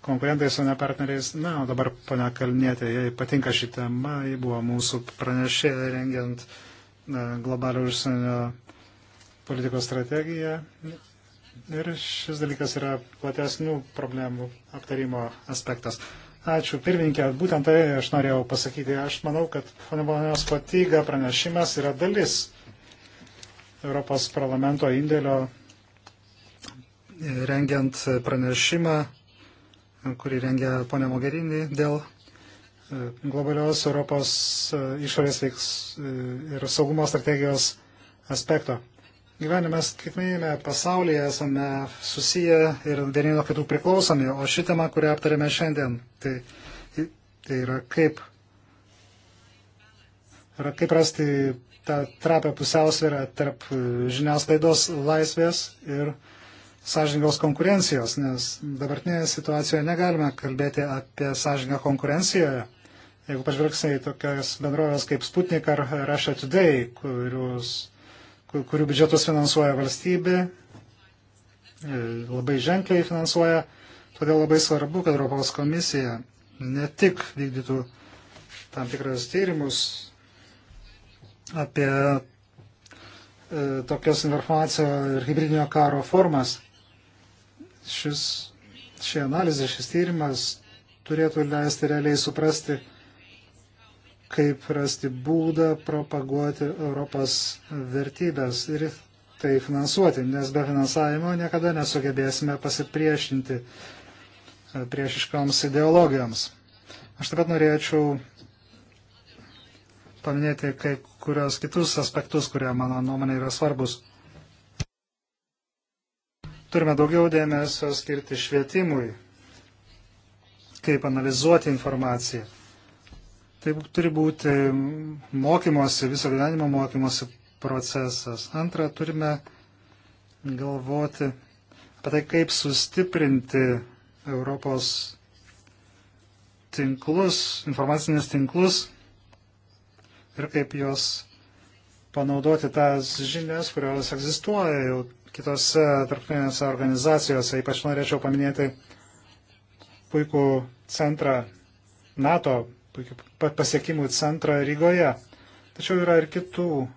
konkurentais, o ne partneriais. Na, o dabar, ponia Kalnėtė, jai patinka ši tema, ji buvo mūsų pranešė rengiant globalių užsienio politikos strategiją. Ir šis dalykas yra platesnių problemų aptarimo aspektas. Ačiū pirmininkė, būtent tai aš norėjau pasakyti. Aš manau, kad Fonebonijos patyga pranešimas yra dalis Europos parlamento indėlio e, rengiant pranešimą, kurį rengia ponė Mogherini dėl e, globalios Europos e, išorės veiks ir saugumo strategijos aspekto. Gyvenime skaitmenime pasaulyje esame susiję ir vieni nuo kitų priklausomi, o ši tema, kurią aptarėme šiandien, tai, tai yra kaip yra kaip rasti tą trapę pusiausvyrą tarp žiniasklaidos laisvės ir sąžingos konkurencijos, nes dabartinėje situacijoje negalime kalbėti apie sąžingą konkurenciją. Jeigu pažvelgsime į tokias bendrovės kaip Sputnik ar Russia Today, kurius kurių biudžetus finansuoja valstybė, e, labai ženkliai finansuoja. Todėl labai svarbu, kad Europos komisija ne tik vykdytų tam tikras tyrimus apie e, tokios informacijo ir hybridinio karo formas. Šis, ši analizė, šis tyrimas turėtų leisti realiai suprasti, kaip rasti būdą propaguoti Europos vertybės ir tai finansuoti, nes be finansavimo niekada nesugebėsime pasipriešinti e, priešiškoms ideologijoms. Aš taip pat norėčiau paminėti kai kurios kitus aspektus, kurie mano nuomonė yra svarbus. Turime daugiau dėmesio skirti švietimui, kaip analizuoti informaciją Tai turi būti mokymosi, viso gyvenimo mokymosi procesas. Antra, turime galvoti apie tai, kaip sustiprinti Europos tinklus, informacinės tinklus ir kaip juos panaudoti tas žinias, kurios egzistuoja jau kitose tarptautinėse organizacijose. Ypač norėčiau paminėti puikų centrą NATO puikių pasiekimų centrą Rygoje. Tačiau yra ir kitų e,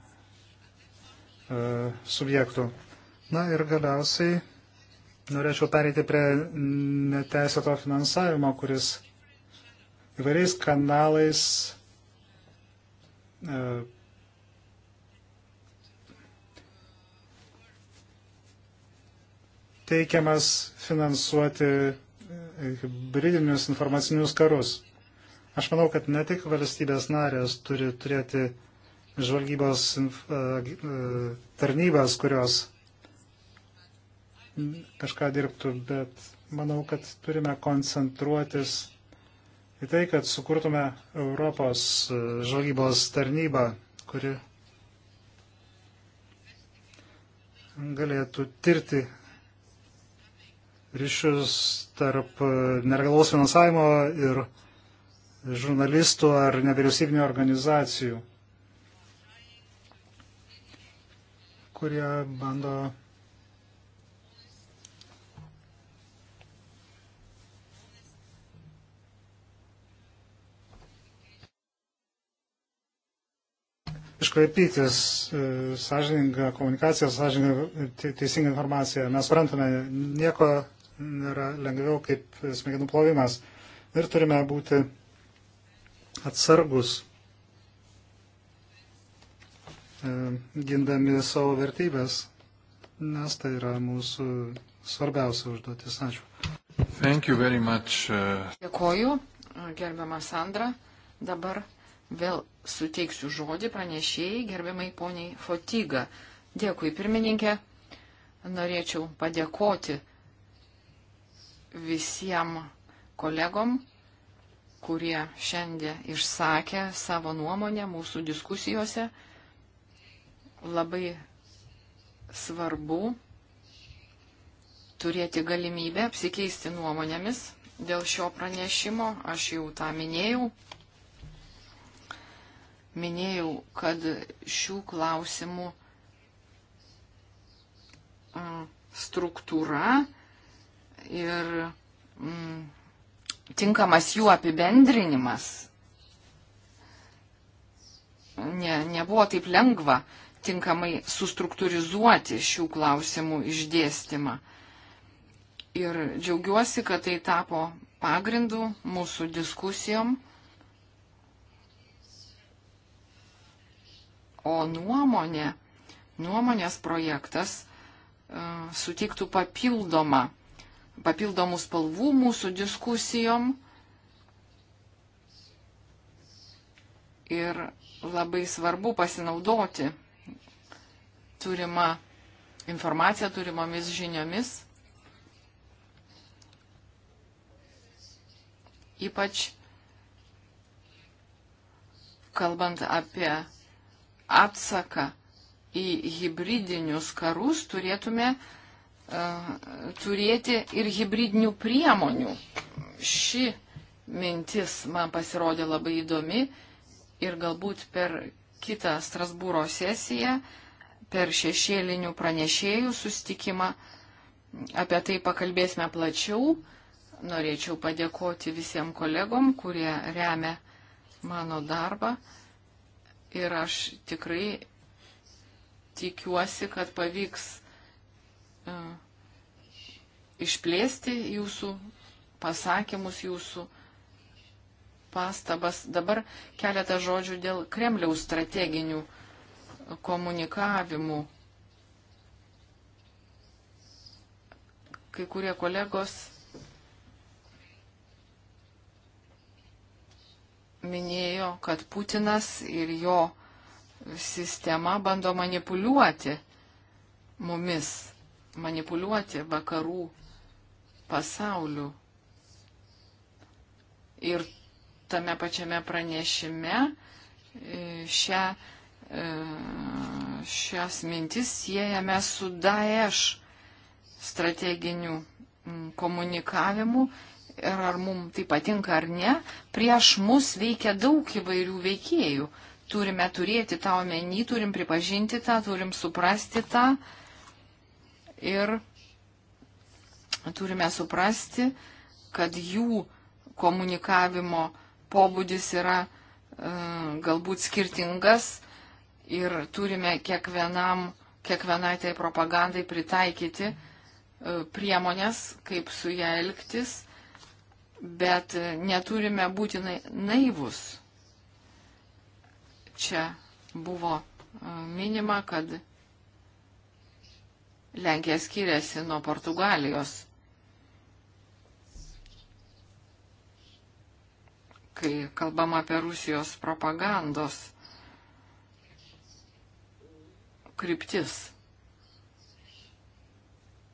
subjektų. Na ir galiausiai norėčiau pereiti prie neteisėto finansavimo, kuris įvairiais kanalais e, teikiamas finansuoti hybridinius informacinius karus. Aš manau, kad ne tik valstybės narės turi turėti žvalgybos tarnybas, kurios kažką dirbtų, bet manau, kad turime koncentruotis į tai, kad sukurtume Europos žvalgybos tarnybą, kuri galėtų tirti ryšius tarp neregalaus finansavimo ir uh, žurnalistų ar nevyriausybinio organizacijų, kurie bando iškraipytis e, sąžiningą komunikaciją, sąžiningą teisingą informaciją. Mes suprantame, nieko nėra lengviau kaip smegenų plovimas. Ir turime būti atsargus e, gindami savo vertybės, nes tai yra mūsų svarbiausia užduotis. Ačiū. E. Dėkoju, gerbiama Sandra. Dabar vėl suteiksiu žodį pranešėjai gerbiamai poniai Fotyga. Dėkui, pirmininkė. Norėčiau padėkoti visiems kolegom kurie šiandien išsakė savo nuomonę mūsų diskusijose. Labai svarbu turėti galimybę apsikeisti nuomonėmis dėl šio pranešimo. Aš jau tą minėjau. Minėjau, kad šių klausimų mm, struktūra ir mm, tinkamas jų apibendrinimas. Ne, nebuvo taip lengva tinkamai sustruktūrizuoti šių klausimų išdėstymą. Ir džiaugiuosi, kad tai tapo pagrindu mūsų diskusijom. O nuomonė, nuomonės projektas uh, sutiktų papildomą papildomų spalvų mūsų diskusijom. Ir labai svarbu pasinaudoti turimą informaciją, turimomis žiniomis. Ypač kalbant apie atsaką į hybridinius karus, turėtume uh, turėti ir hybridinių priemonių. Ši mintis man pasirodė labai įdomi ir galbūt per kitą Strasbūro sesiją, per šešėlinių pranešėjų sustikimą apie tai pakalbėsime plačiau. Norėčiau padėkoti visiems kolegom, kurie remia mano darbą. Ir aš tikrai tikiuosi, kad pavyks išplėsti jūsų pasakymus, jūsų pastabas. Dabar keletą žodžių dėl Kremliaus strateginių komunikavimų. Kai kurie kolegos minėjo, kad Putinas ir jo sistema bando manipuliuoti mumis manipuliuoti vakarų pasauliu. Ir tame pačiame pranešime e, šią, e, šias mintis siejame su Daesh strateginiu komunikavimu ir ar mums tai patinka ar ne, prieš mus veikia daug įvairių veikėjų. Turime turėti tą omeny, turim pripažinti tą, turim suprasti tą. Ta ir turime suprasti, kad jų komunikavimo pobūdis yra e, galbūt skirtingas ir turime kiekvienam, kiekvienai tai propagandai pritaikyti e, priemonės, kaip su ją elgtis, bet neturime būti naivus. Čia buvo e, minima, kad Lenkija skiriasi nuo Portugalijos, kai kalbam apie Rusijos propagandos kryptis.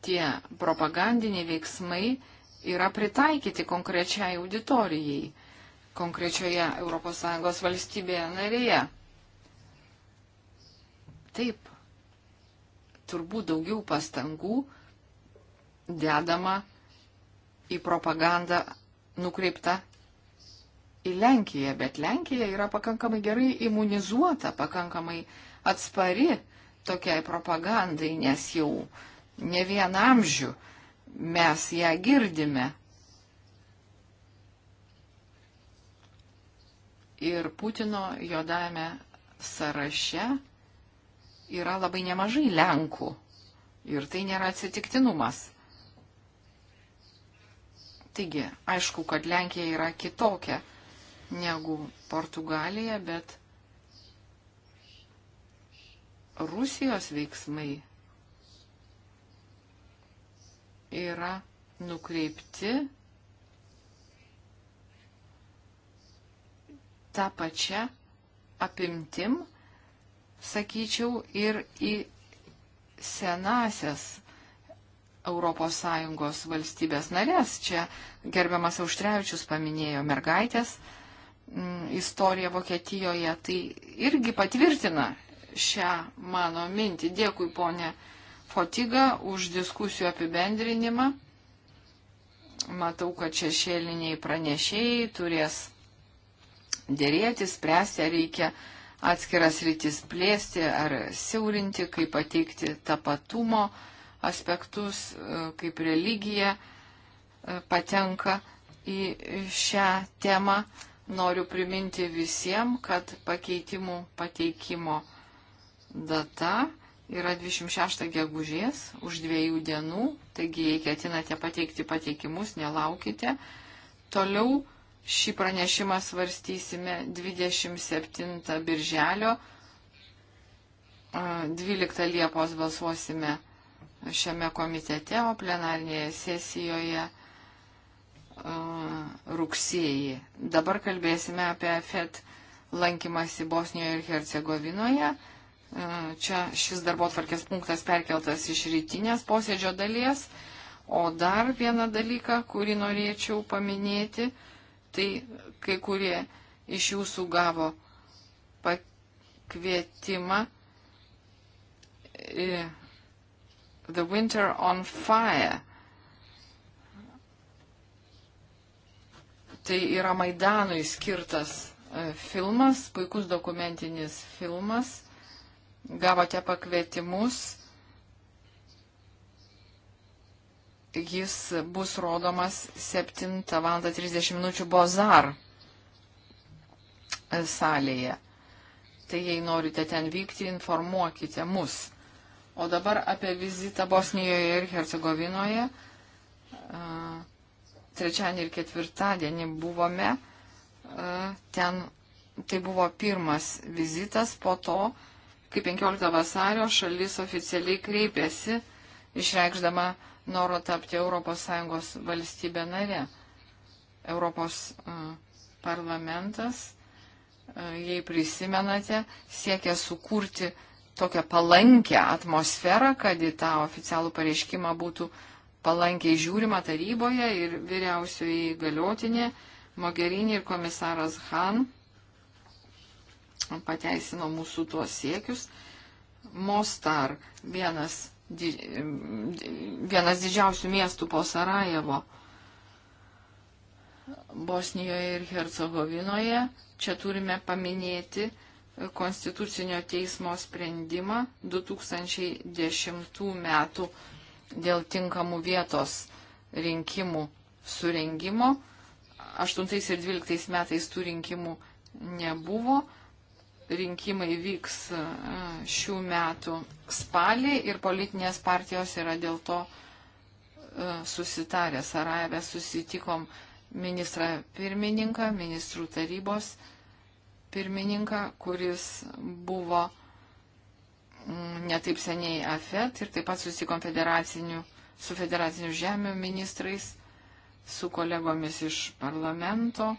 Tie propagandiniai veiksmai yra pritaikyti konkrečiai auditorijai, konkrečioje ES valstybėje narėje. Taip, turbūt daugiau pastangų dedama į propagandą nukreipta į Lenkiją, bet Lenkija yra pakankamai gerai imunizuota, pakankamai atspari tokiai propagandai, nes jau ne vieną amžių mes ją girdime. Ir Putino jodame sąraše yra labai nemažai Lenkų. Ir tai nėra atsitiktinumas. Taigi, aišku, kad Lenkija yra kitokia negu Portugalija, bet Rusijos veiksmai yra nukreipti tą pačią apimtim sakyčiau, ir į senasias ES valstybės narės. Čia gerbiamas Auštrevičius paminėjo mergaitės mm, istoriją Vokietijoje. Tai irgi patvirtina šią mano mintį. Dėkui, ponė Fotiga, už diskusijų apibendrinimą. Matau, kad šešėliniai pranešėjai turės dėrėti, spręsti, ar reikia atskiras rytis plėsti ar siaurinti, kaip pateikti tapatumo aspektus, kaip religija patenka į šią temą. Noriu priminti visiems, kad pakeitimų pateikimo data yra 26 gegužės už dviejų dienų, taigi jei ketinate pateikti pateikimus, nelaukite. Toliau Šį pranešimą svarstysime 27 birželio, 12 Liepos balsuosime šiame komitete, o plenarinėje sesijoje rugsėjį. Dabar kalbėsime apie FED lankymasi Bosnijoje ir Hercegovinoje. Čia šis darbo tvarkės punktas perkeltas iš rytinės posėdžio dalies. O dar vieną dalyką, kurį norėčiau paminėti, tai kai kurie iš jūsų gavo pakvietimą e, The Winter on Fire. Tai yra Maidanui skirtas e, filmas, puikus dokumentinis filmas. Gavote pakvietimus jis bus rodomas 7 val. 30 min. Bozar salėje. Tai jei norite ten vykti, informuokite mus. O dabar apie vizitą Bosnijoje ir Hercegovinoje. Trečiadienį ir ketvirtadienį buvome ten. Tai buvo pirmas vizitas po to, kai 15 vasario šalis oficialiai kreipėsi, išreikšdama uh, noro tapti ES valstybę narę. Europos parlamentas, jei prisimenate, siekia sukurti tokią palankę atmosferą, kad į tą oficialų pareiškimą būtų palankiai žiūrima taryboje ir vyriausioji galiotinė Mogherini ir komisaras Han pateisino mūsų tuos siekius. Mostar vienas di, vienas didžiausių miestų po Sarajevo. Bosnijoje ir Hercegovinoje. Čia turime paminėti Konstitucinio teismo sprendimą 2010 metų dėl tinkamų vietos rinkimų surengimo. 8 ir 12 metais tų rinkimų nebuvo, rinkimai vyks e, šių metų spalį ir politinės partijos yra dėl to e, susitarę. Sarajeve susitikom ministrą pirmininką, ministrų tarybos pirmininką, kuris buvo mm, netaip seniai AFET ir taip pat susitikom federacinių, su federacinių žemių ministrais, su kolegomis iš parlamento.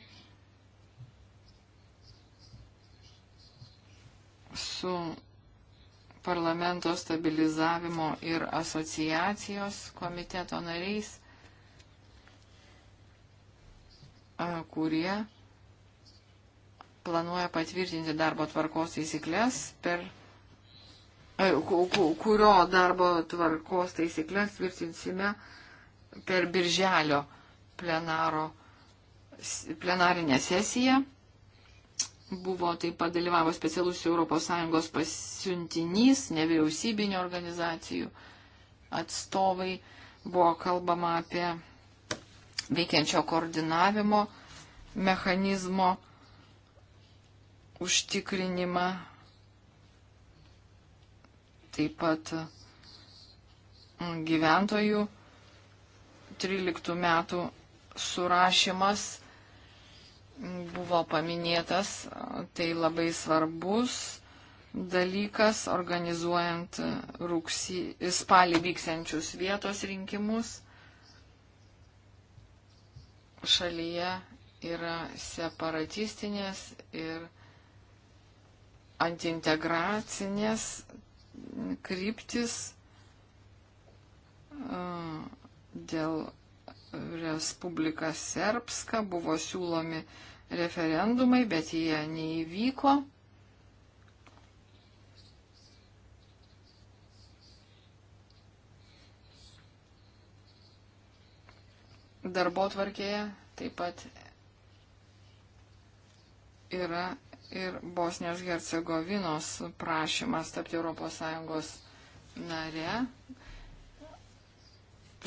su parlamento stabilizavimo ir asociacijos komiteto nariais, kurie planuoja patvirtinti darbo tvarkos taisyklės per kurio darbo tvarkos taisyklės tvirtinsime per birželio plenaro, plenarinę sesiją. Buvo taip pat dalyvavo specialus ES pasiuntinys, nevyriausybinio organizacijų atstovai. Buvo kalbama apie veikiančio koordinavimo mechanizmo užtikrinimą. Taip pat mm, gyventojų 13 metų surašymas buvo paminėtas, tai labai svarbus dalykas organizuojant rūksy, spalį vyksiančius vietos rinkimus. Šalyje yra separatistinės ir antiintegracinės kryptis dėl Respublika Serbska buvo siūlomi referendumai, bet jie neįvyko. Darbo tvarkėje taip pat yra ir Bosnijos Hercegovinos prašymas tapti ES nare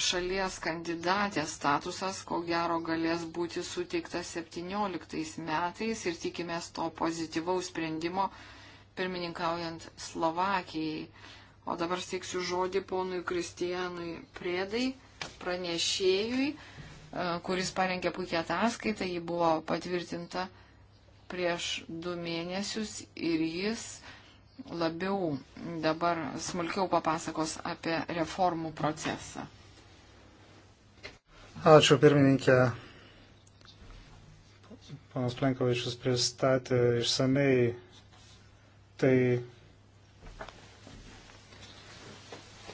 šalies kandidatės statusas, ko gero, galės būti suteiktas 17 metais ir tikimės to pozityvaus sprendimo pirmininkaujant Slovakijai. O dabar steiksiu žodį ponui Kristijanui Priedai, pranešėjui, e, kuris parengė puikia ataskaitą, ji buvo patvirtinta prieš du mėnesius ir jis labiau dabar smulkiau papasakos apie reformų procesą. Ačiū pirmininkė. Panas Plenkovičius pristatė išsamei tai,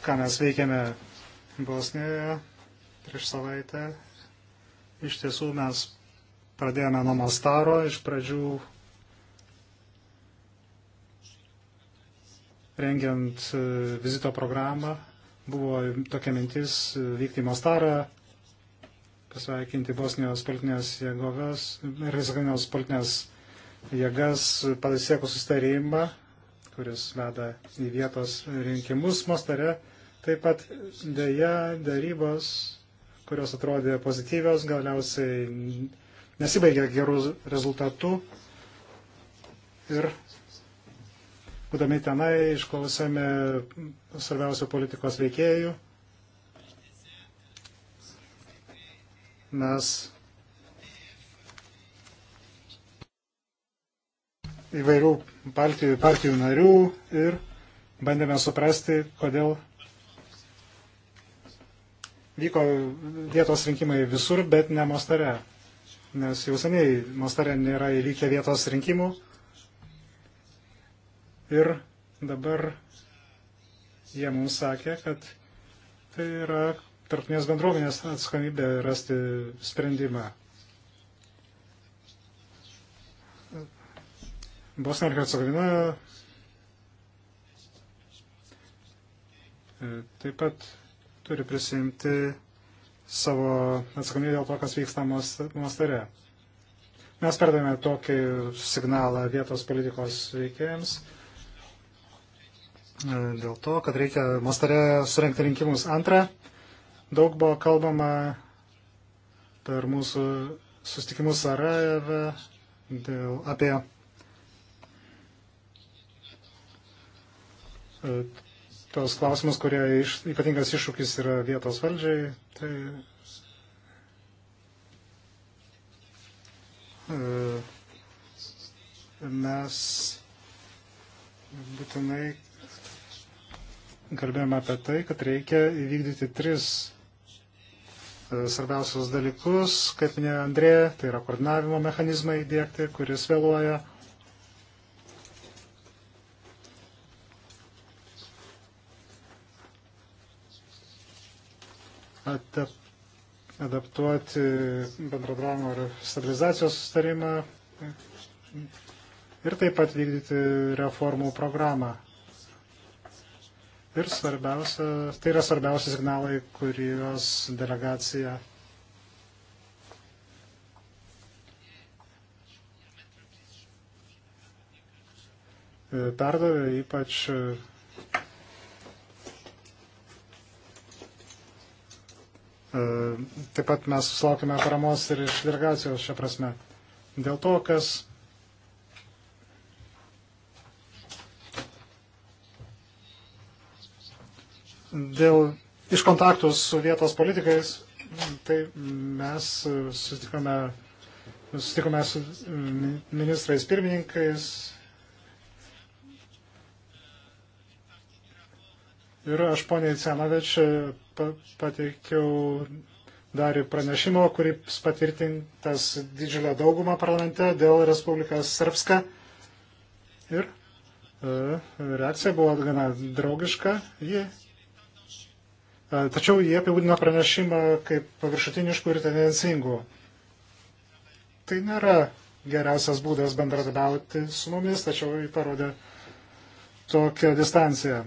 ką mes veikėme Bosnijoje prieš savaitę. Iš tiesų mes pradėjome nuo Mastaro, iš pradžių rengiant e, vizito programą buvo tokia mintis e, vykti į Mastarą pasveikinti Bosnijos politinės jėgovės ir Hezekinos politinės jėgas pasiekus sustarimą, kuris veda į vietos rinkimus Mostare. Taip pat dėja darybos, kurios atrodė pozityvios, galiausiai nesibaigė gerų rezultatų. Ir būdami tenai išklausėme svarbiausių politikos veikėjų mes įvairių partijų, partijų narių ir bandėme suprasti, kodėl vyko vietos rinkimai visur, bet ne Mostare. Nes jau seniai Mostare nėra įvykę vietos rinkimų. Ir dabar jie mums sakė, kad tai yra tarptinės bendruomenės atsakomybė rasti sprendimą. Bosnija ir Hercegovina e, taip pat turi prisimti savo atsakomybę dėl to, kas vyksta monastare. Mes perdame tokį signalą vietos politikos veikėjams e, dėl to, kad reikia monastare surenkti rinkimus antrą Daug buvo kalbama per mūsų sustikimus Sarajeve dėl, apie e, tos klausimus, kurie iš, ypatingas iššūkis yra vietos valdžiai. Tai, e, mes būtinai kalbėjome apie tai, kad reikia įvykdyti tris E, svarbiausius dalykus, kaip minėjo Andrė, tai yra koordinavimo mechanizmai įdėkti, kuris vėluoja. Atap, adaptuoti bendradavimo ir stabilizacijos sustarimą ir taip pat vykdyti reformų programą. Ir svarbiausia, tai yra svarbiausi signalai, kuriuos delegacija perdavė, ypač e, taip pat mes sulaukime paramos ir iš delegacijos šią prasme. Dėl to, kas dėl iš kontaktų su vietos politikais, tai mes e, susitikome, susitikome su e, ministrais pirmininkais. Ir aš poniai Cenaveč e, pateikiau darį pranešimo, kuris patvirtintas didžiulę daugumą parlamente dėl Respublikas Srpska. Ir reakcija buvo gana draugiška. Ji E, tačiau jie apibūdino pranešimą kaip paviršutiniškų ir tendencingų. Tai nėra geriausias būdas bendradarbiauti su mumis, tačiau jį parodė tokią distanciją.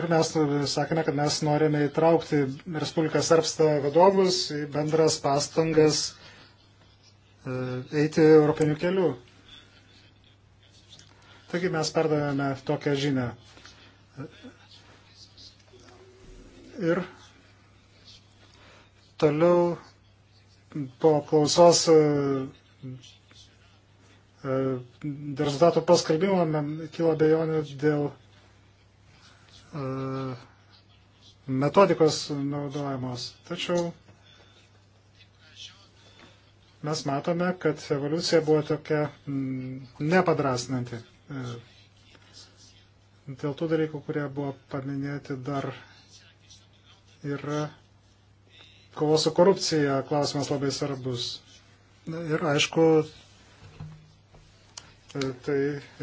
Ir mes sakėme, kad mes norime įtraukti Respubliką Serbstą vadovus į bendras pastangas e, eiti europiniu keliu. Taigi mes perdavėme tokią žinę. Ir toliau po klausos e, e, dėl rezultatų paskalbimo kilo bejonių dėl metodikos naudojamos. Tačiau mes matome, kad evoliucija buvo tokia mm, nepadrasnanti. E, dėl tų dalykų, kurie buvo paminėti, dar yra kovos su korupcija klausimas labai svarbus. Ir aišku, e, tai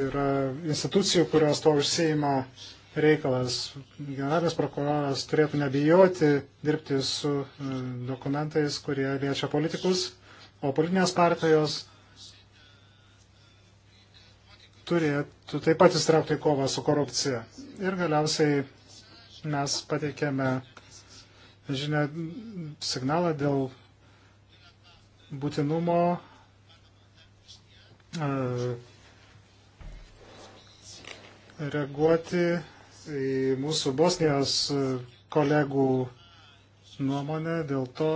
yra institucijų, kurios to užsieima reikalas. Generalinis prokuroras turėtų nebijoti dirbti su e, dokumentais, kurie liečia politikus, o politinės partijos turėtų taip pat įstraukti į kovą su korupcija. Ir galiausiai mes pateikėme žinia, signalą dėl būtinumo e, reaguoti į mūsų Bosnijos kolegų nuomonę dėl to,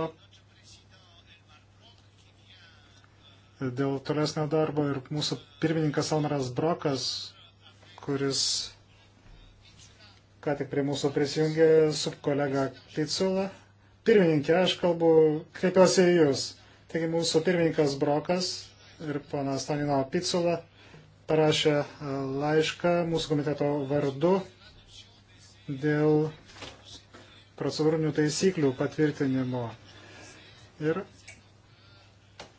dėl tolesnio darbo ir mūsų pirmininkas Almaras Brokas, kuris ką tik prie mūsų prisijungė su kolega Ticula. Pirmininkė, aš kalbu, kreipiuosi į Jūs. Taigi mūsų pirmininkas Brokas ir ponas Stanino Picula parašė e, laišką mūsų komiteto vardu dėl procedūrinių taisyklių patvirtinimo. Ir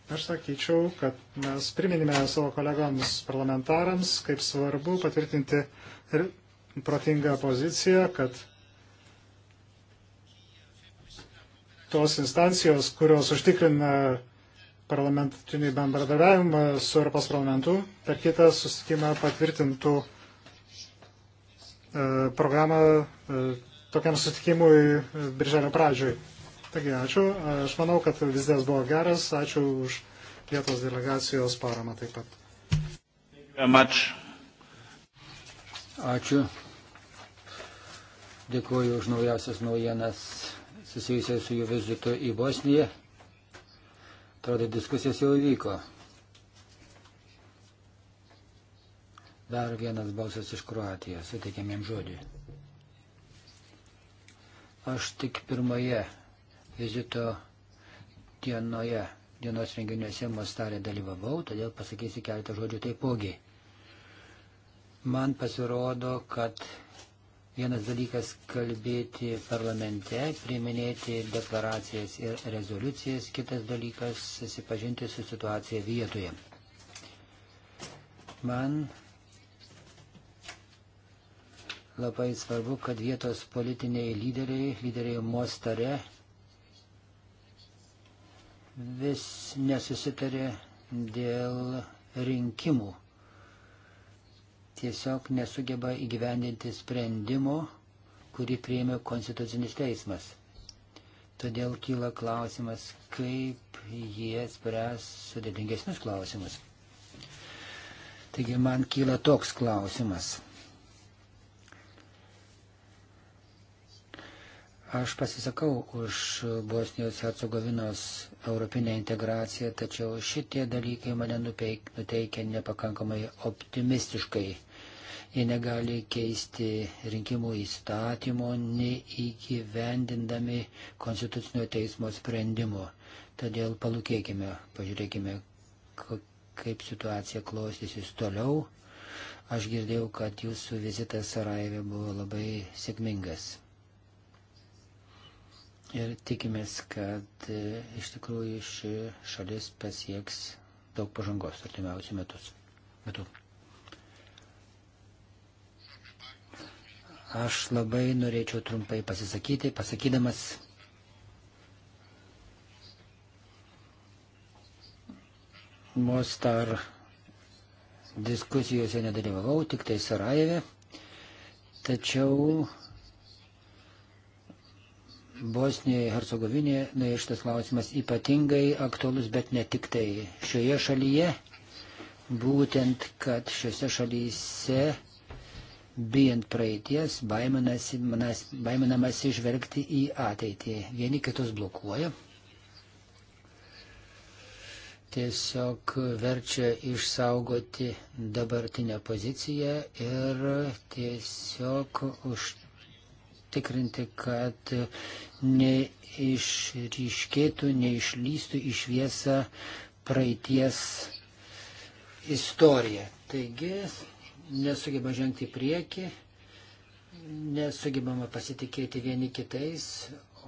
Aš sakyčiau, kad mes priminime savo kolegoms parlamentarams, kaip svarbu patvirtinti ir protingą poziciją, kad tos instancijos, kurios užtikrina parlamentinį bendradarbiavimą su Europos parlamentu, per kitą susitikimą patvirtintų e, programą e, tokiam susitikimui e, birželio pradžioj. Taigi, ačiū. Aš manau, kad vizitas buvo geras. Ačiū už vietos delegacijos paramą taip pat. Much. Ačiū. Dėkuoju už naujausias naujienas susijusias su jų vizitu į Bosniją. Atrodo, diskusijos jau įvyko. Dar vienas balsas iš Kroatijos, suteikėm jam žodį. Aš tik pirmoje vizito dienoje, dienos renginiuose Mostarė dalyvavau, todėl pasakysiu keletą žodžių taipogi. Man pasirodo, kad vienas dalykas kalbėti parlamente, priiminėti deklaracijas ir rezoliucijas, kitas dalykas susipažinti su situacija vietoje. Man labai svarbu, kad vietos politiniai lyderiai, lyderiai Mostare, vis nesusitarė dėl rinkimų. Tiesiog nesugeba įgyvendinti sprendimo, kurį priėmė Konstitucinis teismas. Todėl kyla klausimas, kaip jie spręs sudėtingesnius klausimus. Taigi man kyla toks klausimas. Aš pasisakau už Bosnijos Hercegovinos europinę integraciją, tačiau šitie dalykai mane nuteikia nepakankamai optimistiškai. Jie negali keisti rinkimų įstatymo, neįgyvendindami konstitucinio teismo sprendimo. Todėl palūkėkime, pažiūrėkime, kaip situacija klostysis toliau. Aš girdėjau, kad jūsų vizitas Sarajeve buvo labai sėkmingas. Ir tikimės, kad e, iš tikrųjų ši šalis pasieks daug pažangos artimiausių metus. metų. Aš labai norėčiau trumpai pasisakyti, pasakydamas Mostar diskusijose nedalyvavau, tik tai Sarajeve. Tačiau Bosnijoje, Hercegovinėje, na, šitas klausimas ypatingai aktualus, bet ne tik tai šioje šalyje. Būtent, kad šiuose šalyse, bijant praeities, baiminamasi žvelgti į ateitį. Vieni kitus blokuoja. Tiesiog verčia išsaugoti dabartinę poziciją ir tiesiog už užtikrinti, kad neišryškėtų, neišlystų iš viesą praeities istorija. Taigi nesugeba žengti į priekį, nesugebama pasitikėti vieni kitais,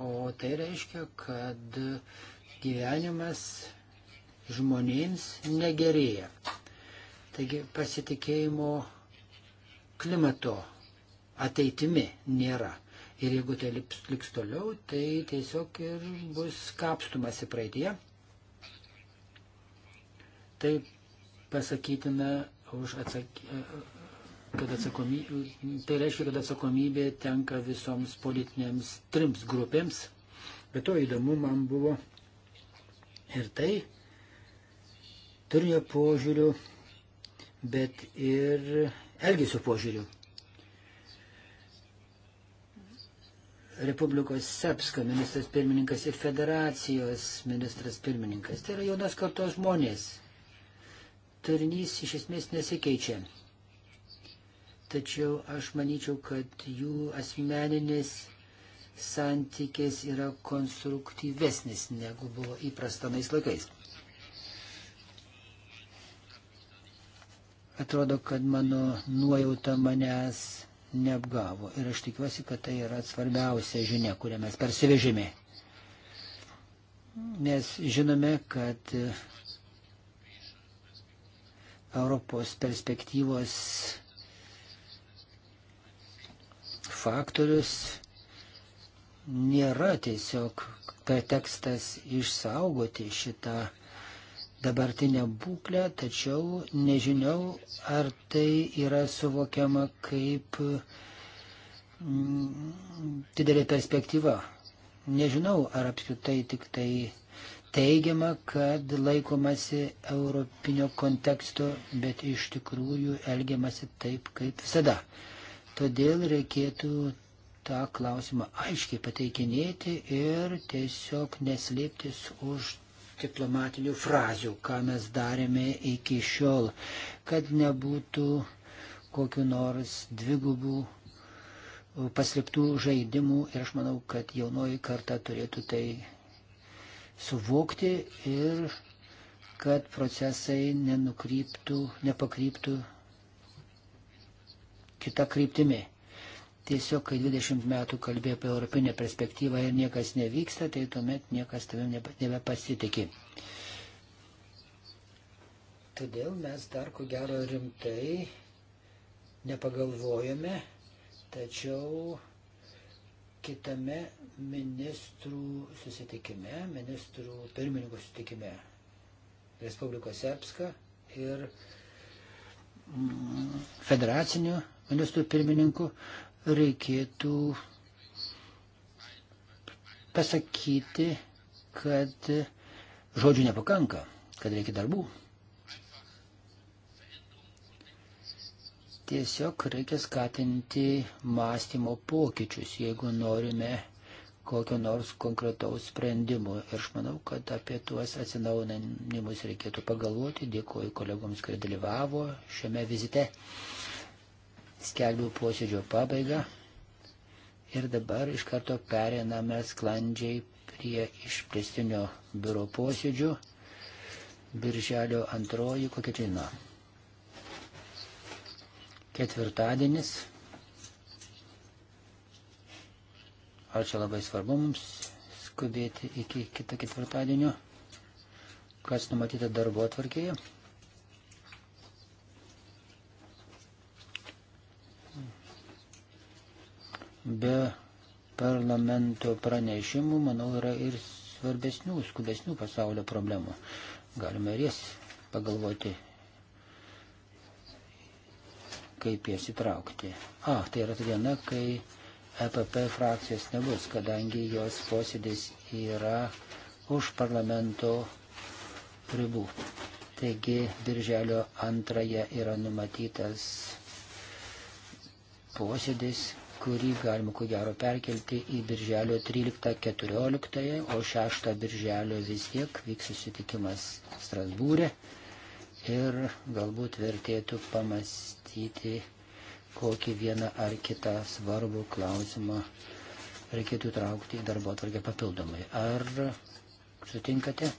o tai reiškia, kad gyvenimas žmonėms negerėja. Taigi pasitikėjimo klimato ateitimi nėra. Ir jeigu tai liks, liks toliau, tai tiesiog ir bus kapstumasi praeitie. Tai pasakytina už atsaky... kad atsakomybė, tai reiškia, kad atsakomybė tenka visoms politinėms trims grupėms. Bet to įdomu man buvo ir tai, turinio požiūrių, bet ir elgesio požiūrių. Republikos Sepsko ministras pirmininkas ir federacijos ministras pirmininkas. Tai yra jaunos kartos žmonės. Turinys iš esmės nesikeičia. Tačiau aš manyčiau, kad jų asmeninis santykis yra konstruktyvesnis negu buvo įprasta nais laikais. Atrodo, kad mano nuojauta manęs neapgavo. Ir aš tikiuosi, kad tai yra svarbiausia žinia, kurią mes persivežėme. Nes žinome, kad Europos perspektyvos faktorius nėra tiesiog pretekstas išsaugoti šitą dabartinę būklę, tačiau nežinau, ar tai yra suvokiama kaip mm, didelė perspektyva. Nežinau, ar apskritai tik tai teigiama, kad laikomasi europinio konteksto, bet iš tikrųjų elgiamasi taip, kaip visada. Todėl reikėtų tą klausimą aiškiai pateikinėti ir tiesiog neslėptis už diplomatinių frazių, ką mes darėme iki šiol, kad nebūtų kokiu nors dvigubų paslėptų žaidimų ir aš manau, kad jaunoji karta turėtų tai suvokti ir kad procesai nenukryptų, nepakryptų kitą kryptimį tiesiog, kai 20 metų kalbėjo apie europinę perspektyvą ir niekas nevyksta, tai tuomet niekas tavim nebepasitikė. Todėl mes dar ko gero rimtai nepagalvojame, tačiau kitame ministrų susitikime, ministrų pirmininkų susitikime Respublikos Sepska ir mm, federacinių ministrų pirmininkų reikėtų pasakyti, kad žodžių nepakanka, kad reikia darbų. Tiesiog reikia skatinti mąstymo pokyčius, jeigu norime kokio nors konkretaus sprendimo. Ir aš manau, kad apie tuos atsinaujinimus reikėtų pagalvoti. Dėkuoju kolegoms, kurie dalyvavo šiame vizite skelbiu posėdžio pabaigą ir dabar iš karto periname sklandžiai prie išplėstinio biuro posėdžių birželio antroji kokia diena. Ketvirtadienis. Ar čia labai svarbu mums skubėti iki kito ketvirtadienio, kas numatyta darbo atvarkėje? be parlamento pranešimų, manau, yra ir svarbesnių, skubesnių pasaulio problemų. Galima ir jas pagalvoti, kaip jas įtraukti. A, tai yra diena, kai EPP frakcijos nebus, kadangi jos posėdis yra už parlamento ribų. Taigi, birželio antrąją yra numatytas posėdis, kurį galima ko gero perkelti į birželio 13-14, o 6 birželio vis tiek vyks susitikimas Strasbūrė ir galbūt vertėtų pamastyti kokį vieną ar kitą svarbų klausimą reikėtų traukti į darbo atvarkę papildomai. Ar sutinkate?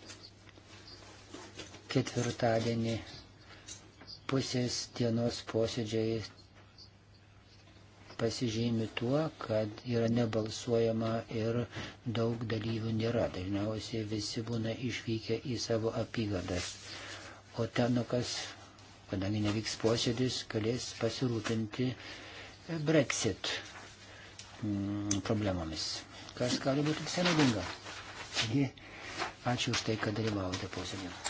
Ketvirtadienį pusės dienos posėdžiai pasižymi tuo, kad yra nebalsuojama ir daug dalyvių nėra. Dažniausiai visi būna išvykę į savo apygardas. O tenukas, nu, kadangi nevyks posėdis, galės pasirūpinti Brexit mm, problemomis, kas gali būti visai naudinga. Taigi, ačiū už tai, kad dalyvavote posėdėje.